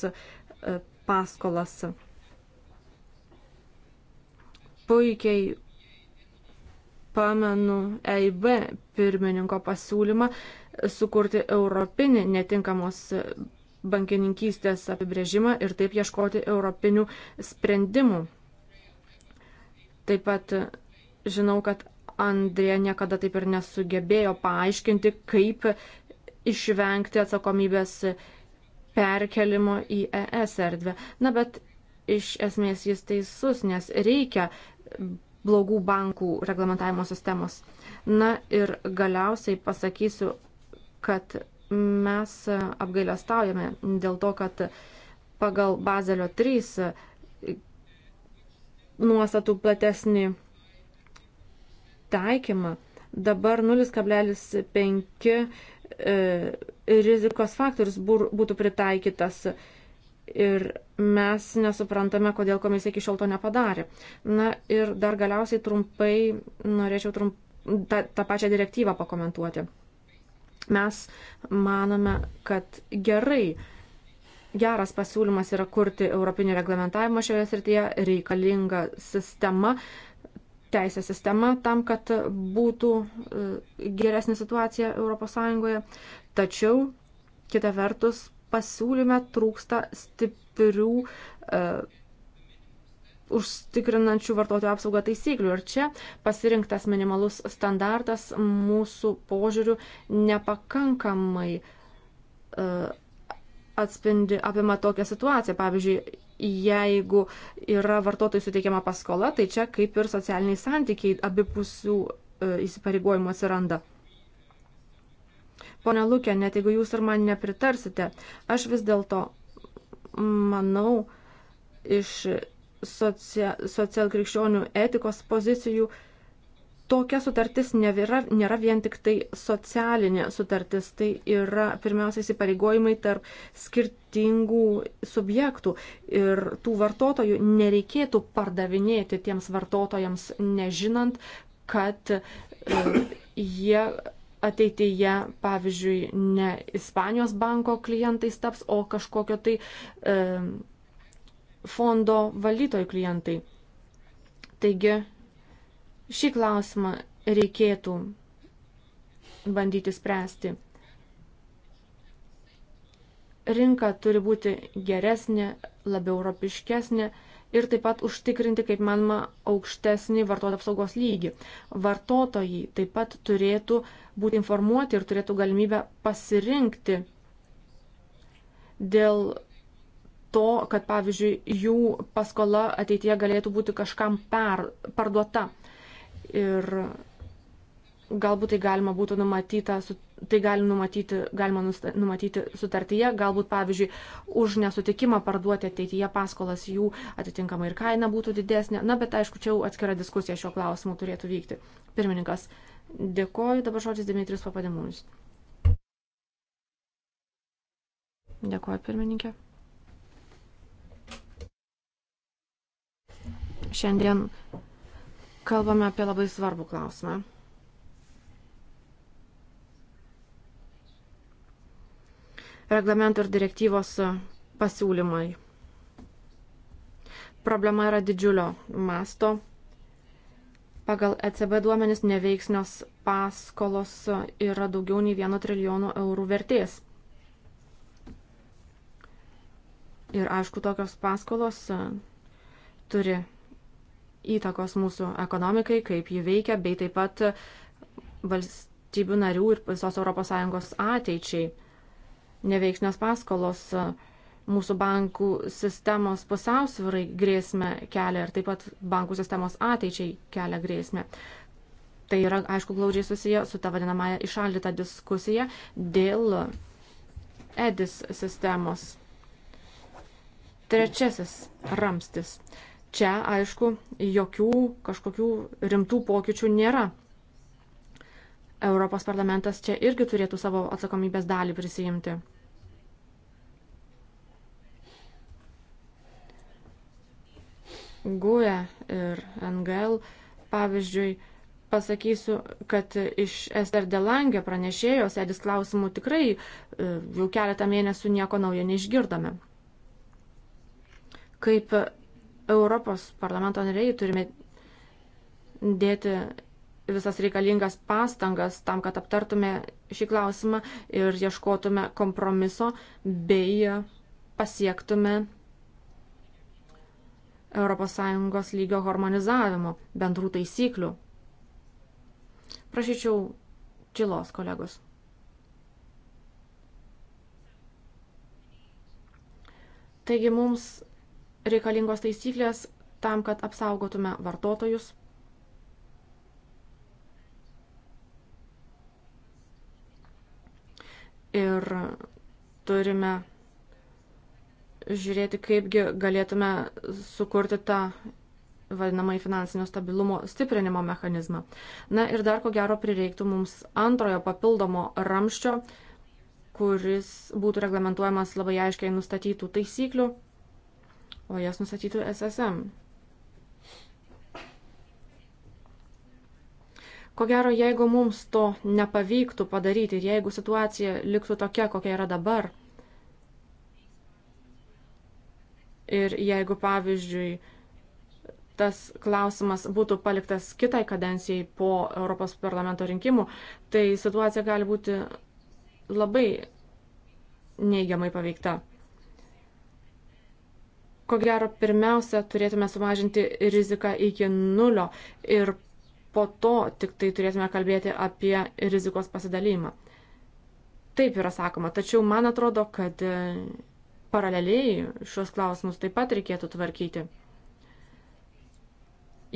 paskolas. Puikiai pamenu EIB pirmininko pasiūlymą sukurti europinį netinkamos bankininkystės apibrėžimą ir taip ieškoti europinių sprendimų. Taip pat žinau, kad Andrė niekada taip ir nesugebėjo paaiškinti, kaip išvengti atsakomybės perkelimo į ES erdvę. Na, bet iš esmės jis teisus, nes reikia blogų bankų reglamentavimo sistemos. Na ir galiausiai pasakysiu, kad Mes apgailestaujame dėl to, kad pagal Bazelio 3 nuostatų platesnį taikymą dabar 0,5 e, rizikos faktorius būtų pritaikytas ir mes nesuprantame, kodėl komisija iki šiol to nepadarė. Na ir dar galiausiai trumpai norėčiau trump, tą, tą pačią direktyvą pakomentuoti. Mes manome, kad gerai, geras pasiūlymas yra kurti europinį reglamentavimą šioje srityje, reikalinga sistema, teisė sistema tam, kad būtų e, geresnė situacija ES. Tačiau, kita vertus, pasiūlyme trūksta stiprių uh, užtikrinančių vartotojų apsaugą taisyklių. Ir čia pasirinktas minimalus standartas mūsų požiūrių nepakankamai uh, atspindi apima tokią situaciją. Pavyzdžiui, jeigu yra vartotojai suteikiama paskola, tai čia kaip ir socialiniai santykiai abipusių uh, įsipareigojimų atsiranda. Pone Lukė, net jeigu jūs ir man nepritarsite, aš vis dėlto manau iš socialkrikščionių etikos pozicijų. Tokia sutartis nėra, nėra vien tik tai socialinė sutartis, tai yra pirmiausia įsipareigojimai tarp skirtingų subjektų ir tų vartotojų nereikėtų pardavinėti tiems vartotojams, nežinant, kad e, jie ateityje, pavyzdžiui, ne Ispanijos banko klientais taps, o kažkokio tai e, fondo valdytojų klientai. Taigi šį klausimą reikėtų bandyti spręsti. Rinka turi būti geresnė, labiau europiškesnė ir taip pat užtikrinti, kaip manoma, aukštesnį vartotojų apsaugos lygį. Vartotojai taip pat turėtų būti informuoti ir turėtų galimybę pasirinkti dėl to, kad pavyzdžiui jų paskola ateityje galėtų būti kažkam per, parduota. Ir galbūt tai galima būtų numatyta, tai galim numatyti, galima numatyti sutartyje, galbūt pavyzdžiui už nesutikimą parduoti ateityje paskolas jų atitinkamai ir kaina būtų didesnė. Na, bet aišku, čia jau atskira diskusija šiuo klausimu turėtų vykti. Pirmininkas, dėkoju, dabar žodis Dimitris Papademunis. Dėkoju, pirmininkė. Šiandien kalbame apie labai svarbų klausimą. Reglamento ir direktyvos pasiūlymai. Problema yra didžiulio masto. Pagal ECB duomenis neveiksnios paskolos yra daugiau nei 1 trilijono eurų vertės. Ir aišku, tokios paskolos turi įtakos mūsų ekonomikai, kaip ji veikia, bei taip pat valstybių narių ir visos ES ateičiai. Neveiksnios paskolos e, mūsų bankų sistemos pusiausvirai grėsmę kelia ir taip pat bankų sistemos ateičiai kelia grėsmę. Tai yra, aišku, glaudžiai susiję su ta vadinamąją išaldytą diskusiją dėl EDIS sistemos. Trečiasis ramstis Čia, aišku, jokių kažkokių rimtų pokyčių nėra. Europos parlamentas čia irgi turėtų savo atsakomybės dalį prisijimti. GUE ir NGL, pavyzdžiui, pasakysiu, kad iš Ester Delangė pranešėjos edis klausimų tikrai e, jau keletą mėnesių nieko naujo neišgirdome. Kaip Europos parlamento nariai turime dėti visas reikalingas pastangas tam, kad aptartume šį klausimą ir ieškotume kompromiso bei pasiektume ES lygio harmonizavimo bendrų taisyklių. Prašyčiau čilos kolegos. Taigi mums reikalingos taisyklės tam, kad apsaugotume vartotojus. Ir turime žiūrėti, kaipgi galėtume sukurti tą vadinamai finansinio stabilumo stiprinimo mechanizmą. Na ir dar ko gero prireiktų mums antrojo papildomo ramščio, kuris būtų reglamentuojamas labai aiškiai nustatytų taisyklių o jas nusatytų SSM. Ko gero, jeigu mums to nepavyktų padaryti ir jeigu situacija liktų tokia, kokia yra dabar, ir jeigu, pavyzdžiui, tas klausimas būtų paliktas kitai kadencijai po Europos parlamento rinkimų, tai situacija gali būti labai neigiamai paveikta. Ko gero, pirmiausia, turėtume sumažinti riziką iki nulio ir po to tik tai turėtume kalbėti apie rizikos pasidalymą. Taip yra sakoma, tačiau man atrodo, kad e, paraleliai šios klausimus taip pat reikėtų tvarkyti.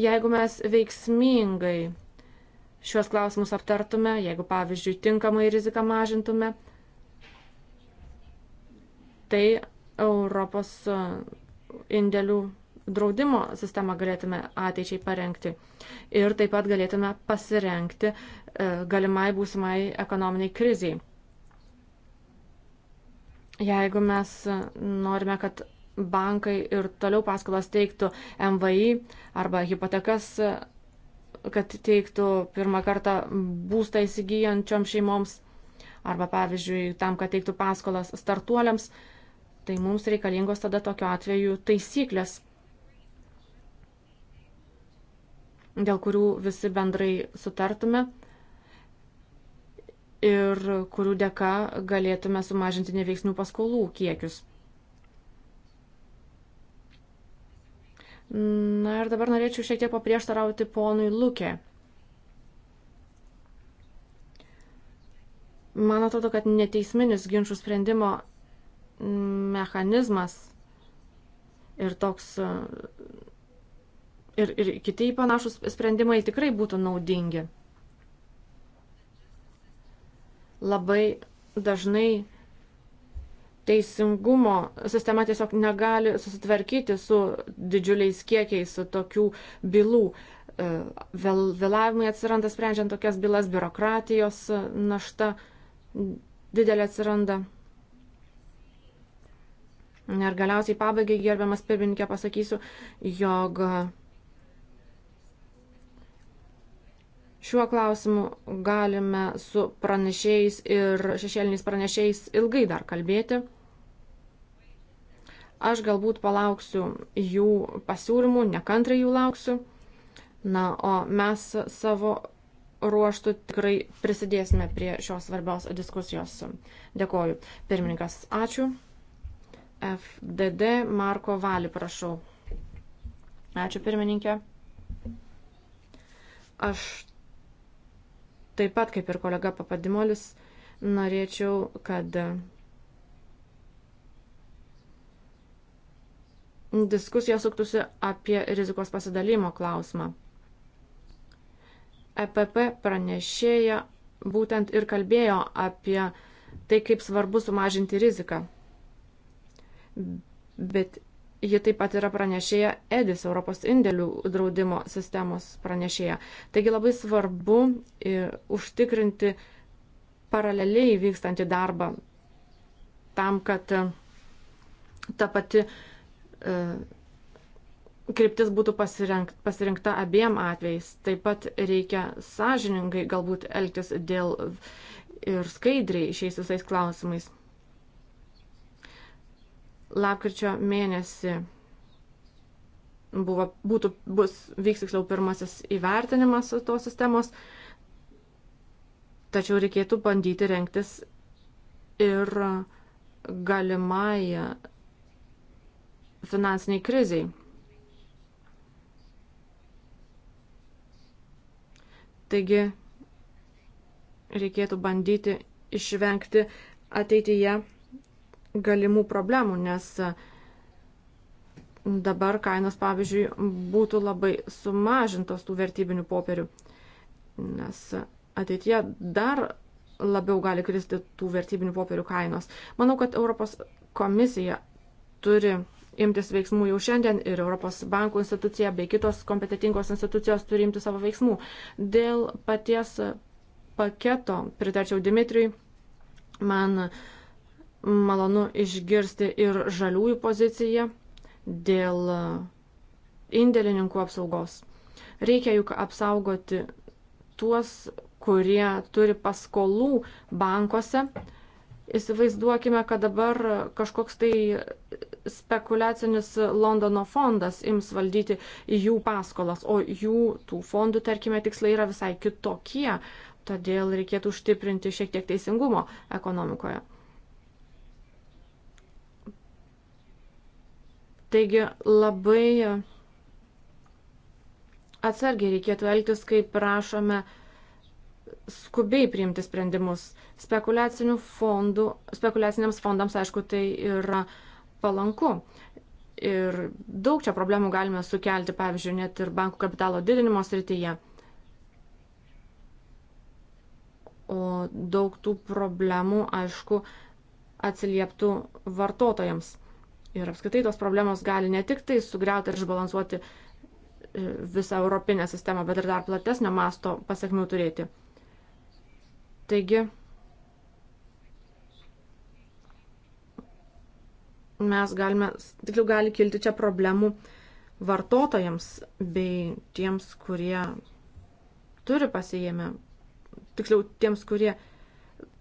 Jeigu mes veiksmingai šios klausimus aptartume, jeigu pavyzdžiui tinkamai riziką mažintume, tai Europos indėlių draudimo sistemą galėtume ateičiai parengti. Ir taip pat galėtume pasirenkti e, galimai būsimai ekonominiai kriziai. Jeigu mes norime, kad bankai ir toliau paskolas teiktų MVI arba hipotekas, kad teiktų pirmą kartą būstą įsigijančiom šeimoms arba, pavyzdžiui, tam, kad teiktų paskolas startuoliams, tai mums reikalingos tada tokiu atveju taisyklės, dėl kurių visi bendrai sutartume ir kurių dėka galėtume sumažinti neveiksnių paskolų kiekius. Na ir dabar norėčiau šiek tiek paprieštarauti ponui Lukė. Man atrodo, kad neteisminis ginčių sprendimo mechanizmas ir toks e, ir, ir kiti panašus sprendimai tikrai būtų naudingi. Labai dažnai teisingumo sistema tiesiog negali susitvarkyti su didžiuliais kiekiais tokių bylų. E, vėl, vėlavimai atsiranda sprendžiant tokias bylas, biurokratijos e, našta didelė atsiranda. Ir galiausiai pabaigai, gerbiamas pirmininkė, pasakysiu, jog šiuo klausimu galime su pranešėjais ir šešėliniais pranešėjais ilgai dar kalbėti. Aš galbūt palauksiu jų pasiūlymų, nekantrai jų lauksiu. Na, o mes savo ruoštų tikrai prisidėsime prie šios svarbios diskusijos. Dėkoju. Pirmininkas, ačiū. FDD Marko Valį, prašau. Ačiū pirmininkė. Aš taip pat, kaip ir kolega Papadimolis, norėčiau, kad diskusija suktųsi apie rizikos pasidalymo klausimą. EPP pranešėja būtent ir kalbėjo apie tai, kaip svarbu sumažinti riziką bet ji taip pat yra pranešėja EDIS, Europos indėlių draudimo sistemos pranešėja. Taigi labai svarbu e, užtikrinti paraleliai vykstantį darbą tam, kad e, ta pati e, kryptis būtų pasirink, pasirinkta abiem atvejais. Taip pat reikia sąžiningai galbūt elgtis dėl ir skaidriai šiais visais klausimais lapkričio mėnesį buvo, būtų, bus, vyks tiksliau pirmasis įvertinimas tos sistemos, tačiau reikėtų bandyti renktis ir galimai finansiniai kriziai. Taigi reikėtų bandyti išvengti ateityje galimų problemų, nes dabar kainos, pavyzdžiui, būtų labai sumažintos tų vertybinių popierių, nes ateitie dar labiau gali kristi tų vertybinių popierių kainos. Manau, kad Europos komisija turi imtis veiksmų jau šiandien ir Europos bankų institucija bei kitos kompetitingos institucijos turi imti savo veiksmų. Dėl paties paketo pritarčiau Dimitriui, man uh, Malonu išgirsti ir žaliųjų poziciją dėl indėlininkų apsaugos. Reikia juk apsaugoti tuos, kurie turi paskolų bankuose. Įsivaizduokime, kad dabar kažkoks tai spekulacinis Londono fondas ims valdyti jų paskolas, o jų tų fondų, tarkime, tikslai yra visai kitokie, todėl reikėtų užtiprinti šiek tiek teisingumo ekonomikoje. Taigi labai atsargiai reikėtų elgtis, kai prašome skubiai priimti sprendimus. Fondų, spekuliaciniams fondams, aišku, tai yra palanku. Ir daug čia problemų galime sukelti, pavyzdžiui, net ir bankų kapitalo didinimo srityje. O daug tų problemų, aišku, atsilieptų vartotojams. Ir apskaitai tos problemos gali ne tik tai sugriauti ir išbalansuoti e, visą europinę sistemą, bet ir dar platesnio masto pasiekmių turėti. Taigi, mes galime, tiksliau gali kilti čia problemų vartotojams bei tiems, kurie turi pasijėmę, tiksliau tiems, kurie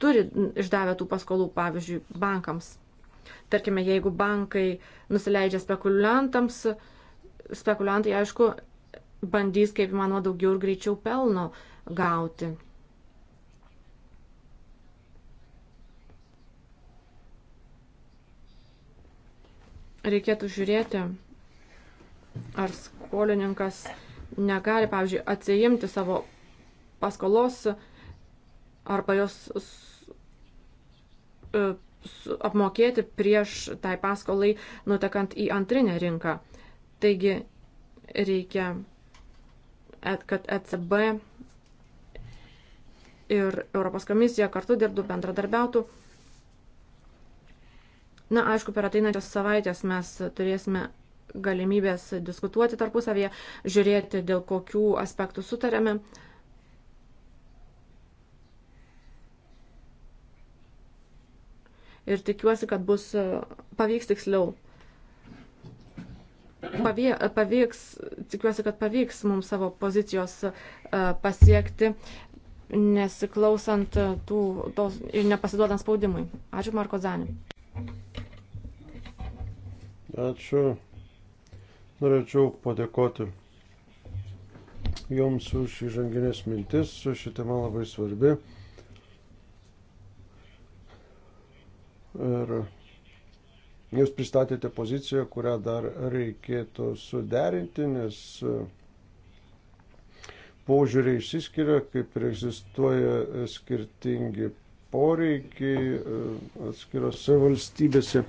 turi išdavę tų paskolų, pavyzdžiui, bankams. Tarkime, jeigu bankai nusileidžia spekuliantams, spekuliantai, aišku, bandys kaip įmanoma daugiau ir greičiau pelno gauti. Reikėtų žiūrėti, ar skolininkas negali, pavyzdžiui, atsijimti savo paskolos arba jos apmokėti prieš tai paskolai nutekant į antrinę rinką. Taigi reikia, e, kad ECB ir Europos komisija kartu dirbtų, bendradarbiautų. Na, aišku, per ateinančias savaitės mes turėsime galimybės diskutuoti tarpusavėje, žiūrėti, dėl kokių aspektų sutarėme. Uh, ir tikiuosi, kad bus e, pavyks tiksliau. Pavy, e, pavyks, tikiuosi, kad pavyks mums savo pozicijos e, pasiekti, nesiklausant tų tos, ir nepasiduodant spaudimui. Ačiū, Marko Zanį. Ačiū. Norėčiau padėkoti Jums už įžanginės mintis, ši tema labai svarbi. Ir jūs pristatėte poziciją, kurią dar reikėtų suderinti, nes e, požiūriai išsiskiria, kaip ir egzistuoja e, skirtingi poreikiai e, atskirose valstybėse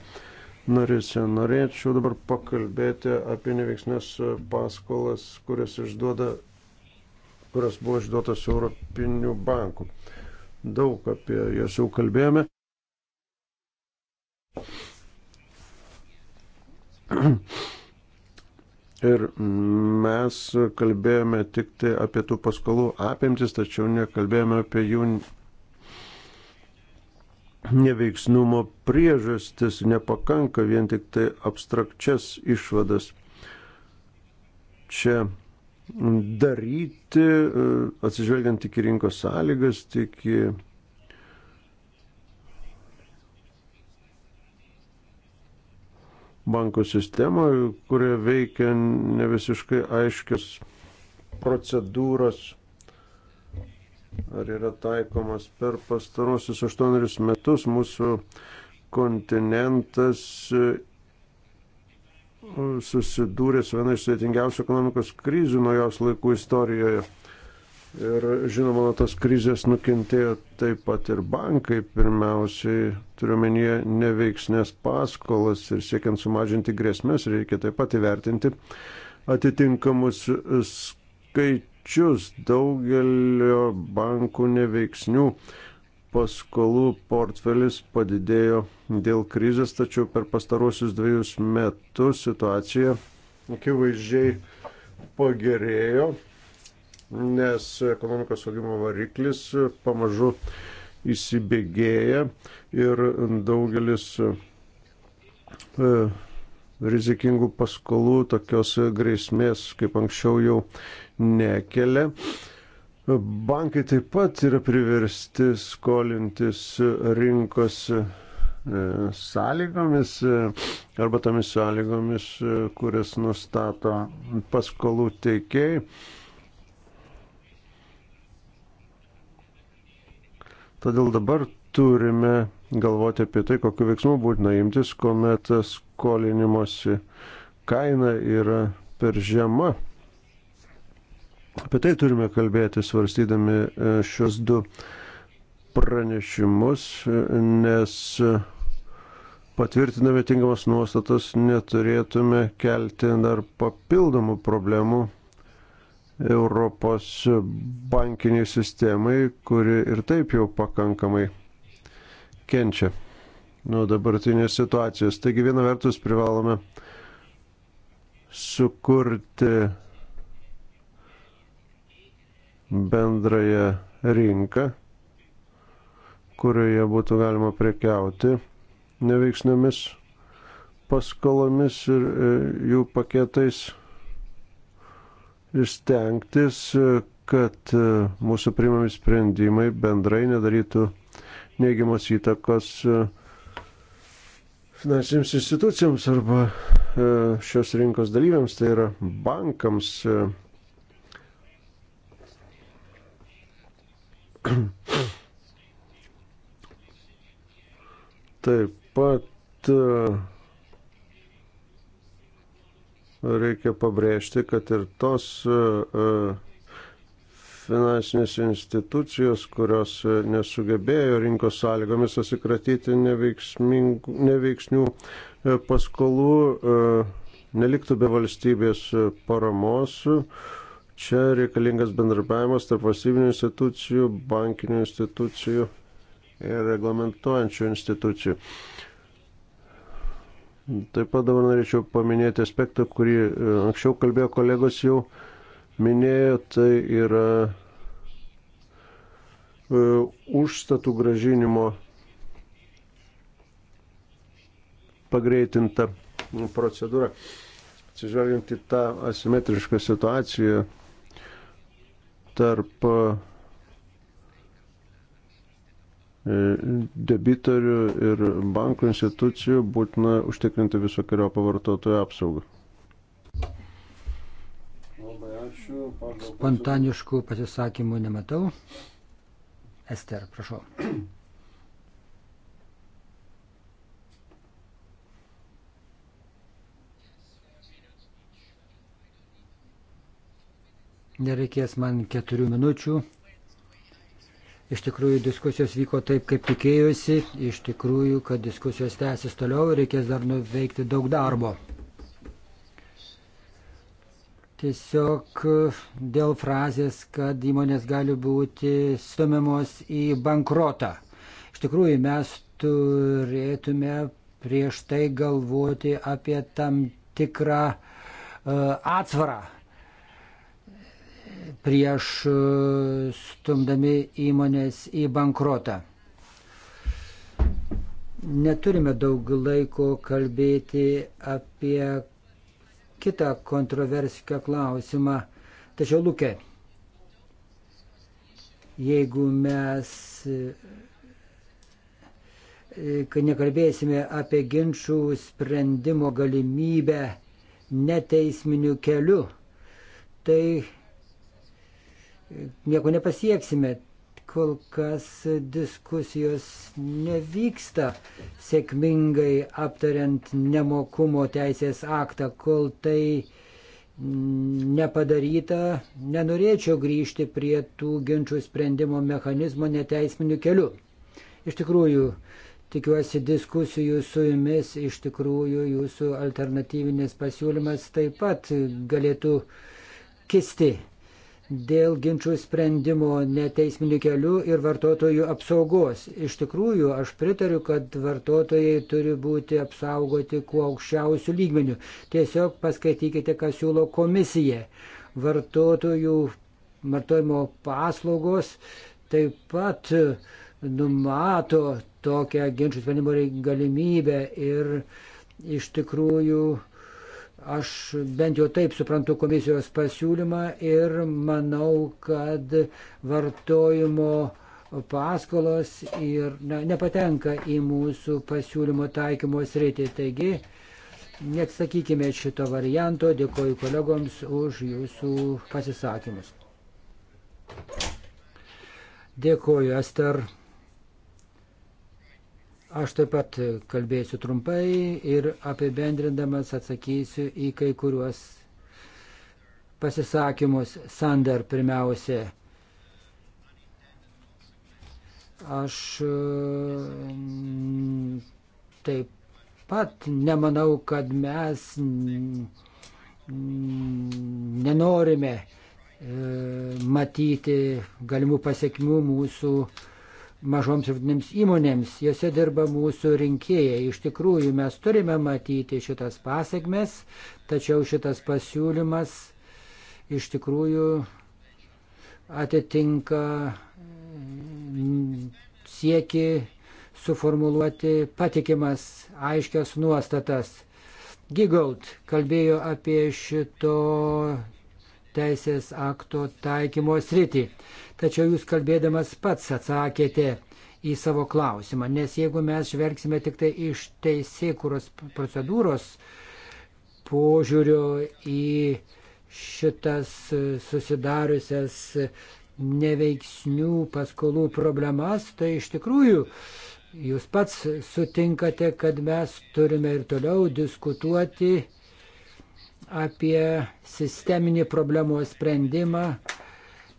narėse. Norėčiau dabar pakalbėti apie neveiksnės paskolas, kurias išduoda, kurias buvo išduotas Europinių bankų. Daug apie jas jau kalbėjome. Ir mes kalbėjome tik tai apie tų paskolų apimtis, tačiau nekalbėjome apie jų neveiksnumo priežastis. Nepakanka vien tik tai abstrakčias išvadas čia daryti, atsižvelgiant tik į rinkos sąlygas, tik į bankų sistemą, kurioje veikia ne visiškai aiškios procedūros, ar yra taikomas per pastarosius aštuonerius metus mūsų kontinentas e, susidūrė su viena iš sveitingiausių ekonomikos krizių nuo jos laikų istorijoje. Ir žinoma, nuo tos krizės nukentėjo taip pat ir bankai, pirmiausiai turiuomenyje neveiksnės paskolas ir siekiant sumažinti grėsmės reikia taip pat įvertinti atitinkamus skaičius daugelio bankų neveiksnių. Paskolų portfelis padidėjo dėl krizės, tačiau per pastaruosius dviejus metus situacija akivaizdžiai pagerėjo nes ekonomikos augimo variklis pamažu įsibėgėja ir daugelis e, rizikingų paskolų tokios grėsmės, kaip anksčiau jau nekelia. Bankai taip pat yra priversti skolintis rinkos e, sąlygomis e, arba tomis sąlygomis, kurias nustato paskolų teikėjai. Todėl dabar turime galvoti apie tai, kokiu veiksmu būtina imtis, kuomet skolinimosi kaina yra per žema. Apie tai turime kalbėti svarstydami e, šios du pranešimus, e, nes patvirtinami tinkamas nuostatas neturėtume kelti dar papildomų problemų Europos bankiniai sistemai, kuri ir taip jau pakankamai kenčia nuo dabartinės situacijos. Taigi viena vertus privalome sukurti bendrąją rinką, kurioje būtų galima prekiauti neveiksniomis paskolomis ir e, jų paketais stengtis, kad e, mūsų primami sprendimai bendrai nedarytų neigiamos įtakos e, finansinėms institucijoms arba e, šios rinkos dalyviams, tai yra bankams. Taip pat reikia pabrėžti, kad ir tos e, e, finansinės institucijos, kurios e, nesugebėjo rinkos sąlygomis atsikratyti neveiksnių paskolų, neliktų be valstybės paramos. Čia reikalingas bendradarbiavimas tarp valstybinių institucijų, bankinių institucijų ir reglamentuojančių institucijų. Uh, Taip pat dabar norėčiau paminėti aspektą, kurį e, anksčiau kalbėjo kolegos jau minėjo, tai yra e, užstatų gražinimo pagreitinta procedūra. Atsižvelgiant į tą asimetrišką situaciją tarp e, E, debitorių ir bankų institucijų būtina užtikrinti visokiojo pavartotojų apsaugą. Spontaniškų pasisakymų nematau. Ester, prašau. Nereikės man keturių minučių. Iš tikrųjų diskusijos vyko taip, kaip tikėjusi, iš tikrųjų, kad diskusijos tęsis toliau ir reikės dar nuveikti daug darbo. Tiesiog dėl frazės, kad įmonės gali būti stumiamos į bankrotą. Iš tikrųjų, mes turėtume prieš tai galvoti apie tam tikrą uh, atsvarą prieš e, stumdami įmonės į bankrotą. Neturime daug laiko kalbėti apie kitą kontroversišką klausimą. Tačiau, Lukė, jeigu mes e, kai nekalbėsime apie ginčių sprendimo galimybę neteisminiu keliu, tai nieko nepasieksime. Kol kas diskusijos nevyksta sėkmingai aptariant nemokumo teisės aktą. Kol tai nepadaryta, nenorėčiau grįžti prie tų ginčių sprendimo mechanizmo neteisminiu keliu. Iš tikrųjų, tikiuosi diskusijų su jumis, iš tikrųjų jūsų alternatyvinis pasiūlymas taip pat galėtų kisti dėl ginčių sprendimo neteisminių kelių ir vartotojų apsaugos. Iš tikrųjų, aš pritariu, kad vartotojai turi būti apsaugoti kuo aukščiausių lygmenių. Tiesiog paskaitykite, ką siūlo komisija. Vartotojų vartojimo paslaugos taip pat numato tokią ginčių sprendimo galimybę ir iš tikrųjų Aš bent jau taip suprantu komisijos pasiūlymą ir manau, kad vartojimo paskolos ir na, nepatenka į mūsų pasiūlymo taikymo sritį. Taigi, neatsakykime šito varianto. Dėkoju kolegoms už jūsų pasisakymus. Dėkoju, Ester. Aš taip pat kalbėsiu trumpai ir apibendrindamas atsakysiu į kai kuriuos pasisakymus. Sander pirmiausia. Aš mm, taip pat nemanau, kad mes mm, nenorime e, matyti galimų pasiekmių mūsų uh, mažoms ir vidinėms įmonėms. Jose dirba mūsų rinkėjai. Iš tikrųjų, mes turime matyti šitas pasiekmes, tačiau šitas pasiūlymas iš tikrųjų atitinka mm, sieki suformuluoti patikimas aiškias nuostatas. Gigold kalbėjo apie šito teisės akto taikymo sritį tačiau jūs kalbėdamas pats atsakėte į savo klausimą, nes jeigu mes žvelgsime tik tai iš teisėkuros procedūros požiūrio į šitas susidariusias neveiksnių paskolų problemas, tai iš tikrųjų jūs pats sutinkate, kad mes turime ir toliau diskutuoti apie sisteminį problemos sprendimą,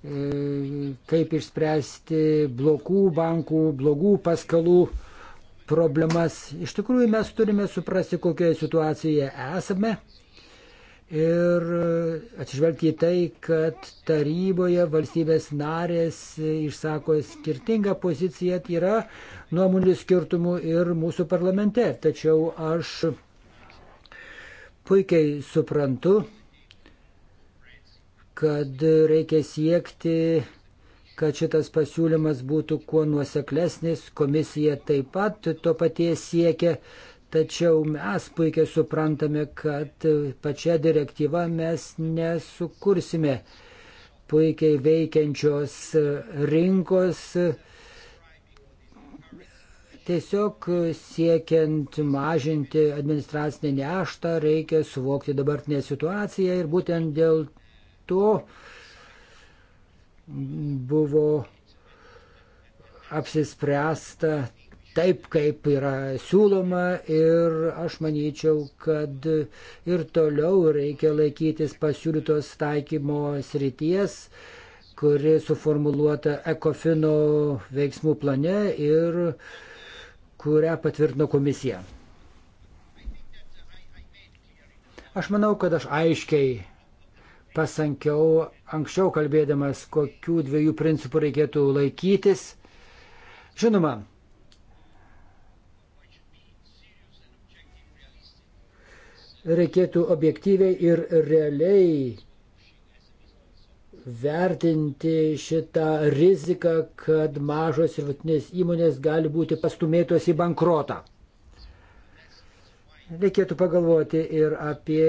E, kaip išspręsti blokų bankų, blogų paskalų problemas. Iš tikrųjų mes turime suprasti, kokioje situacijoje esame ir atsižvelgti į tai, kad taryboje valstybės narės išsako skirtingą poziciją, tai yra nuomonių skirtumų ir mūsų parlamente. Tačiau aš puikiai suprantu, kad reikia siekti, kad šitas pasiūlymas būtų kuo nuoseklesnis. Komisija taip pat to paties siekia. Tačiau mes puikiai suprantame, kad pačią direktyvą mes nesukursime puikiai veikiančios rinkos, Tiesiog siekiant mažinti administracinę neštą reikia suvokti dabartinę situaciją ir būtent dėl to buvo apsispręsta taip, kaip yra siūloma ir aš manyčiau, kad ir toliau reikia laikytis pasiūlytos taikymo srities, kuri suformuluota ekofino veiksmų plane ir kurią patvirtino komisija. Aš manau, kad aš aiškiai pasankiau anksčiau kalbėdamas, kokių dviejų principų reikėtų laikytis. Žinoma, reikėtų objektyviai ir realiai vertinti šitą riziką, kad mažos ir vatinės įmonės gali būti pastumėtos į bankrotą. Reikėtų pagalvoti ir apie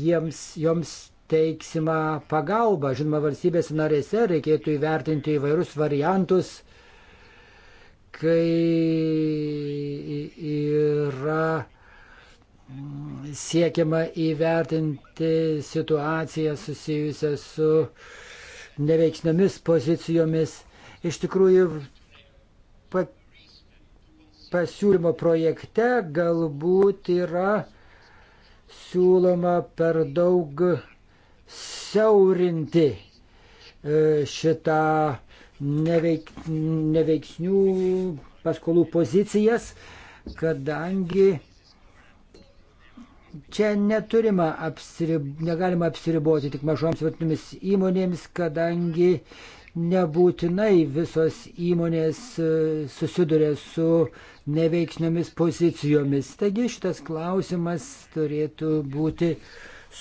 jiems, joms teiksimą pagalbą. Žinoma, valstybės narėse reikėtų įvertinti įvairius variantus, kai yra siekiama įvertinti situaciją susijusią su neveiksniomis pozicijomis. Iš tikrųjų, pa, pasiūlymo projekte galbūt yra siūloma per daug siaurinti e, šitą neveik, neveiksnių paskolų pozicijas, kadangi čia neturima apsirib, negalima apsiriboti tik mažoms vietinėmis įmonėms, kadangi nebūtinai visos įmonės e, susiduria su neveiksniomis pozicijomis. Taigi šitas klausimas turėtų būti uh,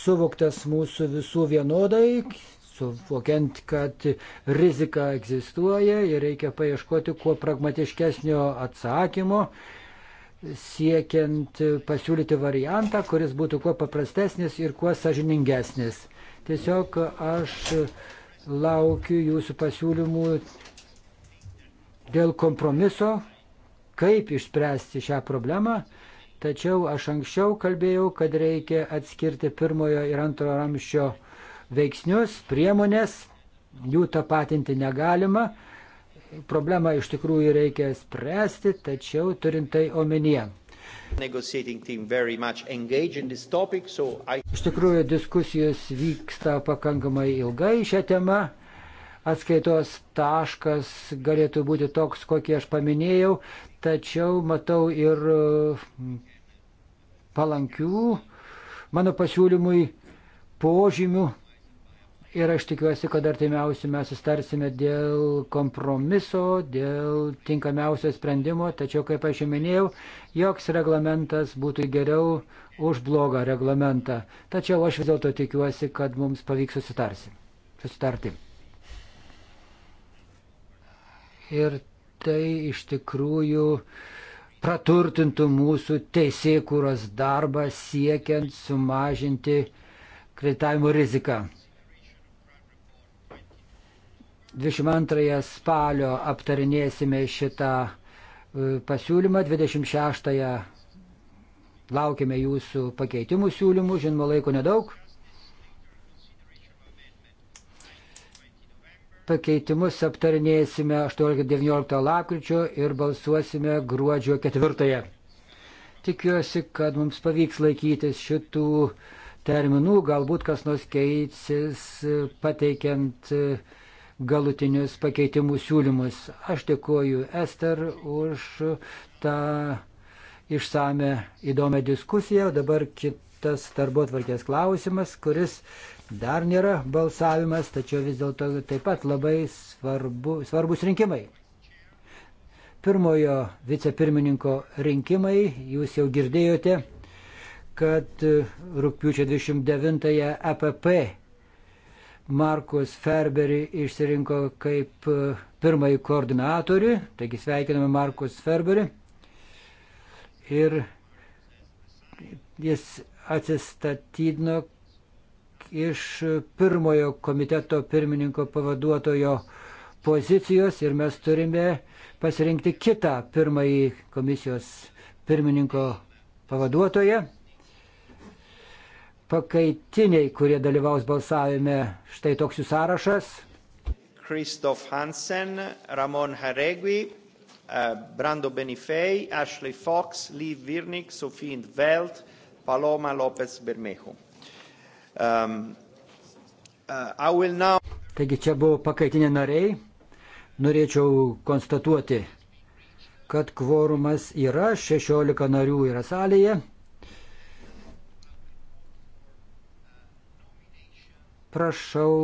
suvoktas mūsų visų vienodai, suvokiant, kad rizika egzistuoja ir reikia paieškoti kuo pragmatiškesnio atsakymo, siekiant pasiūlyti variantą, kuris būtų kuo paprastesnis ir kuo sažiningesnis. Tiesiog aš laukiu jūsų pasiūlymų dėl kompromiso, kaip išspręsti šią problemą Tačiau aš anksčiau kalbėjau, kad reikia atskirti pirmojo ir antrojo ramščio veiksnius, priemonės, jų tapatinti negalima. Problemą iš tikrųjų reikia spręsti, tačiau turint tai omenyje. Topic, so I... Iš tikrųjų diskusijos vyksta pakankamai ilgai šią temą. Atskaitos taškas galėtų būti toks, kokį aš paminėjau, tačiau matau ir palankių mano pasiūlymui požymių ir aš tikiuosi, kad artimiausiu mes sustarsime dėl kompromiso, dėl tinkamiausio sprendimo, tačiau, kaip aš jau minėjau, joks reglamentas būtų geriau už blogą reglamentą. Tačiau aš vis dėlto tikiuosi, kad mums pavyks susitarsi. susitarti. Ir tai iš tikrųjų praturtintų mūsų teisėkūros darbą siekiant sumažinti kreditavimo riziką. 22 spalio aptarinėsime šitą e, pasiūlymą, 26 laukime jūsų pakeitimų siūlymų, žinoma laiko nedaug. Pakeitimus aptarinėsime 18-19 lapkričio ir balsuosime gruodžio 4. Tikiuosi, kad mums pavyks laikytis šitų terminų, galbūt kas nors keisis pateikiant galutinius pakeitimų siūlymus. Aš dėkoju Ester už tą išsame įdomią diskusiją. Dabar kitas darbo tvarkės klausimas, kuris Dar nėra balsavimas, tačiau vis dėlto taip pat labai svarbu, svarbus rinkimai. Pirmojo vicepirmininko rinkimai, jūs jau girdėjote, kad rūpiučio 29-ąją EPP Markus Ferberį išsirinko kaip pirmąjį koordinatorių, taigi sveikiname Markus Ferberį. Ir jis atsistatydino iš pirmojo komiteto pirmininko pavaduotojo pozicijos ir mes turime pasirinkti kitą pirmąjį komisijos pirmininko pavaduotoją. Pakaitiniai, kurie dalyvaus balsavime, štai toks jų sąrašas. Kristof Hansen, Ramon Haregui, Uh, Brando Benifei, Ashley Fox, Lee Virnik, Sophie Veld, Paloma Lopez Bermejo. Um, uh, now... Taigi čia buvo pakaitinė nariai. Norėčiau konstatuoti, kad kvorumas yra, 16 narių yra salėje. Prašau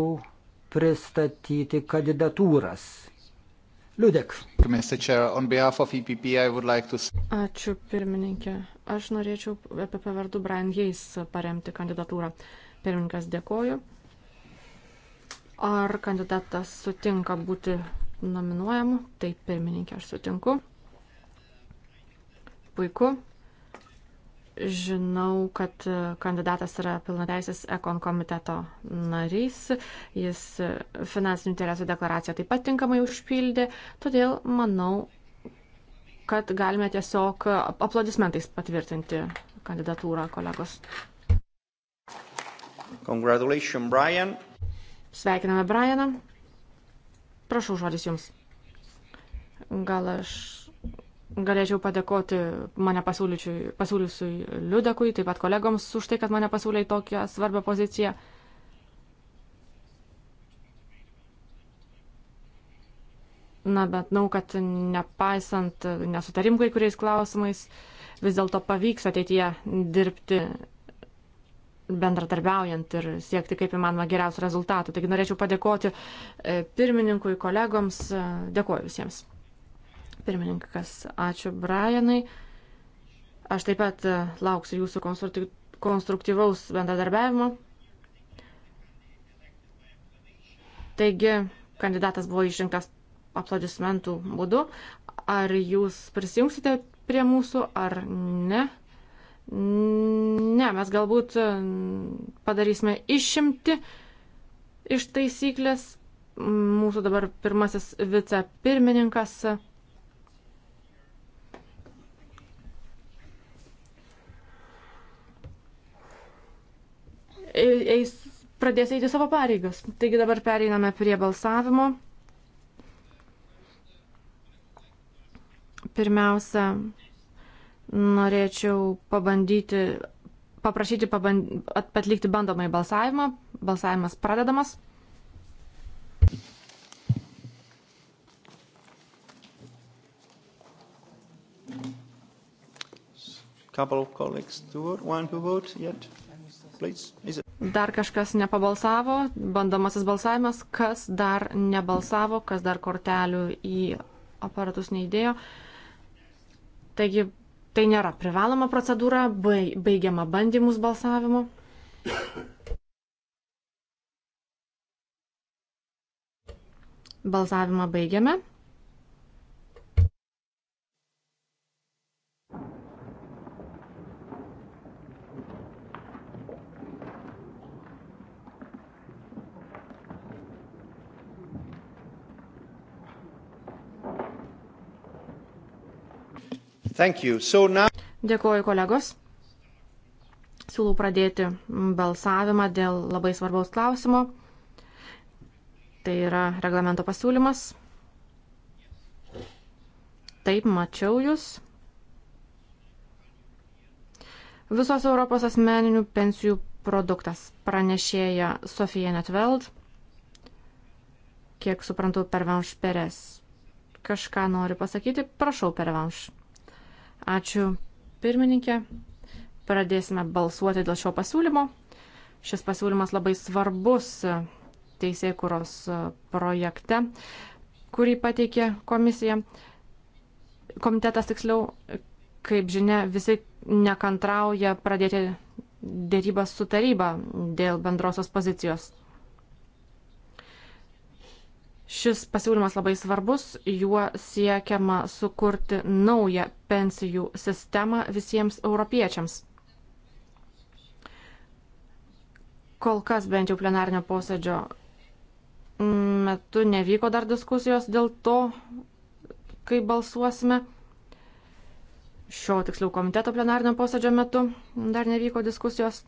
pristatyti kandidatūras. Liudek. E Ačiū pirmininkė. Aš norėčiau apie pavardų Brian Jays paremti kandidatūrą. Uh, Pirmininkas dėkoju. Ar kandidatas sutinka būti nominuojamu? Taip, pirmininkė, aš sutinku. Puiku. Žinau, kad kandidatas yra pilnateisis Ekon komiteto narys. Jis finansinių interesų deklaraciją taip pat tinkamai užpildė. Todėl manau, kad galime tiesiog aplodismentais patvirtinti kandidatūrą kolegos. Congratulations, Brian. Sveikiname Brianą. Prašau žodis jums. Gal aš galėčiau padėkoti mane pasiūliusiui Liudekui, taip pat kolegoms už tai, kad mane pasiūlė į tokią svarbią poziciją. Na, bet nau, kad nepaisant nesutarimkai kuriais klausimais, vis dėlto pavyks ateityje dirbti bendratarbiaujant ir siekti kaip įmanoma geriausių rezultatų. Taigi norėčiau padėkoti e, pirmininkui, kolegoms, e, dėkuoju visiems. Pirmininkas, ačiū Brianai. Aš taip pat e, lauksiu jūsų konstruktyvaus bendradarbiavimo. Taigi, kandidatas buvo išrinktas aplodismentų būdu. Ar jūs prisijungsite prie mūsų, ar ne? Ne, mes galbūt e, padarysime išimti iš taisyklės. Mūsų dabar pirmasis vicepirmininkas. E, eis, pradės eiti savo pareigas. Taigi dabar pereiname prie balsavimo. Pirmiausia, norėčiau pabandyti, paprašyti paband, atlikti bandomąjį balsavimą. Balsavimas pradedamas. Dar kažkas nepabalsavo, bandomasis balsavimas, kas dar nebalsavo, kas dar kortelių į aparatus neįdėjo. Taigi Tai nėra privaloma procedūra, baigiama bandymus balsavimu. Balsavimą baigiame. So now... Dėkuoju kolegos. Siūlau pradėti balsavimą dėl labai svarbaus klausimo. Tai yra reglamento pasiūlymas. Taip, mačiau jūs. Visos Europos asmeninių pensijų produktas pranešėja Sofija Netveld. Kiek suprantu, pervenš peres. Kažką nori pasakyti, prašau pervenš. Ačiū pirmininkė. Pradėsime balsuoti dėl šio pasiūlymo. Šis pasiūlymas labai svarbus teisėkuros projekte, kurį pateikė komisija. Komitetas tiksliau, kaip žinia, visi nekantrauja pradėti dėrybas su taryba dėl bendrosios pozicijos. Šis pasiūlymas labai svarbus, juo siekiama sukurti naują pensijų sistemą visiems europiečiams. Kol kas bent jau plenarnio posėdžio metu nevyko dar diskusijos dėl to, kai balsuosime. Šio tiksliau komiteto plenarnio posėdžio metu dar nevyko diskusijos.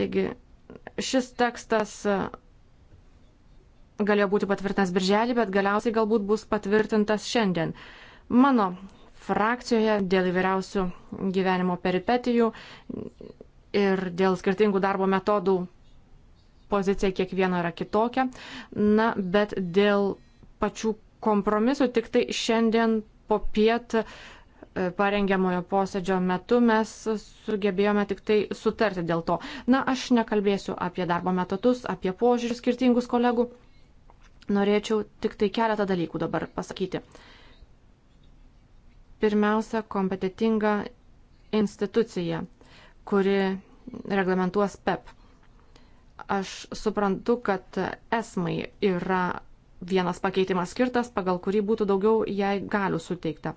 Taigi šis tekstas galėjo būti patvirtintas birželį, bet galiausiai galbūt bus patvirtintas šiandien. Mano frakcijoje dėl įvairiausių gyvenimo peripetijų ir dėl skirtingų darbo metodų pozicija kiekviena yra kitokia. Na, bet dėl pačių kompromisų tik tai šiandien po piet e, parengiamojo posėdžio metu mes sugebėjome tik tai sutarti dėl to. Na, aš nekalbėsiu apie darbo metodus, apie požiūrį skirtingus kolegų. Norėčiau tik tai keletą dalykų dabar pasakyti. Pirmiausia, kompetitinga institucija, kuri reglamentuos PEP. E Aš suprantu, kad esmai yra vienas pakeitimas skirtas, pagal kurį būtų daugiau jai galių suteikta.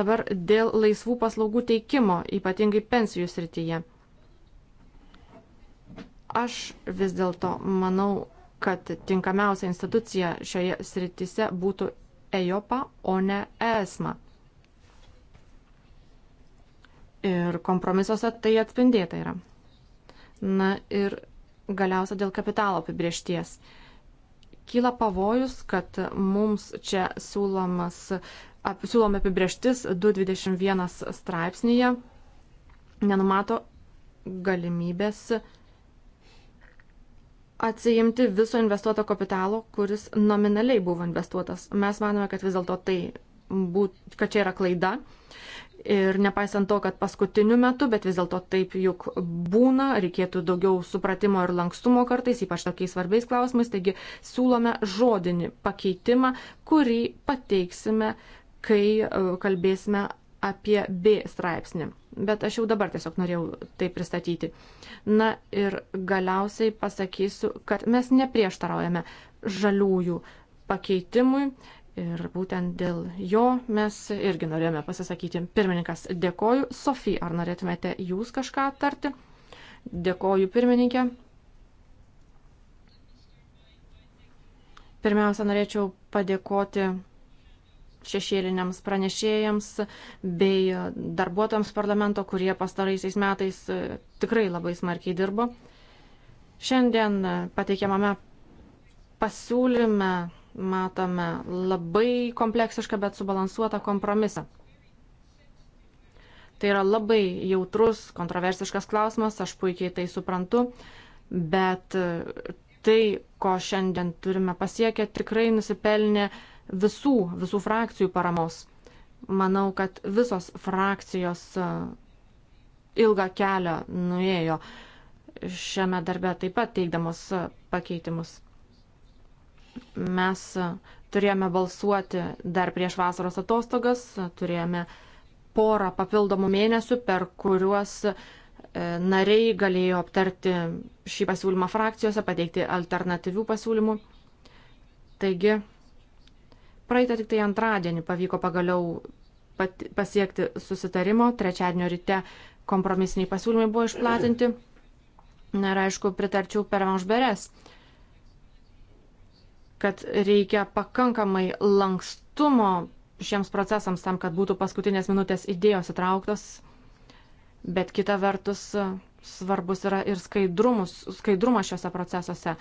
Dabar dėl laisvų paslaugų teikimo, ypatingai pensijų srityje. Aš vis dėlto manau, kad tinkamiausia institucija šioje srityse būtų EJOPA, o ne ESMA. Ir kompromisuose tai atspindėta yra. Na ir galiausia dėl kapitalo apibriešties. Kyla pavojus, kad mums čia siūlomas, ap, siūloma apibrieštis 221 straipsnėje nenumato galimybės atsijimti viso investuoto kapitalo, kuris nominaliai buvo investuotas. Mes manome, kad vis dėlto tai būt, kad čia yra klaida. Ir nepaisant to, kad paskutiniu metu, bet vis dėlto taip juk būna, reikėtų daugiau supratimo ir lankstumo kartais, ypač tokiais svarbiais klausimais, taigi siūlome žodinį pakeitimą, kurį pateiksime, kai e, kalbėsime apie B straipsnį bet aš jau dabar tiesiog norėjau tai pristatyti. Na ir galiausiai pasakysiu, kad mes neprieštaraujame žaliųjų pakeitimui ir būtent dėl jo mes irgi norėjome pasisakyti. Pirmininkas, dėkoju. Sofija, ar norėtumėte jūs kažką tarti? Dėkoju, pirmininkė. Pirmiausia, norėčiau padėkoti šešėliniams pranešėjams bei darbuotojams parlamento, kurie pastaraisiais metais e, tikrai labai smarkiai dirbo. Šiandien e, pateikiamame pasiūlyme matome labai kompleksišką, bet subalansuotą kompromisą. Tai yra labai jautrus, kontroversiškas klausimas, aš puikiai tai suprantu, bet e, tai, ko šiandien turime pasiekę, tikrai nusipelnė uh, visų, visų frakcijų paramos. Manau, kad visos frakcijos e, ilgą kelią nuėjo šiame darbe taip pat teikdamos e, pakeitimus. Mes e, turėjome balsuoti dar prieš vasaros atostogas, turėjome porą papildomų mėnesių, per kuriuos nariai galėjo aptarti šį pasiūlymą frakcijose, pateikti alternatyvių pasiūlymų. Taigi, Praeitą tik tai antradienį pavyko pagaliau pasiekti susitarimo, trečiadienio ryte kompromisiniai pasiūlymai buvo išplatinti. Na ir aišku, pritarčiau per Vanžberes, kad reikia pakankamai lankstumo šiems procesams tam, kad būtų paskutinės minutės idėjos įtrauktos, bet kita vertus svarbus yra ir skaidrumas šiuose procesuose.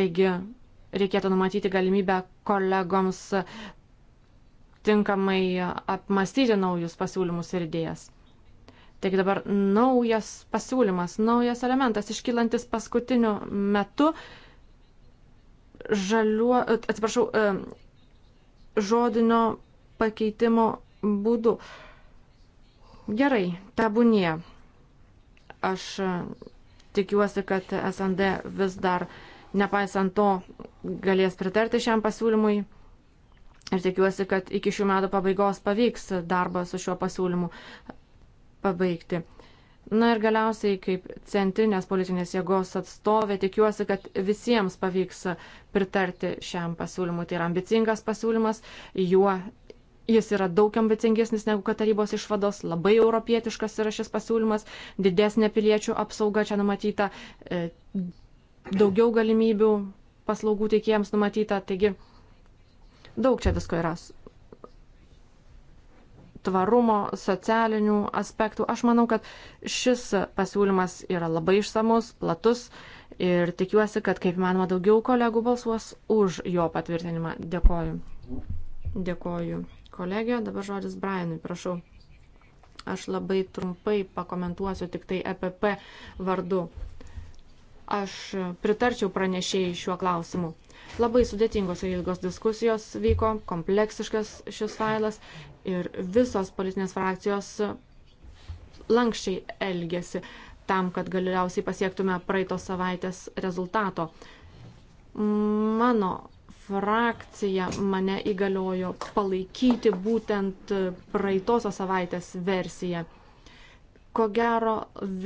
Taigi reikėtų numatyti galimybę kolegoms tinkamai apmastyti naujus pasiūlymus ir idėjas. Taigi dabar naujas pasiūlymas, naujas elementas iškylantis paskutiniu metu žaliuo, atsiprašau, žodinio pakeitimo būdu. Gerai, tabūnie. Aš tikiuosi, kad SND vis dar uh, nepaisant to galės pritarti šiam pasiūlymui. Ir tikiuosi, kad iki šių metų pabaigos pavyks darbą su šiuo pasiūlymu pabaigti. Na ir galiausiai, kaip centrinės politinės jėgos atstovė, tikiuosi, kad visiems pavyks pritarti šiam pasiūlymui. Tai yra ambicingas pasiūlymas, juo jis yra daug ambicingesnis negu kad tarybos išvados, labai europietiškas yra šis pasiūlymas, didesnė piliečių apsauga čia numatyta, e, daugiau galimybių paslaugų teikėjams numatyta, taigi daug čia visko yra tvarumo, socialinių aspektų. Aš manau, kad šis pasiūlymas yra labai išsamus, platus ir tikiuosi, kad kaip manoma daugiau kolegų balsuos už jo patvirtinimą. Dėkoju. Dėkoju. Kolegė, dabar žodis Brianui, prašau. Aš labai trumpai pakomentuosiu tik tai EPP vardu. Aš pritarčiau pranešėjai šiuo klausimu. Labai sudėtingos ir ilgos diskusijos vyko, kompleksiškas šis failas ir visos politinės frakcijos lankščiai elgėsi tam, kad galiausiai pasiektume praeitos savaitės rezultato. Mano frakcija mane įgaliojo palaikyti būtent praeitosios savaitės versiją. Ko gero,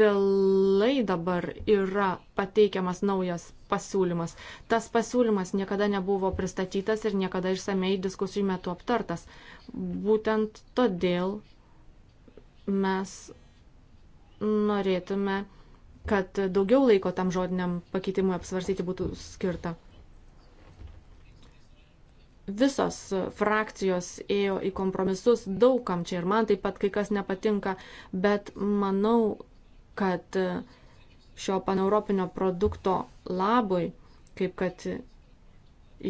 vėlai dabar yra pateikiamas naujas pasiūlymas. Tas pasiūlymas niekada nebuvo pristatytas ir niekada išsamei diskusijų metu aptartas. Būtent todėl mes norėtume, kad daugiau laiko tam žodiniam pakeitimui apsvarstyti būtų skirta visos frakcijos ėjo į kompromisus, daugam čia ir man taip pat kai kas nepatinka, bet manau, kad šio paneuropinio produkto labui, kaip kad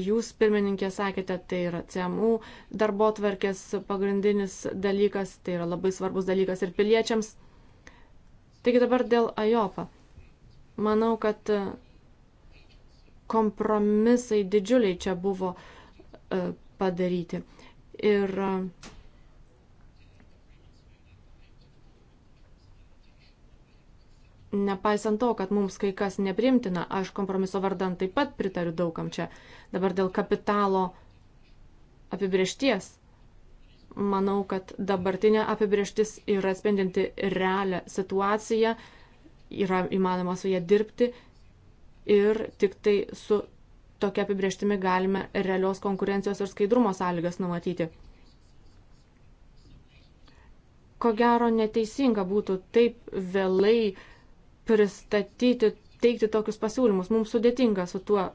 jūs pirmininkė sakėte, tai yra CMU darbo tvarkės pagrindinis dalykas, tai yra labai svarbus dalykas ir piliečiams. Taigi dabar dėl AJOPA. Manau, kad kompromisai didžiuliai čia buvo uh, E, padaryti. Ir e, nepaisant to, kad mums kai kas neprimtina, aš kompromiso vardan taip pat pritariu daugam čia. Dabar dėl kapitalo apibriešties. Manau, kad dabartinė apibrieštis yra spendinti realią situaciją, yra įmanoma su ją dirbti ir tik tai su tokia apibrieštimi galime realios konkurencijos ir skaidrumo sąlygas numatyti. Ko gero neteisinga būtų taip vėlai pristatyti, teikti tokius pasiūlymus. Mums sudėtinga su tuo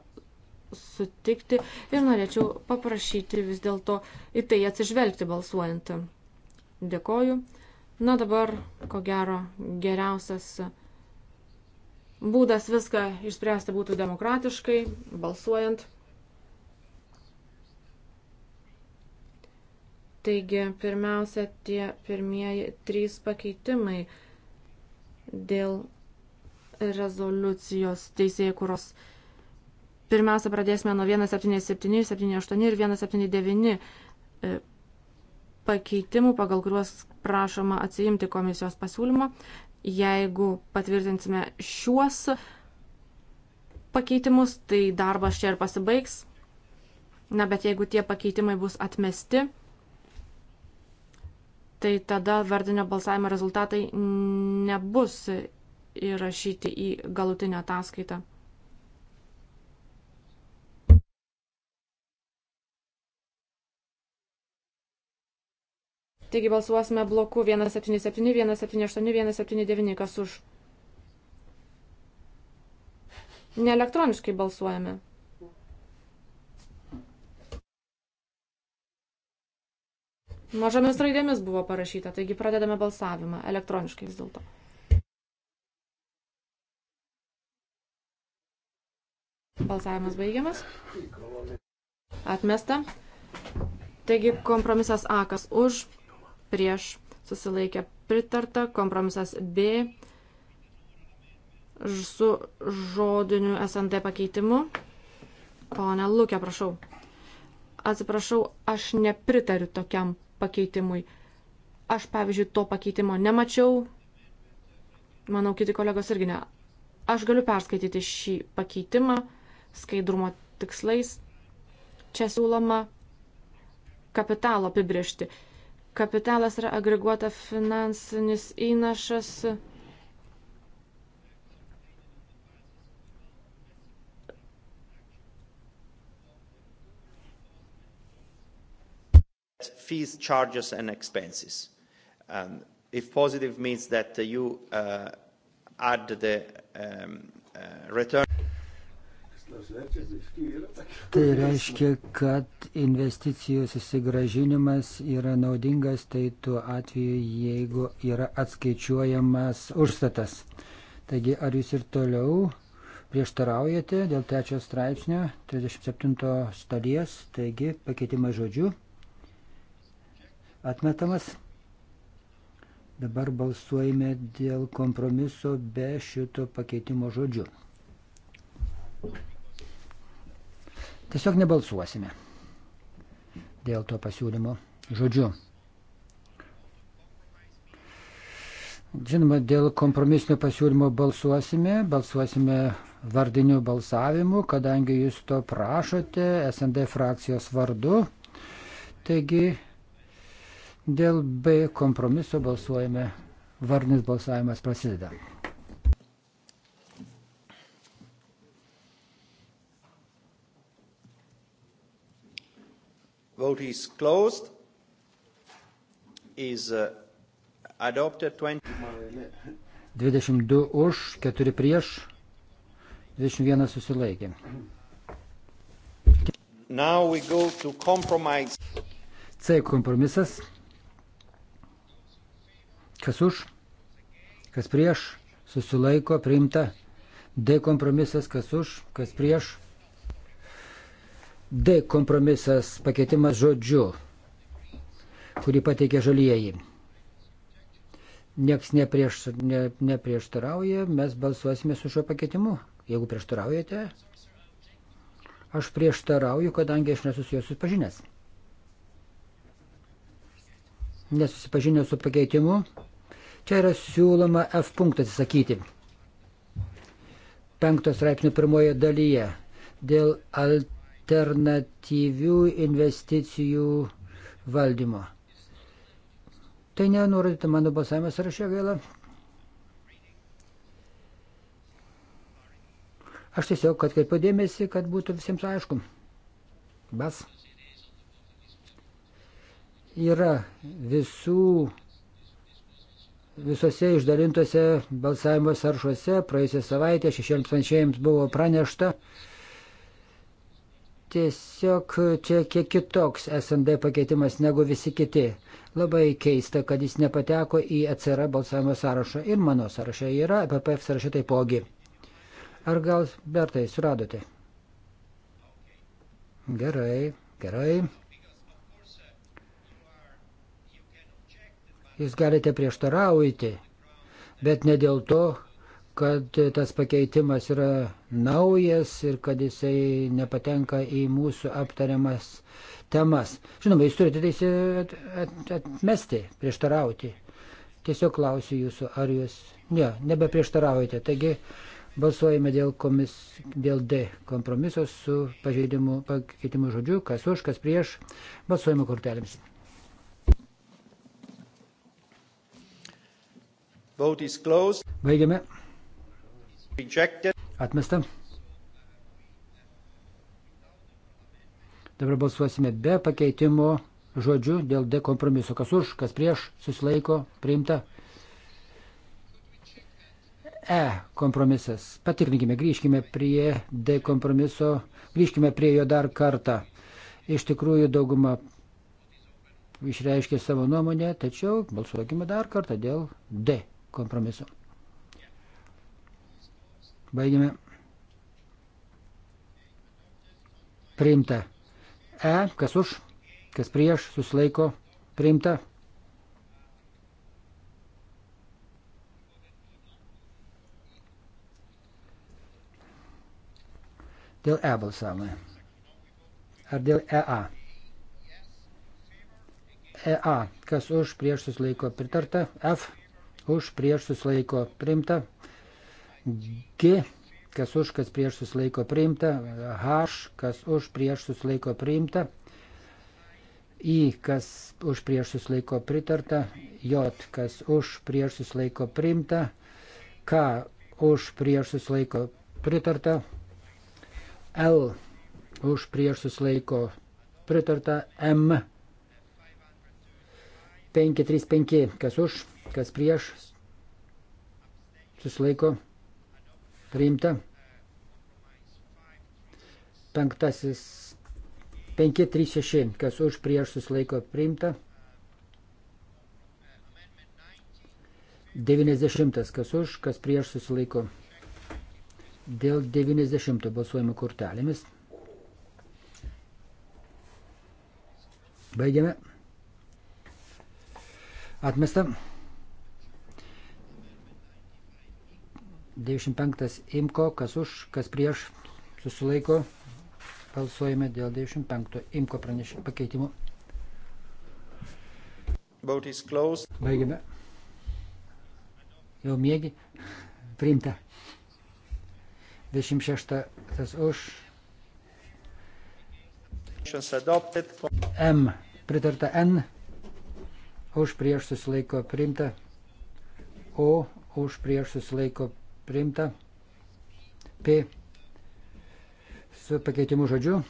sutikti ir norėčiau paprašyti vis dėlto į tai atsižvelgti balsuojant. Dėkoju. Na dabar, ko gero, geriausias būdas viską išspręsti būtų demokratiškai, balsuojant. Taigi, pirmiausia, tie pirmieji trys pakeitimai dėl rezoliucijos teisėjų kuros. Pirmiausia, pradėsime nuo 177, 78 ir 179 e, pakeitimų, pagal kuriuos prašoma atsiimti komisijos pasiūlymą. Jeigu patvirtinsime šiuos pakeitimus, tai darbas čia ir pasibaigs. Na, bet jeigu tie pakeitimai bus atmesti, tai tada vardinio balsavimo rezultatai nebus įrašyti į galutinę ataskaitą. Taigi balsuosime bloku 177, 178, 179, kas už. Ne elektroniškai balsuojame. Mažomis raidėmis buvo parašyta, taigi pradedame balsavimą elektroniškai vis dėlto. Balsavimas baigiamas. Atmesta. Taigi kompromisas A, kas už, prieš susilaikė pritarta, kompromisas B su žodiniu SND pakeitimu. Pone Lūkė, prašau. Atsiprašau, aš nepritariu tokiam pakeitimui. Aš, pavyzdžiui, to pakeitimo nemačiau. Manau, kiti kolegos irgi ne. Aš galiu perskaityti šį pakeitimą skaidrumo tikslais. Čia siūloma kapitalo apibriežti kapitalas yra agreguota finansinis įnašas. Fees, charges and expenses. Um, if positive means that you uh, add the um, uh, return. Tai reiškia, kad investicijų susigražinimas yra naudingas, tai tuo atveju, jeigu yra atskaičiuojamas užstatas. Taigi, ar jūs ir toliau prieštaraujate dėl trečio straipsnio 37 stalies, taigi pakeitimas žodžiu atmetamas. Dabar balsuojame dėl kompromiso be šito pakeitimo žodžiu. Thank you. Tiesiog nebalsuosime dėl to pasiūlymo žodžiu. Žinoma, dėl kompromisinio pasiūlymo balsuosime, balsuosime vardiniu balsavimu, kadangi jūs to prašote SND frakcijos vardu. Taigi, dėl B kompromiso balsuojame, vardinis balsavimas prasideda. Vote is closed. Is uh, adopted 20. 22 už, 4 prieš, 21 susilaikė. Now we go to compromise. C kompromisas. Kas už, kas prieš, susilaiko, priimta. D kompromisas, kas už, kas prieš, D kompromisas pakeitimas žodžiu, kurį pateikė žalieji. Niekas neprieš, ne, neprieštarauja, mes balsuosime su šiuo pakeitimu. Jeigu prieštaraujate, aš prieštarauju, kadangi aš nesu su juo susipažinęs. Nesusipažinęs su pakeitimu. Čia yra siūloma F punktą atsisakyti. Penktos straipsnių pirmoje dalyje dėl alt alternatyvių investicijų valdymo. Tai nenurodyta mano balsavimo sąraše gaila. Aš tiesiog, kad kaip padėmėsi, kad būtų visiems aišku. Bas. Yra visų, visose išdalintose balsavimo sąrašuose praėjusią savaitę šešiems panšėjams buvo pranešta, Tiesiog čia kiek kitoks SND pakeitimas negu visi kiti. Labai keista, kad jis nepateko į atsira e balsavimo sąrašą ir mano sąrašą yra, e PPF sąrašą taipogi. Ar gal Bertai suradote? Gerai, gerai. Jūs galite prieštaraujate, bet ne dėl to, kad tas pakeitimas yra naujas ir kad jisai nepatenka į mūsų aptariamas temas. Žinoma, jūs turite teisę at, at, atmesti, prieštarauti. Tiesiog klausiu jūsų, ar jūs... Ne, nebeprieštaraujate. Taigi balsuojame dėl, komis, dėl D kompromiso su pažeidimu, pakeitimu žodžiu, kas už, kas prieš. Balsuojame kortelėms. Vote is closed. Baigiame. Atmesta. Dabar balsuosime be pakeitimo žodžių dėl D kompromiso. Kas už, kas prieš, susilaiko, priimta. E kompromisas. Patikrinkime, grįžkime prie D kompromiso, grįžkime prie jo dar kartą. Iš tikrųjų, dauguma išreiškė savo nuomonę, tačiau balsuokime dar kartą dėl D kompromiso. Baigiame. Priimta. E, kas už, kas prieš, susilaiko, priimta. Dėl E balsavome. Ar dėl EA? EA, kas už, prieš, susilaiko, pritarta. F, už, prieš, susilaiko, priimta. G, kas už, kas prieš susilaiko priimta, H, kas už, prieš susilaiko priimta, I, kas už, prieš susilaiko pritarta, J, kas už, prieš susilaiko priimta, K, už, prieš susilaiko pritarta, L, už, prieš susilaiko pritarta, M, 535, kas už, kas prieš susilaiko pritarta priimta. Penktasis 536, kas už prieš susilaiko priimta. 90, kas už, kas prieš susilaiko. Dėl 90 balsuojimo kortelėmis. Baigiame. Atmestam. 95 imko, kas už, kas prieš, susilaiko, balsuojame dėl 95 imko pranešimo pakeitimo. Baigiame. Jau mėgi. Priimta. 26 tas už. M. Pritarta N. Už prieš susilaiko priimta. O. Už prieš susilaiko priimta priimta. P su pakeitimu žodžiu.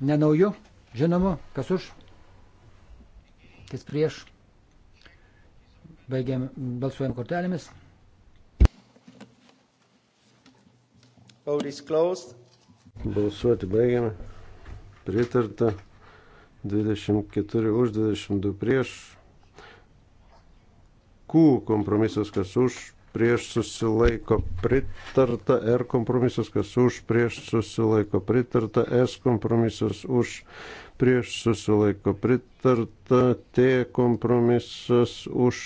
Nenauju, žinomu, kas už, kas prieš. Baigiam, balsuojam kortelėmis. Vote is closed. Balsuoti baigiame. Pritarta 24 už, 22 prieš. Q kompromisas kas už, prieš susilaiko pritarta, R kompromisas, kas už, prieš susilaiko pritarta, S kompromisas už, prieš susilaiko pritarta, T kompromisas už.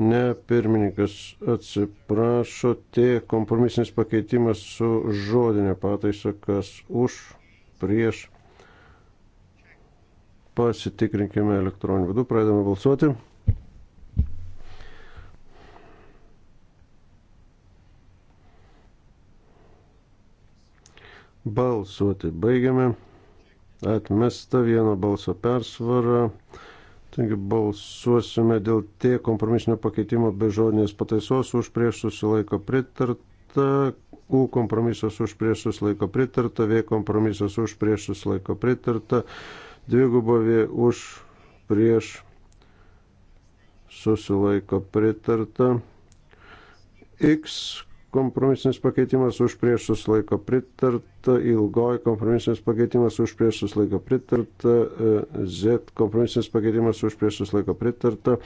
Ne, pirmininkas atsiprašo, T kompromisinis pakeitimas su žodinė pataisa, kas už, prieš. Pasitikrinkime elektroninį būdų, pradedame balsuoti. Balsuoti baigiame. Atmesta vieno balso persvara. Taigi balsuosime dėl T kompromisinio pakeitimo be žodinės pataisos už prieš susilaiko pritarta, U kompromisas už prieš susilaiko pritarta, V kompromisas už prieš susilaiko pritarta, dvigubo V už prieš susilaiko pritarta, X kompromisinis pakeitimas už prieš susilaiko pritarta, ilgoji kompromisinis pakeitimas už prieš susilaiko pritarta, e, Z kompromisinis pakeitimas už prieš susilaiko pritarta,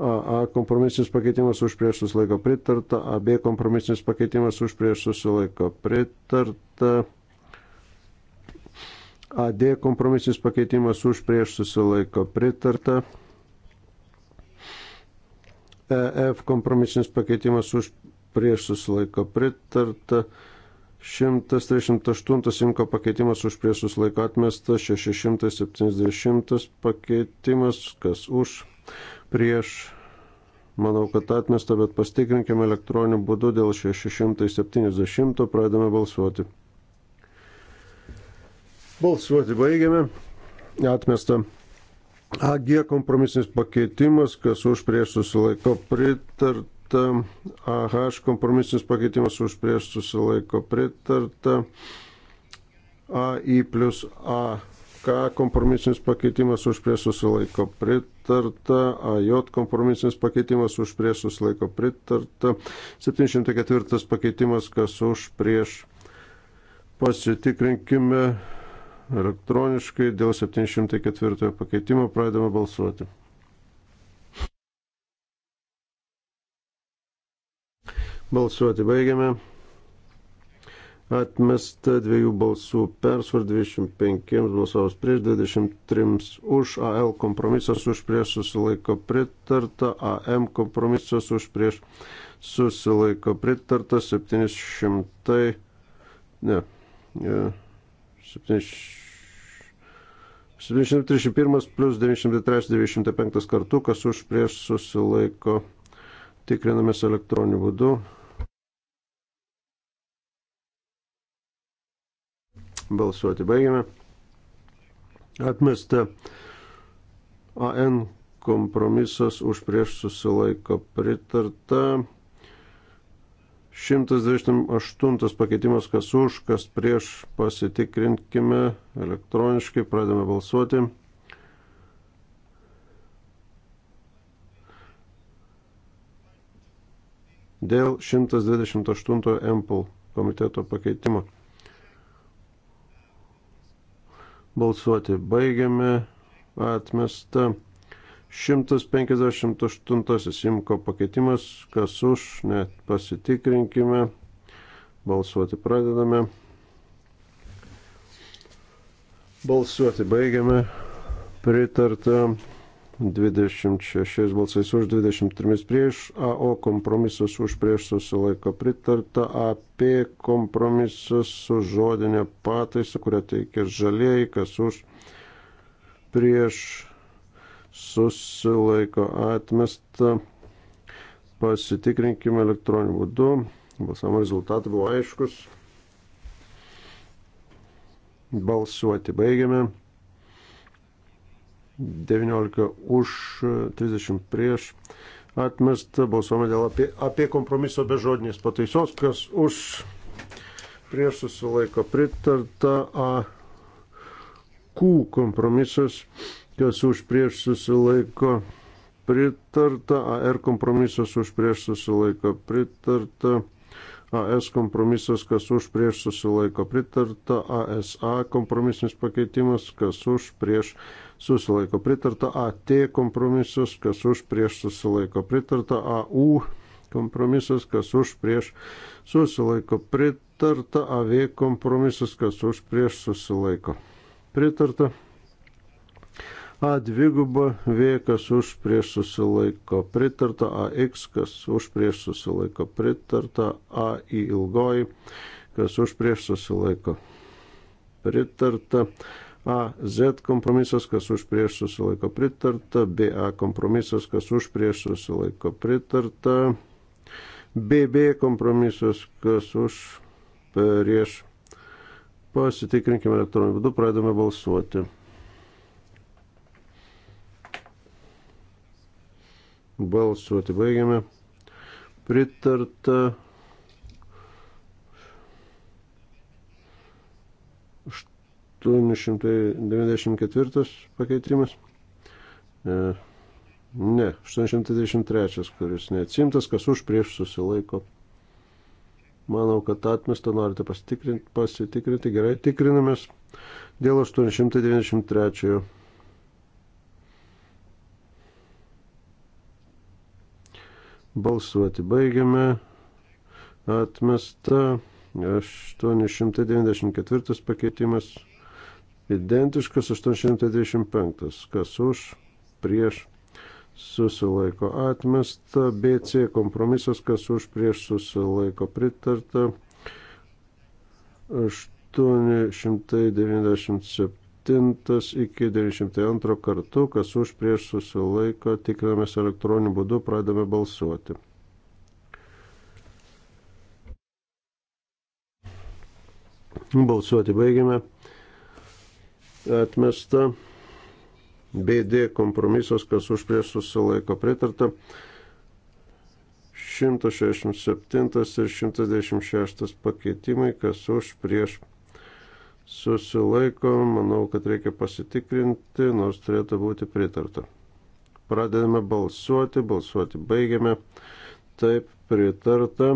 AA kompromisinis pakeitimas už prieš susilaiko pritarta, AB kompromisinis pakeitimas už prieš susilaiko pritarta. AD kompromisinis pakeitimas už prieš susilaiko pritarta. EF kompromisinis pakeitimas už prieš susilaiko pritarta. 138 simko pakeitimas už prieš susilaiko atmestas, 670 pakeitimas, kas už prieš, manau, kad atmesta, bet pastikrinkime elektroniniu būdu dėl 670, pradame balsuoti. Balsuoti baigiame, atmesta. AG kompromisinis pakeitimas, kas už prieš susilaiko pritarta. AH kompromisinis pakeitimas už prieš susilaiko pritarta, AI plus AK kompromisinis pakeitimas už prieš susilaiko pritarta, AJ kompromisinis pakeitimas už prieš susilaiko pritarta, 704 pakeitimas kas už prieš pasitikrinkime elektroniškai dėl 704 pakeitimo pradedame balsuoti. Balsuoti baigiame. Atmesta dviejų balsų persvar 25 balsavus prieš 23 už AL kompromisas už prieš susilaiko pritarta, AM kompromisas už prieš susilaiko pritarta 700. Ne. ne 700. 731 plus 903-905 kartu, kas už prieš susilaiko, tikrinamės elektroniniu būdu. Balsuoti baigiame. Atmesta AN kompromisas už prieš susilaiko pritarta. 128 pakeitimas, kas už, kas prieš, pasitikrinkime elektroniškai, pradame balsuoti. Dėl 128 MPL komiteto pakeitimo. Balsuoti baigiame. Atmesta. 158 simko pakeitimas. Kas už, net pasitikrinkime. Balsuoti pradedame. Balsuoti baigiame. Pritarta. 26 balsais už, 23 prieš, AO kompromisas už prieš susilaiko pritarta, AP kompromisas su žodinė pataisa, kurią teikia žalieji, kas už prieš susilaiko atmesta. Pasitikrinkime elektroniniu būdu. Balsavimo rezultatai buvo aiškus. Balsuoti baigiame. 19 už, 30 prieš atmesta, balsuojama dėl apie, apie kompromiso bežodinės pataisos, kas už prieš susilaiko pritarta, a Q kompromisas, kas už prieš susilaiko pritarta, a R kompromisas už prieš susilaiko pritarta. AS kompromisas, kas už prieš susilaiko pritarta, ASA kompromisinis pakeitimas, kas už prieš susilaiko pritarta susilaiko pritarta, AT kompromisas, kas už prieš susilaiko pritarta, AU kompromisas, kas už prieš susilaiko pritarta, AV kompromisas, kas už prieš susilaiko pritarta. A dviguba V, kas už prieš susilaiko pritarta, AX, kas už prieš susilaiko pritarta, AI ilgoji, kas už prieš susilaiko pritarta, AZ kompromisas, kas už prieš susilaiko pritarta, BA kompromisas, kas už prieš susilaiko pritarta, BB kompromisas, kas už prieš. Pasitikrinkime elektroniniu būdu, pradame balsuoti. Balsuoti baigiame. Pritarta 894 pakeitimas. E, ne, 823, kuris neatsimtas, kas už prieš susilaiko. Manau, kad atmestą norite pasitikrinti, pasitikrinti. Gerai, tikrinamės dėl 893. Balsuoti baigiame. Atmesta 894 pakeitimas Identiškas 825. Kas už, prieš, susilaiko atmesta. BC kompromisas, kas už, prieš, susilaiko pritarta. 897 iki 902 kartu, kas už, prieš, susilaiko. Tikrinamės elektroniniu būdu, pradame balsuoti. Balsuoti baigiame atmesta. BD kompromisas, kas už prieš susilaiko pritarta. 167 ir 116 pakeitimai, kas už prieš susilaiko, manau, kad reikia pasitikrinti, nors turėtų būti pritarta. Pradedame balsuoti, balsuoti baigiame. Taip, pritarta.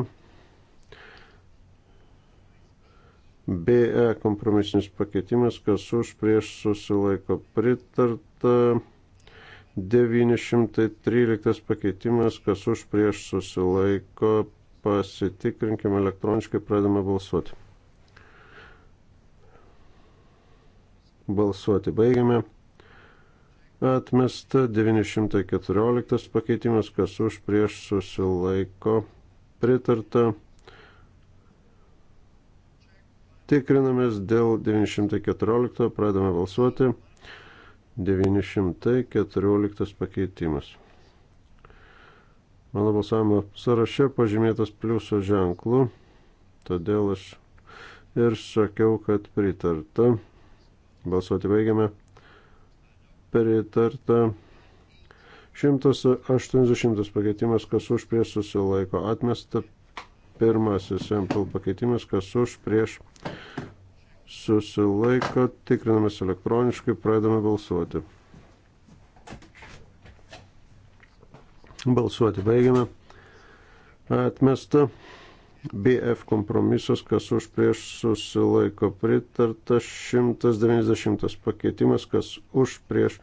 BE kompromisinis pakeitimas, kas už prieš susilaiko pritarta. 913 pakeitimas, kas už prieš susilaiko, pasitikrinkime elektroniškai, pradame balsuoti. Balsuoti baigiame. Atmesta 914 pakeitimas, kas už prieš susilaiko, pritarta. Tikrinamės dėl 914, pradame balsuoti. 914 pakeitimas. Mano balsavimo sąraše pažymėtas pliuso ženklu, todėl aš ir sakiau, kad pritarta. Balsuoti baigiame. Pritarta. 180 pakeitimas, kas už prieš susilaiko atmesta, Pirmasis MPL pakeitimas, kas už, prieš susilaiko, tikrinamės elektroniškai, pradame balsuoti. Balsuoti baigiame. Atmesta. BF kompromisas, kas už prieš susilaiko pritarta, 190 pakeitimas, kas už prieš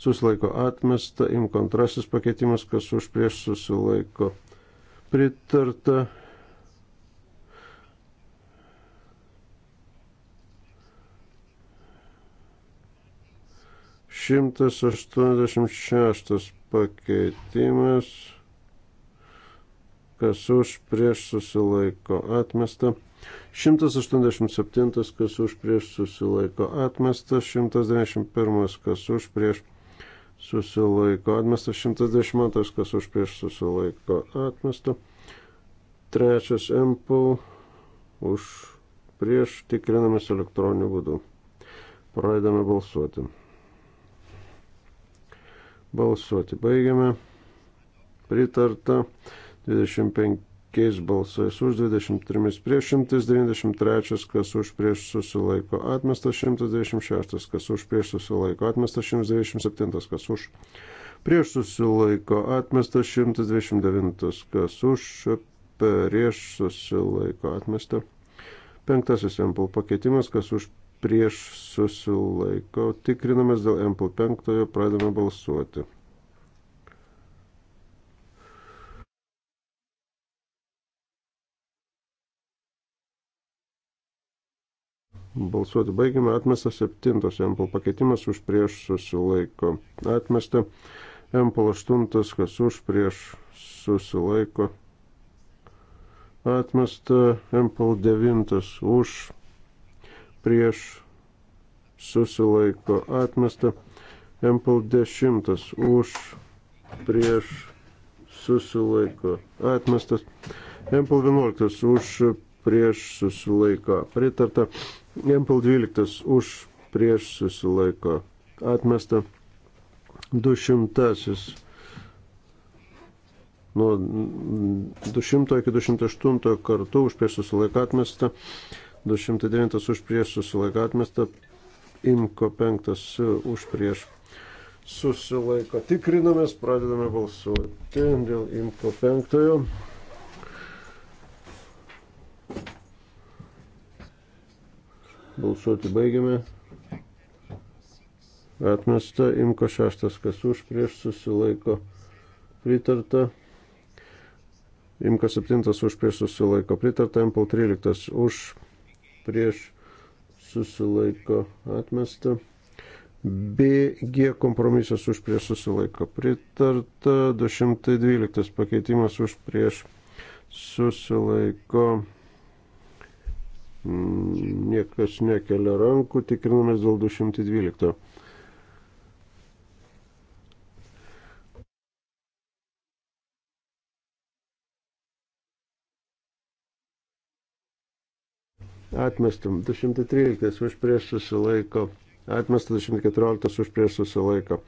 susilaiko atmesta, imkontrasis pakeitimas, kas už prieš susilaiko pritarta, 186 pakeitimas, kas už prieš susilaiko atmesta. 187, kas už prieš susilaiko atmesta. 191, kas už prieš susilaiko atmesta. 110, kas už prieš susilaiko atmesta. Trečias MPL už prieš tikrinamas elektroniniu būdu. Pradedame balsuoti. Balsuoti baigiame. Pritarta 25 balsais už, 23 prieš 193, kas už prieš susilaiko atmestas 126, kas už prieš susilaiko atmestas 127, kas už prieš susilaiko atmestas 129, kas už prieš susilaiko atmestas. Penktasis empul pakeitimas, kas už prieš susilaiko. Tikrinamės dėl MP5, pradame balsuoti. Balsuoti baigime. Atmestas septintas MP pakeitimas už prieš susilaiko. Atmesta MP aštuntas, kas už prieš susilaiko. Atmesta MP devintas už prieš susilaiko atmesta. Empel 10 už prieš susilaiko atmestas. Empel 11 už prieš susilaiko pritarta. Empel 12 už prieš susilaiko atmesta. 200 nuo 200 iki 208 kartų už prieš susilaiką atmestą, 209 už prieš susilaiko atmesta, imko 5 už prieš susilaiko. Tikrinamės, pradedame balsuoti dėl imko 5. Balsuoti baigiame. Atmesta imko 6, kas už prieš susilaiko. Pritarta. Imko 7 už prieš susilaiko. Pritarta. Impul 13 už prieš prieš susilaiko atmesta. BG kompromisas už prieš susilaiko pritarta, 212 pakeitimas už prieš susilaiko. Mm, niekas nekelia rankų, tikrinamės dėl 212. atmestum, 213 už prieš susilaiko, atmestas 214 už prieš susilaiko,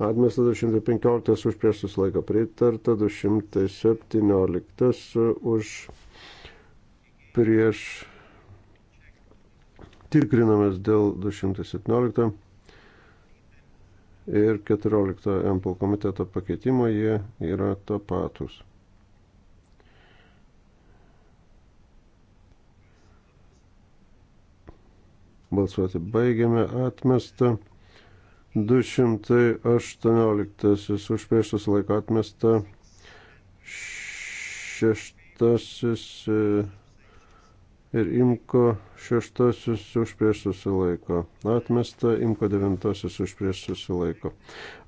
atmestas 215 už prieš susilaiko, pritarta 217 už prieš tikrinamas dėl 217 ir 14 MPL komiteto pakeitimo, jie yra tapatus. Balsuoti baigiame. Atmesta. 218 už prieš susilaiką atmesta. Šeštasis e, ir imko šeštasis už prieš susilaiko. Atmesta imko devintasis už prieš susilaiko.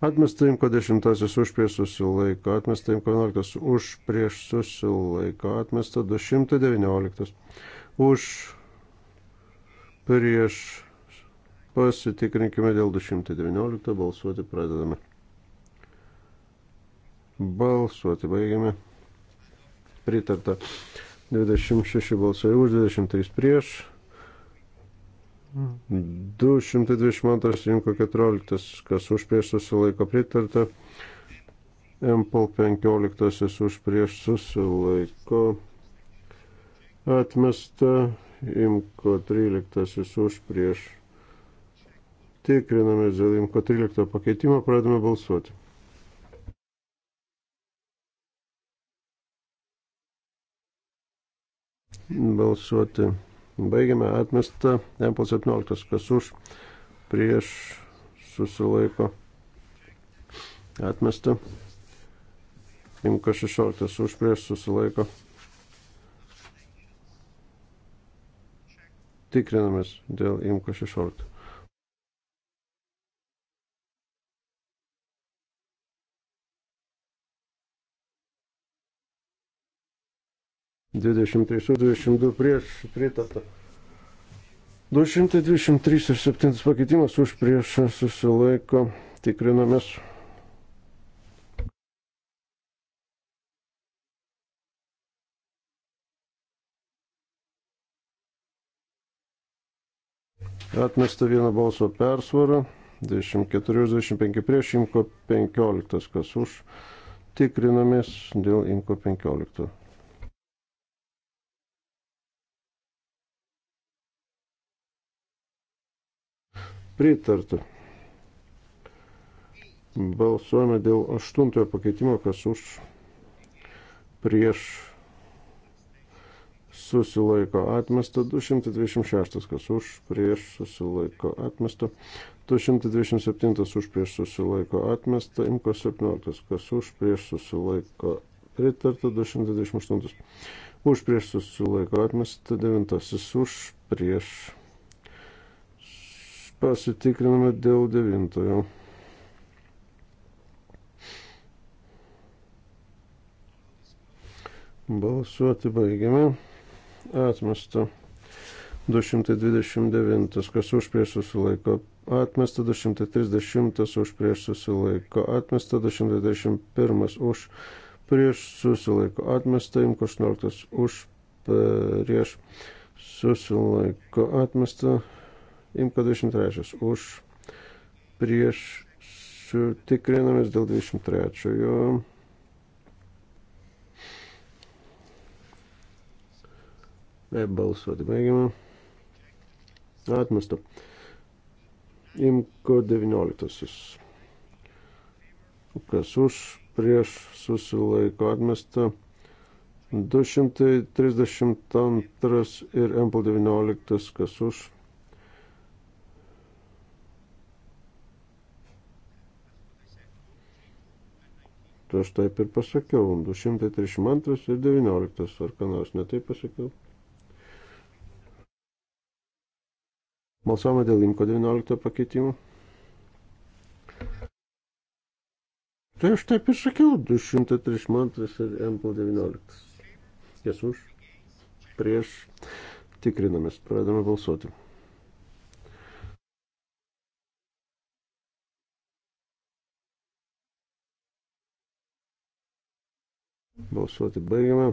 Atmesta imko dešimtasis už prieš susilaiko. Atmesta imko vienuoliktas už prieš susilaiko. Atmesta 219 už prieš pasitikrinkime dėl 219 balsuoti pradedame. Balsuoti baigiame. Pritarta. 26 balsai už, 23 prieš. 222 rinko 14, kas už prieš susilaiko pritarta. MPL 15 už prieš susilaiko atmesta imko 13 už prieš. Tikriname dėl imko 13 pakeitimo, pradame balsuoti. Balsuoti. Baigiame atmestą MPL 17, kas už prieš susilaiko atmestą. Imko 16 už prieš susilaiko atmestą. tikrinamės dėl IMCO 16. Dvidešimt trys ir dvidešimt du prieš pritarta. 223 ir 7 pakeitimas už prieš susilaiko tikrinamės. Atmesta vieno balso persvara. 24-25 prieš Imko 15, kas už. Tikrinamės dėl Imko 15. Pritarta. Balsuojame dėl aštuntojo pakeitimo, kas už prieš susilaiko atmesta, 226 kas už prieš susilaiko atmesta, 227 už prieš susilaiko atmesta, imko 17 kas už prieš susilaiko pritarta, 228 už prieš susilaiko atmesta, 9 už prieš pasitikriname dėl 9. Balsuoti baigiame atmesta. 229, kas už prieš susilaiko atmesta, 230 už prieš susilaiko atmesta, 221 už prieš susilaiko atmesta, 18 už prieš susilaiko atmesta, 23 už prieš sutikrinamės dėl 23. -ojo. Balsuoti baigiame. Atmesta. Imko 19. Kas už, prieš, susilaiko atmesta. 232 ir Ample 19. Kas už. Tai aš taip ir pasakiau. 232 ir 19. Ar ką nors netaip pasakiau? Balsuojame dėl imko 19 pakeitimų. Tai aš taip ir sakiau, 232 ir MPL 19. Jas už, prieš, tikrinamės, pradame balsuoti. Balsuoti baigiame.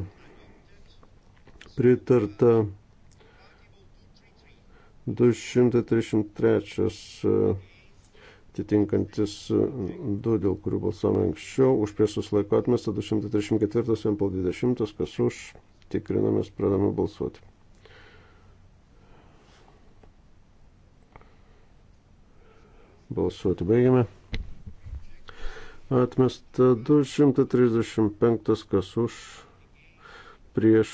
Pritarta 233 e, atitinkantis 2, e, dėl kurių balsavome anksčiau, už priešus laiko atmesta 234, Sempel 20, kas už, tikrinamės, pradame balsuoti. Balsuoti baigiame. Atmesta 235, kas už, prieš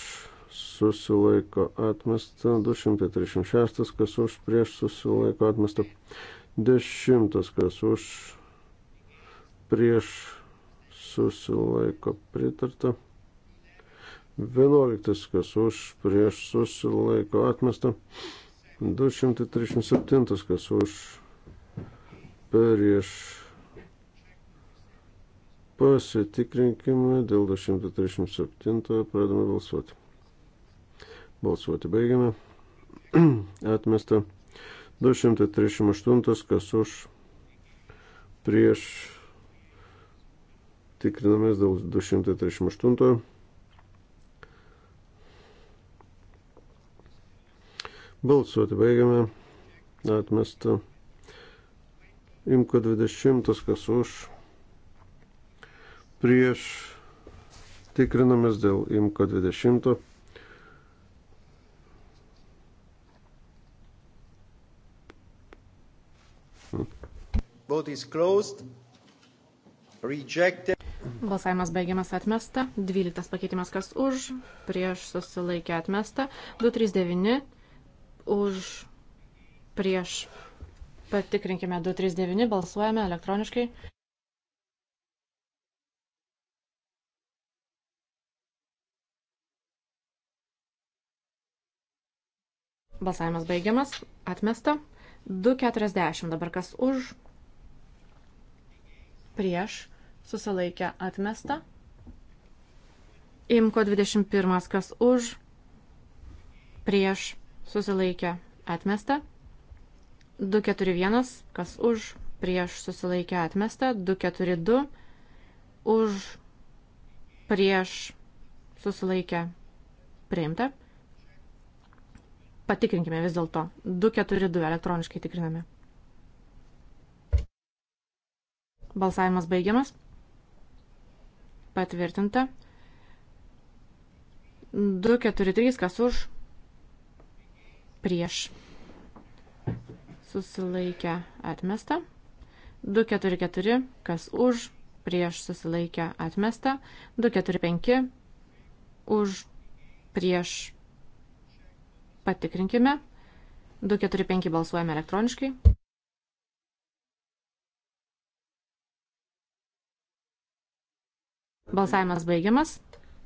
susilaiko atmesta, 236, kas už prieš susilaiko atmesta, 10, kas už prieš susilaiko pritarta, 11, kas už prieš susilaiko atmesta, 237, kas už prieš pasitikrinkime dėl 237, pradame balsuoti. Balsuoti baigiame. [clears throat] Atmesta 238, kas už prieš tikrinamės dėl 238. Balsuoti baigiame. Atmesta. Imko 20, kas už. Prieš tikrinamės dėl Imko 20. Balsavimas baigiamas atmesta. 12 pakeitimas kas už, prieš susilaikę atmesta. 239 už, prieš. Patikrinkime 239, balsuojame elektroniškai. Balsavimas baigiamas, atmesta. 240 dabar kas už, prieš susilaikę atmesta. Imko 21, kas už, prieš susilaikę atmesta. 241, kas už, prieš susilaikę atmesta. 242, už, prieš susilaikę priimta. Patikrinkime vis dėlto. 242 elektroniškai tikriname. Balsavimas baigiamas. Patvirtinta. 2, 4, 3, kas už, prieš. Susilaikę atmesta. 2, 4, 4, kas už, prieš susilaikę atmesta. 2, 4, 5, už, prieš. Patikrinkime. 2, 4, 5 balsuojame elektroniškai. Balsavimas baigiamas.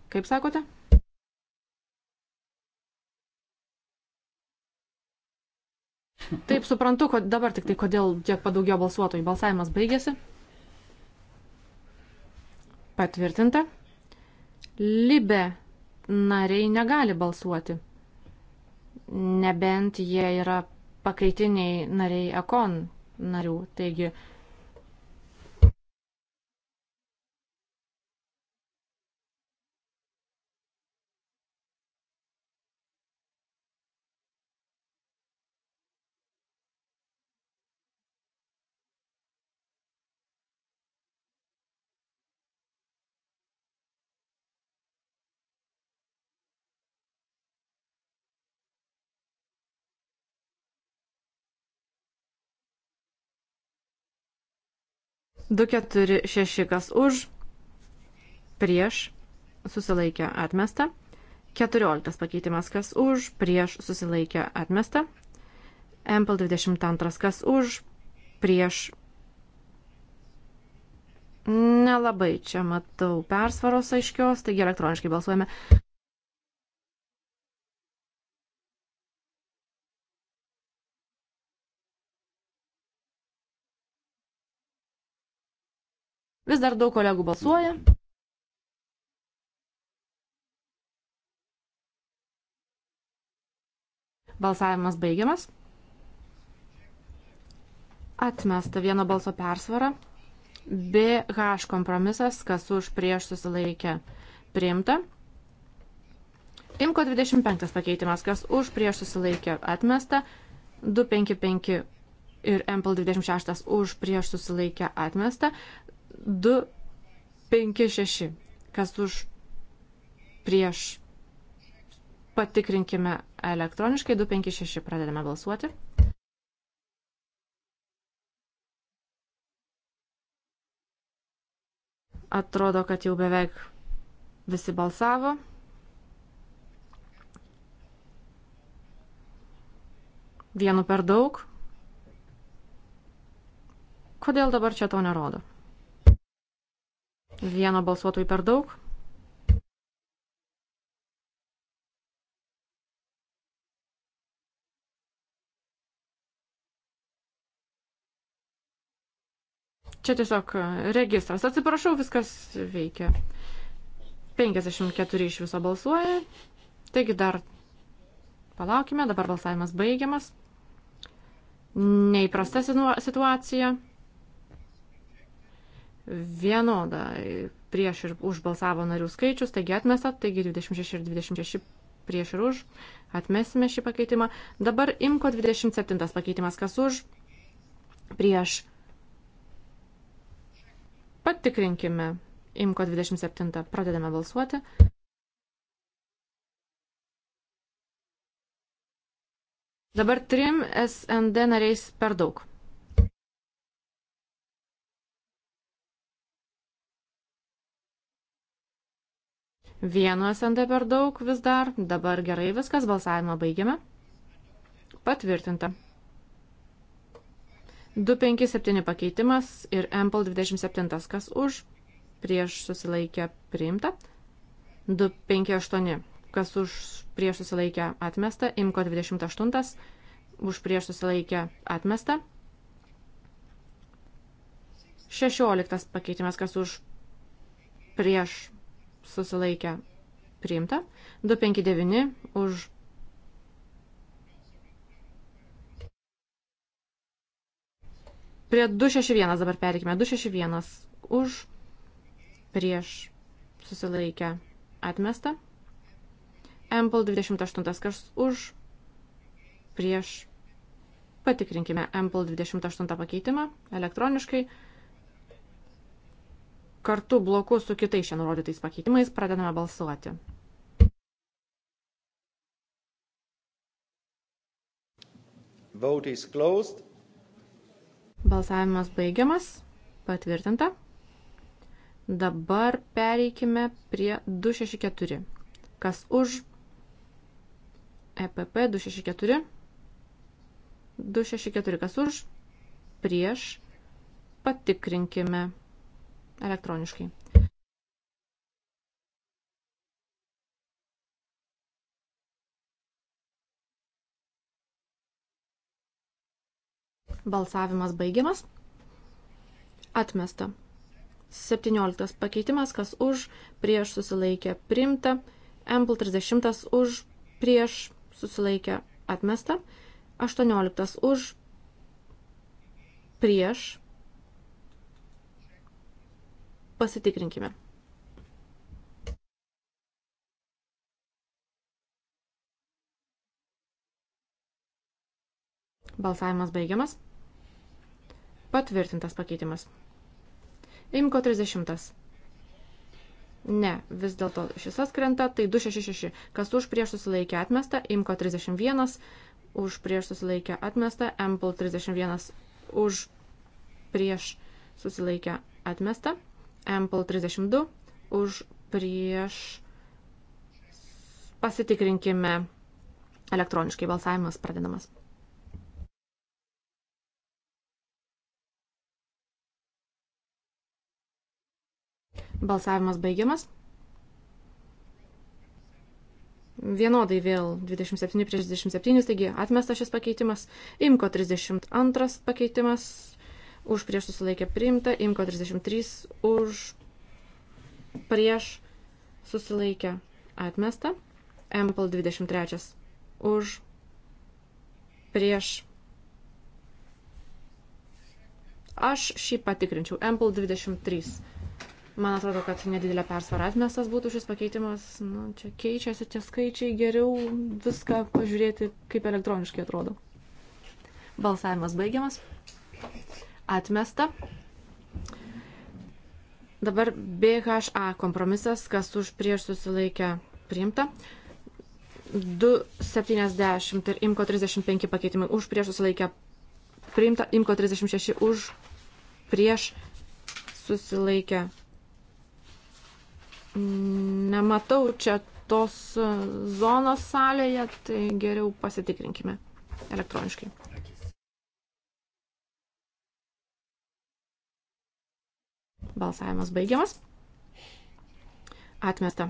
Kaip sakote? Taip, suprantu, kad dabar tik tai kodėl tiek padaugėjo balsuotojų. Balsavimas baigėsi. Patvirtinta. Libe nariai negali balsuoti. Nebent jie yra pakaitiniai nariai ekon narių. Taigi, 246 kas už, prieš susilaikė atmesta. 14 pakeitimas kas už, prieš susilaikė atmesta. Ample 22 kas už, prieš. Nelabai čia matau persvaros aiškios, taigi elektroniškai balsuojame. Vis dar daug kolegų balsuoja. Balsavimas baigiamas. Atmesta vieno balso persvara. BH kompromisas, kas už prieš susilaikė priimta. Imko 25 pakeitimas, kas už prieš susilaikė atmesta. 255 ir MPL 26 už prieš susilaikę atmestą, 2, 5, 6. Kas už prieš patikrinkime elektroniškai. 2, 5, 6 pradedame balsuoti. Atrodo, kad jau beveik visi balsavo. Vienu per daug. Kodėl dabar čia to nerodo? Vieno balsuotojų per daug. Čia tiesiog e, registras. Atsiprašau, viskas veikia. 54 iš viso balsuoja. Taigi dar palaukime, dabar balsavimas baigiamas. Neįprasta situacija vienoda. Prieš ir už balsavo narių skaičius, taigi atmesta, taigi 26 ir 26 prieš ir už. Atmesime šį pakeitimą. Dabar imko 27 pakeitimas, kas už, prieš. Patikrinkime imko 27, pradedame balsuoti. Dabar trim SND nariais per daug. Vienu SND per daug vis dar. Dabar gerai viskas. Balsavimą baigiame. Patvirtinta. 257 pakeitimas ir MPL 27. Kas už? Prieš susilaikę priimta. 258. Kas už prieš susilaikę atmesta. Imko 28. Už prieš susilaikę atmesta. 16 pakeitimas. Kas už prieš susilaikę priimta. 259 už. Prie 261 dabar perikime. 261 už prieš susilaikę atmestą. Ample 28 kas už prieš. Patikrinkime Ample 28 pakeitimą elektroniškai kartu bloku su kitais čia nurodytais pakeitimais pradedame balsuoti. Vote is closed. Balsavimas baigiamas. Patvirtinta. Dabar pereikime prie 264. Kas už EPP 264? 264 kas už? Prieš. Patikrinkime elektroniškai. Balsavimas baigiamas. Atmesta. 17 pakeitimas, kas už, prieš susilaikė primta, Ample 30 už, prieš susilaikė atmesta, 18 už, prieš Pasitikrinkime. Balsavimas baigiamas. Patvirtintas pakeitimas. Imko 30. Ne, vis dėlto šis atkrenta, tai 266. Kas už prieš susilaikę atmesta, Imko 31, už prieš susilaikę atmesta, Ample 31, už prieš susilaikę atmesta, MPL 32 už prieš pasitikrinkime elektroniškai balsavimas pradedamas. Balsavimas baigiamas. Vienodai vėl 27 prieš 27, taigi atmestas šis pakeitimas. Imko 32 pakeitimas už prieš susilaikė priimta, imko 33 už prieš susilaikė atmesta, MPL 23 už prieš. Aš šį patikrinčiau, MPL 23. Man atrodo, kad nedidelė persvara atmestas būtų šis pakeitimas. Nu, čia keičiasi tie skaičiai, geriau viską pažiūrėti, kaip elektroniškai atrodo. Balsavimas baigiamas. Atmesta. Dabar BHA kompromisas, kas už prieš susilaikę priimta. 270 ir IMCO 35 pakeitimai už prieš susilaikę priimta, IMCO 36 už prieš susilaikę. Nematau čia tos zonos salėje, tai geriau pasitikrinkime elektroniškai. Balsavimas baigiamas. Atmesta.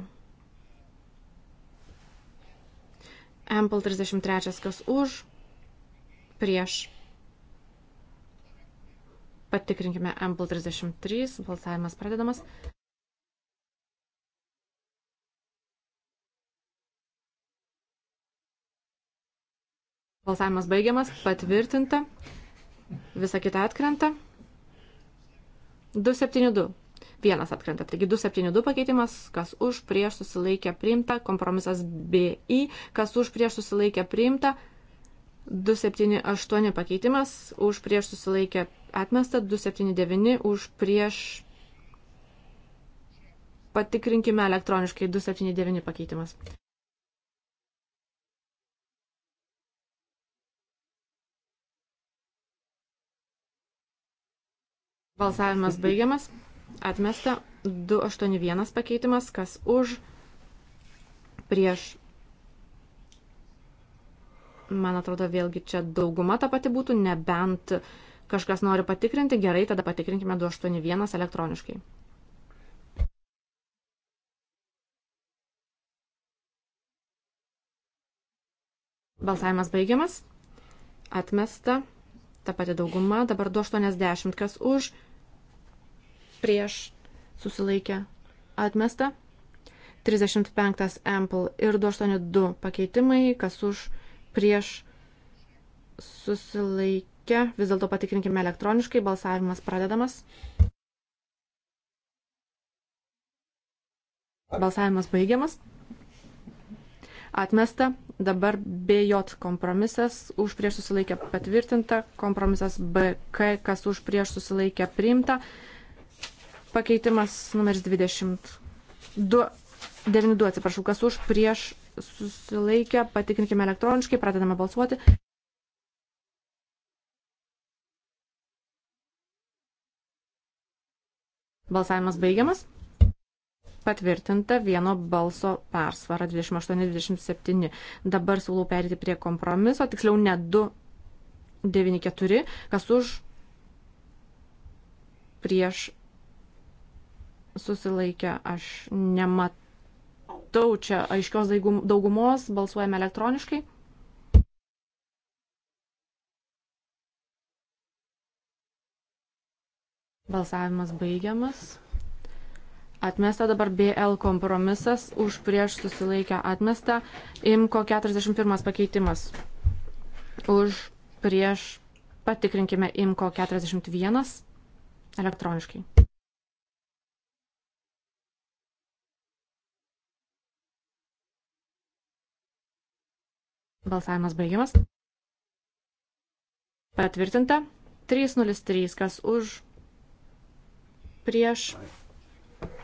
Ample 33 kas už, prieš. Patikrinkime Ample 33, balsavimas pradedamas. Balsavimas baigiamas, patvirtinta, visa kita atkrenta. 272. Vienas atkrenta. Taigi 272 pakeitimas, kas už prieš susilaikė priimta, kompromisas BI, kas už prieš susilaikė priimta, 278 pakeitimas, už prieš susilaikė atmesta, 279 už prieš. Patikrinkime elektroniškai 279 pakeitimas. Balsavimas baigiamas. Atmesta 281 pakeitimas, kas už, prieš. Man atrodo, vėlgi čia dauguma ta pati būtų, nebent kažkas nori patikrinti, gerai, tada patikrinkime 281 elektroniškai. Balsavimas baigiamas. Atmesta. Ta pati dauguma. Dabar 280, kas už, prieš prieš susilaikę atmesta. 35 Ample ir 282 pakeitimai, kas už prieš susilaikę. Vis dėlto patikrinkime elektroniškai, balsavimas pradedamas. Balsavimas baigiamas. Atmesta. Dabar BJ kompromisas už prieš susilaikę patvirtinta. Kompromisas BK, kas už prieš susilaikę priimta. Pakeitimas numeris 22. 92, atsiprašau, kas už, prieš susilaikę, patikrinkime elektroniškai, pradedame balsuoti. Balsavimas baigiamas. Patvirtinta vieno balso persvara 28-27. Dabar siūlau perėti prie kompromiso, tiksliau ne 2-9-4, kas už prieš susilaikę. Aš nematau čia aiškios daugumos, balsuojame elektroniškai. Balsavimas baigiamas. Atmesta dabar BL kompromisas, už prieš susilaikę atmesta. Imko 41 pakeitimas. Už prieš patikrinkime Imko 41 elektroniškai. Balsavimas baigiamas. Patvirtinta. 303, kas už, prieš.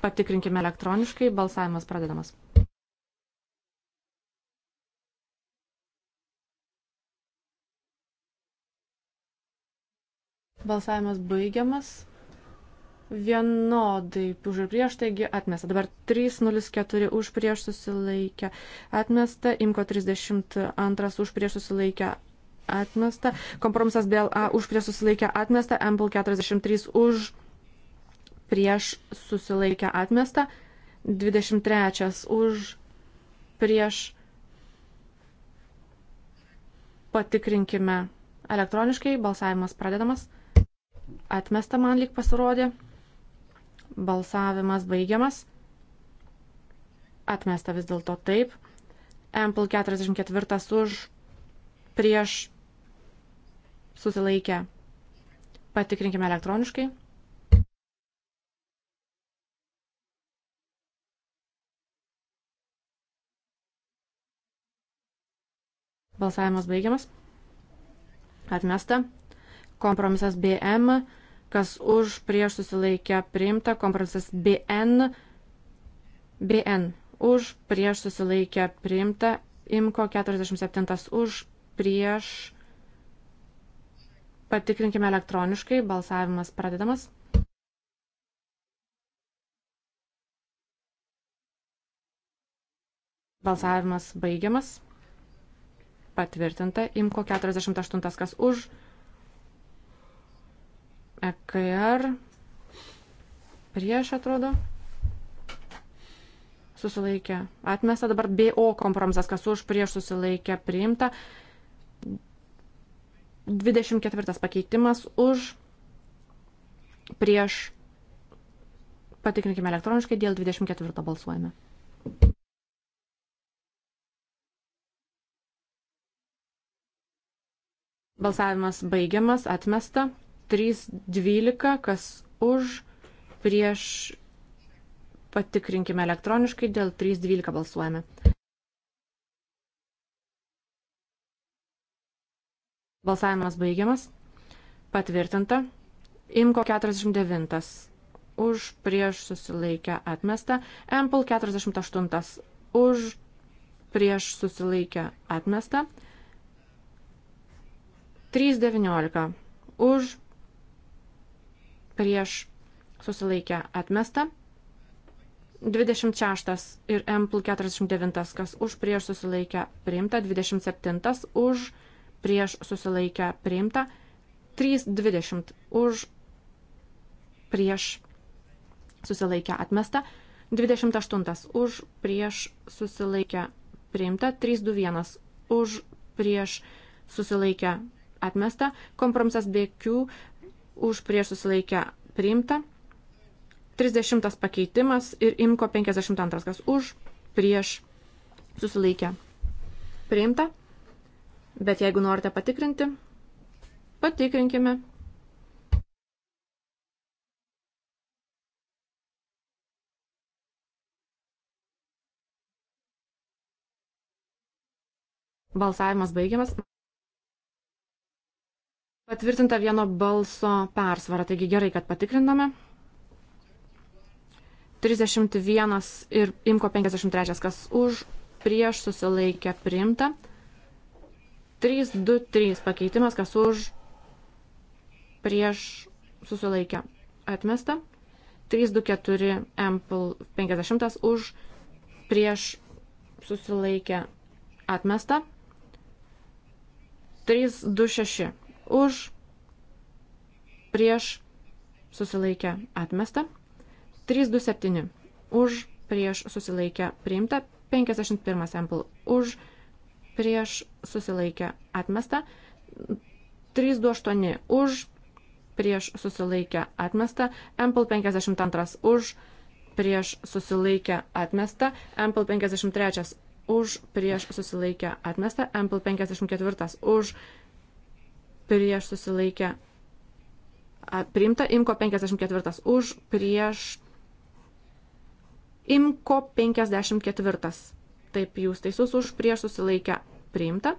Patikrinkime elektroniškai, balsavimas pradedamas. Balsavimas baigiamas vienodai už ir prieš, taigi atmesta. Dabar 304 už prieš susilaikę atmesta, imko 32 už prieš susilaikę atmesta, kompromisas dėl A už prieš susilaikę atmesta, MPL 43 už prieš susilaikę atmesta, 23 už prieš patikrinkime elektroniškai, balsavimas pradedamas atmesta man lyg pasirodė. Balsavimas baigiamas. Atmesta vis dėlto taip. Ample 44 už prieš susilaikę. Patikrinkime elektroniškai. Balsavimas baigiamas. Atmesta. Kompromisas BM kas už prieš susilaikę priimta, kompromisas BN, BN už prieš susilaikę priimta, imko 47 už prieš patikrinkime elektroniškai, balsavimas pradedamas. Balsavimas baigiamas. Patvirtinta, imko 48 kas už, EKR prieš atrodo. Susilaikė. Atmesta dabar BO kompromisas, kas už prieš susilaikė priimta. 24 pakeitimas už prieš. Patikrinkime elektroniškai, dėl 24 balsuojame. Balsavimas baigiamas, atmesta. 3.12, kas už, prieš patikrinkime elektroniškai, dėl 3.12 balsuojame. Balsavimas baigiamas. Patvirtinta. Imko 49. Už prieš susilaikę atmestą. Empul 48. Už prieš susilaikę atmestą. 3.19. Už prieš susilaikę atmestą. 26 ir MPL 49, kas už prieš susilaikę priimta, 27 už prieš susilaikę priimta, 320 už prieš susilaikę atmestą, 28 už prieš susilaikę priimta, 321 už prieš susilaikę atmestą, kompromisas BQ už prieš susilaikę priimta. 30 pakeitimas ir imko 52, kas už prieš susilaikę priimta. Bet jeigu norite patikrinti, patikrinkime. Balsavimas baigiamas. Patvirtinta vieno balso persvara, taigi gerai, kad patikriname. 31 ir imko 53, kas už, prieš susilaikė priimta. 3, 2, 3 pakeitimas, kas už, prieš susilaikė atmesta. 3, 2, 4, ampl 50 už, prieš susilaikė atmesta. 3, 2, 6 už, prieš, susilaikę, atmesta. 327 už, prieš, susilaikę, priimta. 51 sample už, prieš, susilaikę, atmesta. 328 už, prieš, susilaikę, atmesta. Ample 52 už, prieš, susilaikę, atmesta. Ample 53 už, prieš, susilaikę, atmesta. Ample 54 už, prieš, susilaikę, atmesta prieš susilaikę priimta, imko 54 už, prieš imko 54. Taip, jūs teisus už, prieš susilaikę priimta,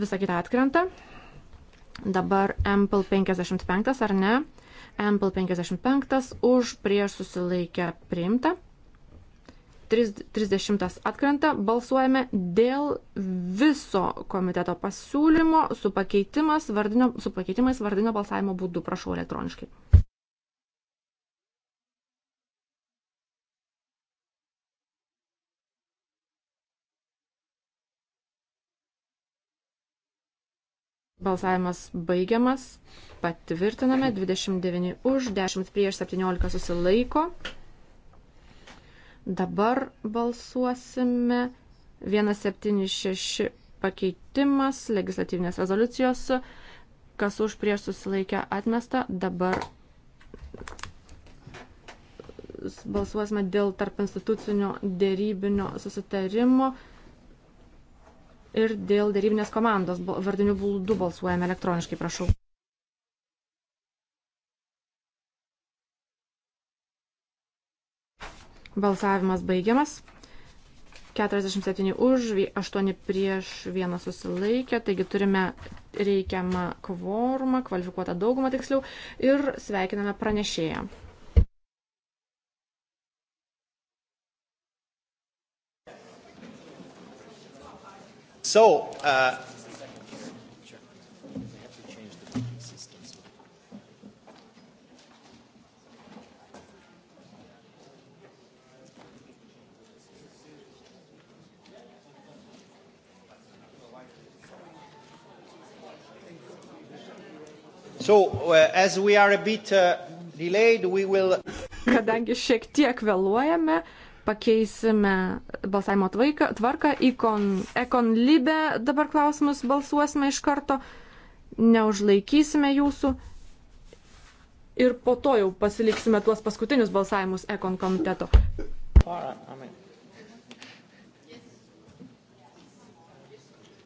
visa kita atkrenta. Dabar Ample 55 ar ne? Ample 55 už, prieš susilaikę priimta. 30 atkrenta, balsuojame dėl viso komiteto pasiūlymo su, vardinio, su pakeitimais vardinio balsavimo būdu. Prašau elektroniškai. Balsavimas baigiamas. Patvirtiname 29 už, 10 prieš 17 susilaiko. Dabar balsuosime 176 pakeitimas legislatyvinės rezoliucijos, kas už prieš susilaikę atmestą. Dabar balsuosime dėl tarp institucinio dėrybinio susitarimo ir dėl dėrybinės komandos. Vardinių būdų balsuojame elektroniškai, prašau. Balsavimas baigiamas. 47 už, 8 prieš, 1 susilaikė, taigi turime reikiamą kvorumą, kvalifikuotą daugumą tiksliau ir sveikiname pranešėją. So, uh, So, uh, as we are a bit uh, delayed, we will... Kadangi šiek tiek vėluojame, pakeisime balsavimo tvaiką, tvarką, ikon, ekon libe dabar klausimus balsuosime iš karto, neužlaikysime jūsų ir po to jau pasiliksime tuos paskutinius balsavimus ekon komiteto. All right, I mean.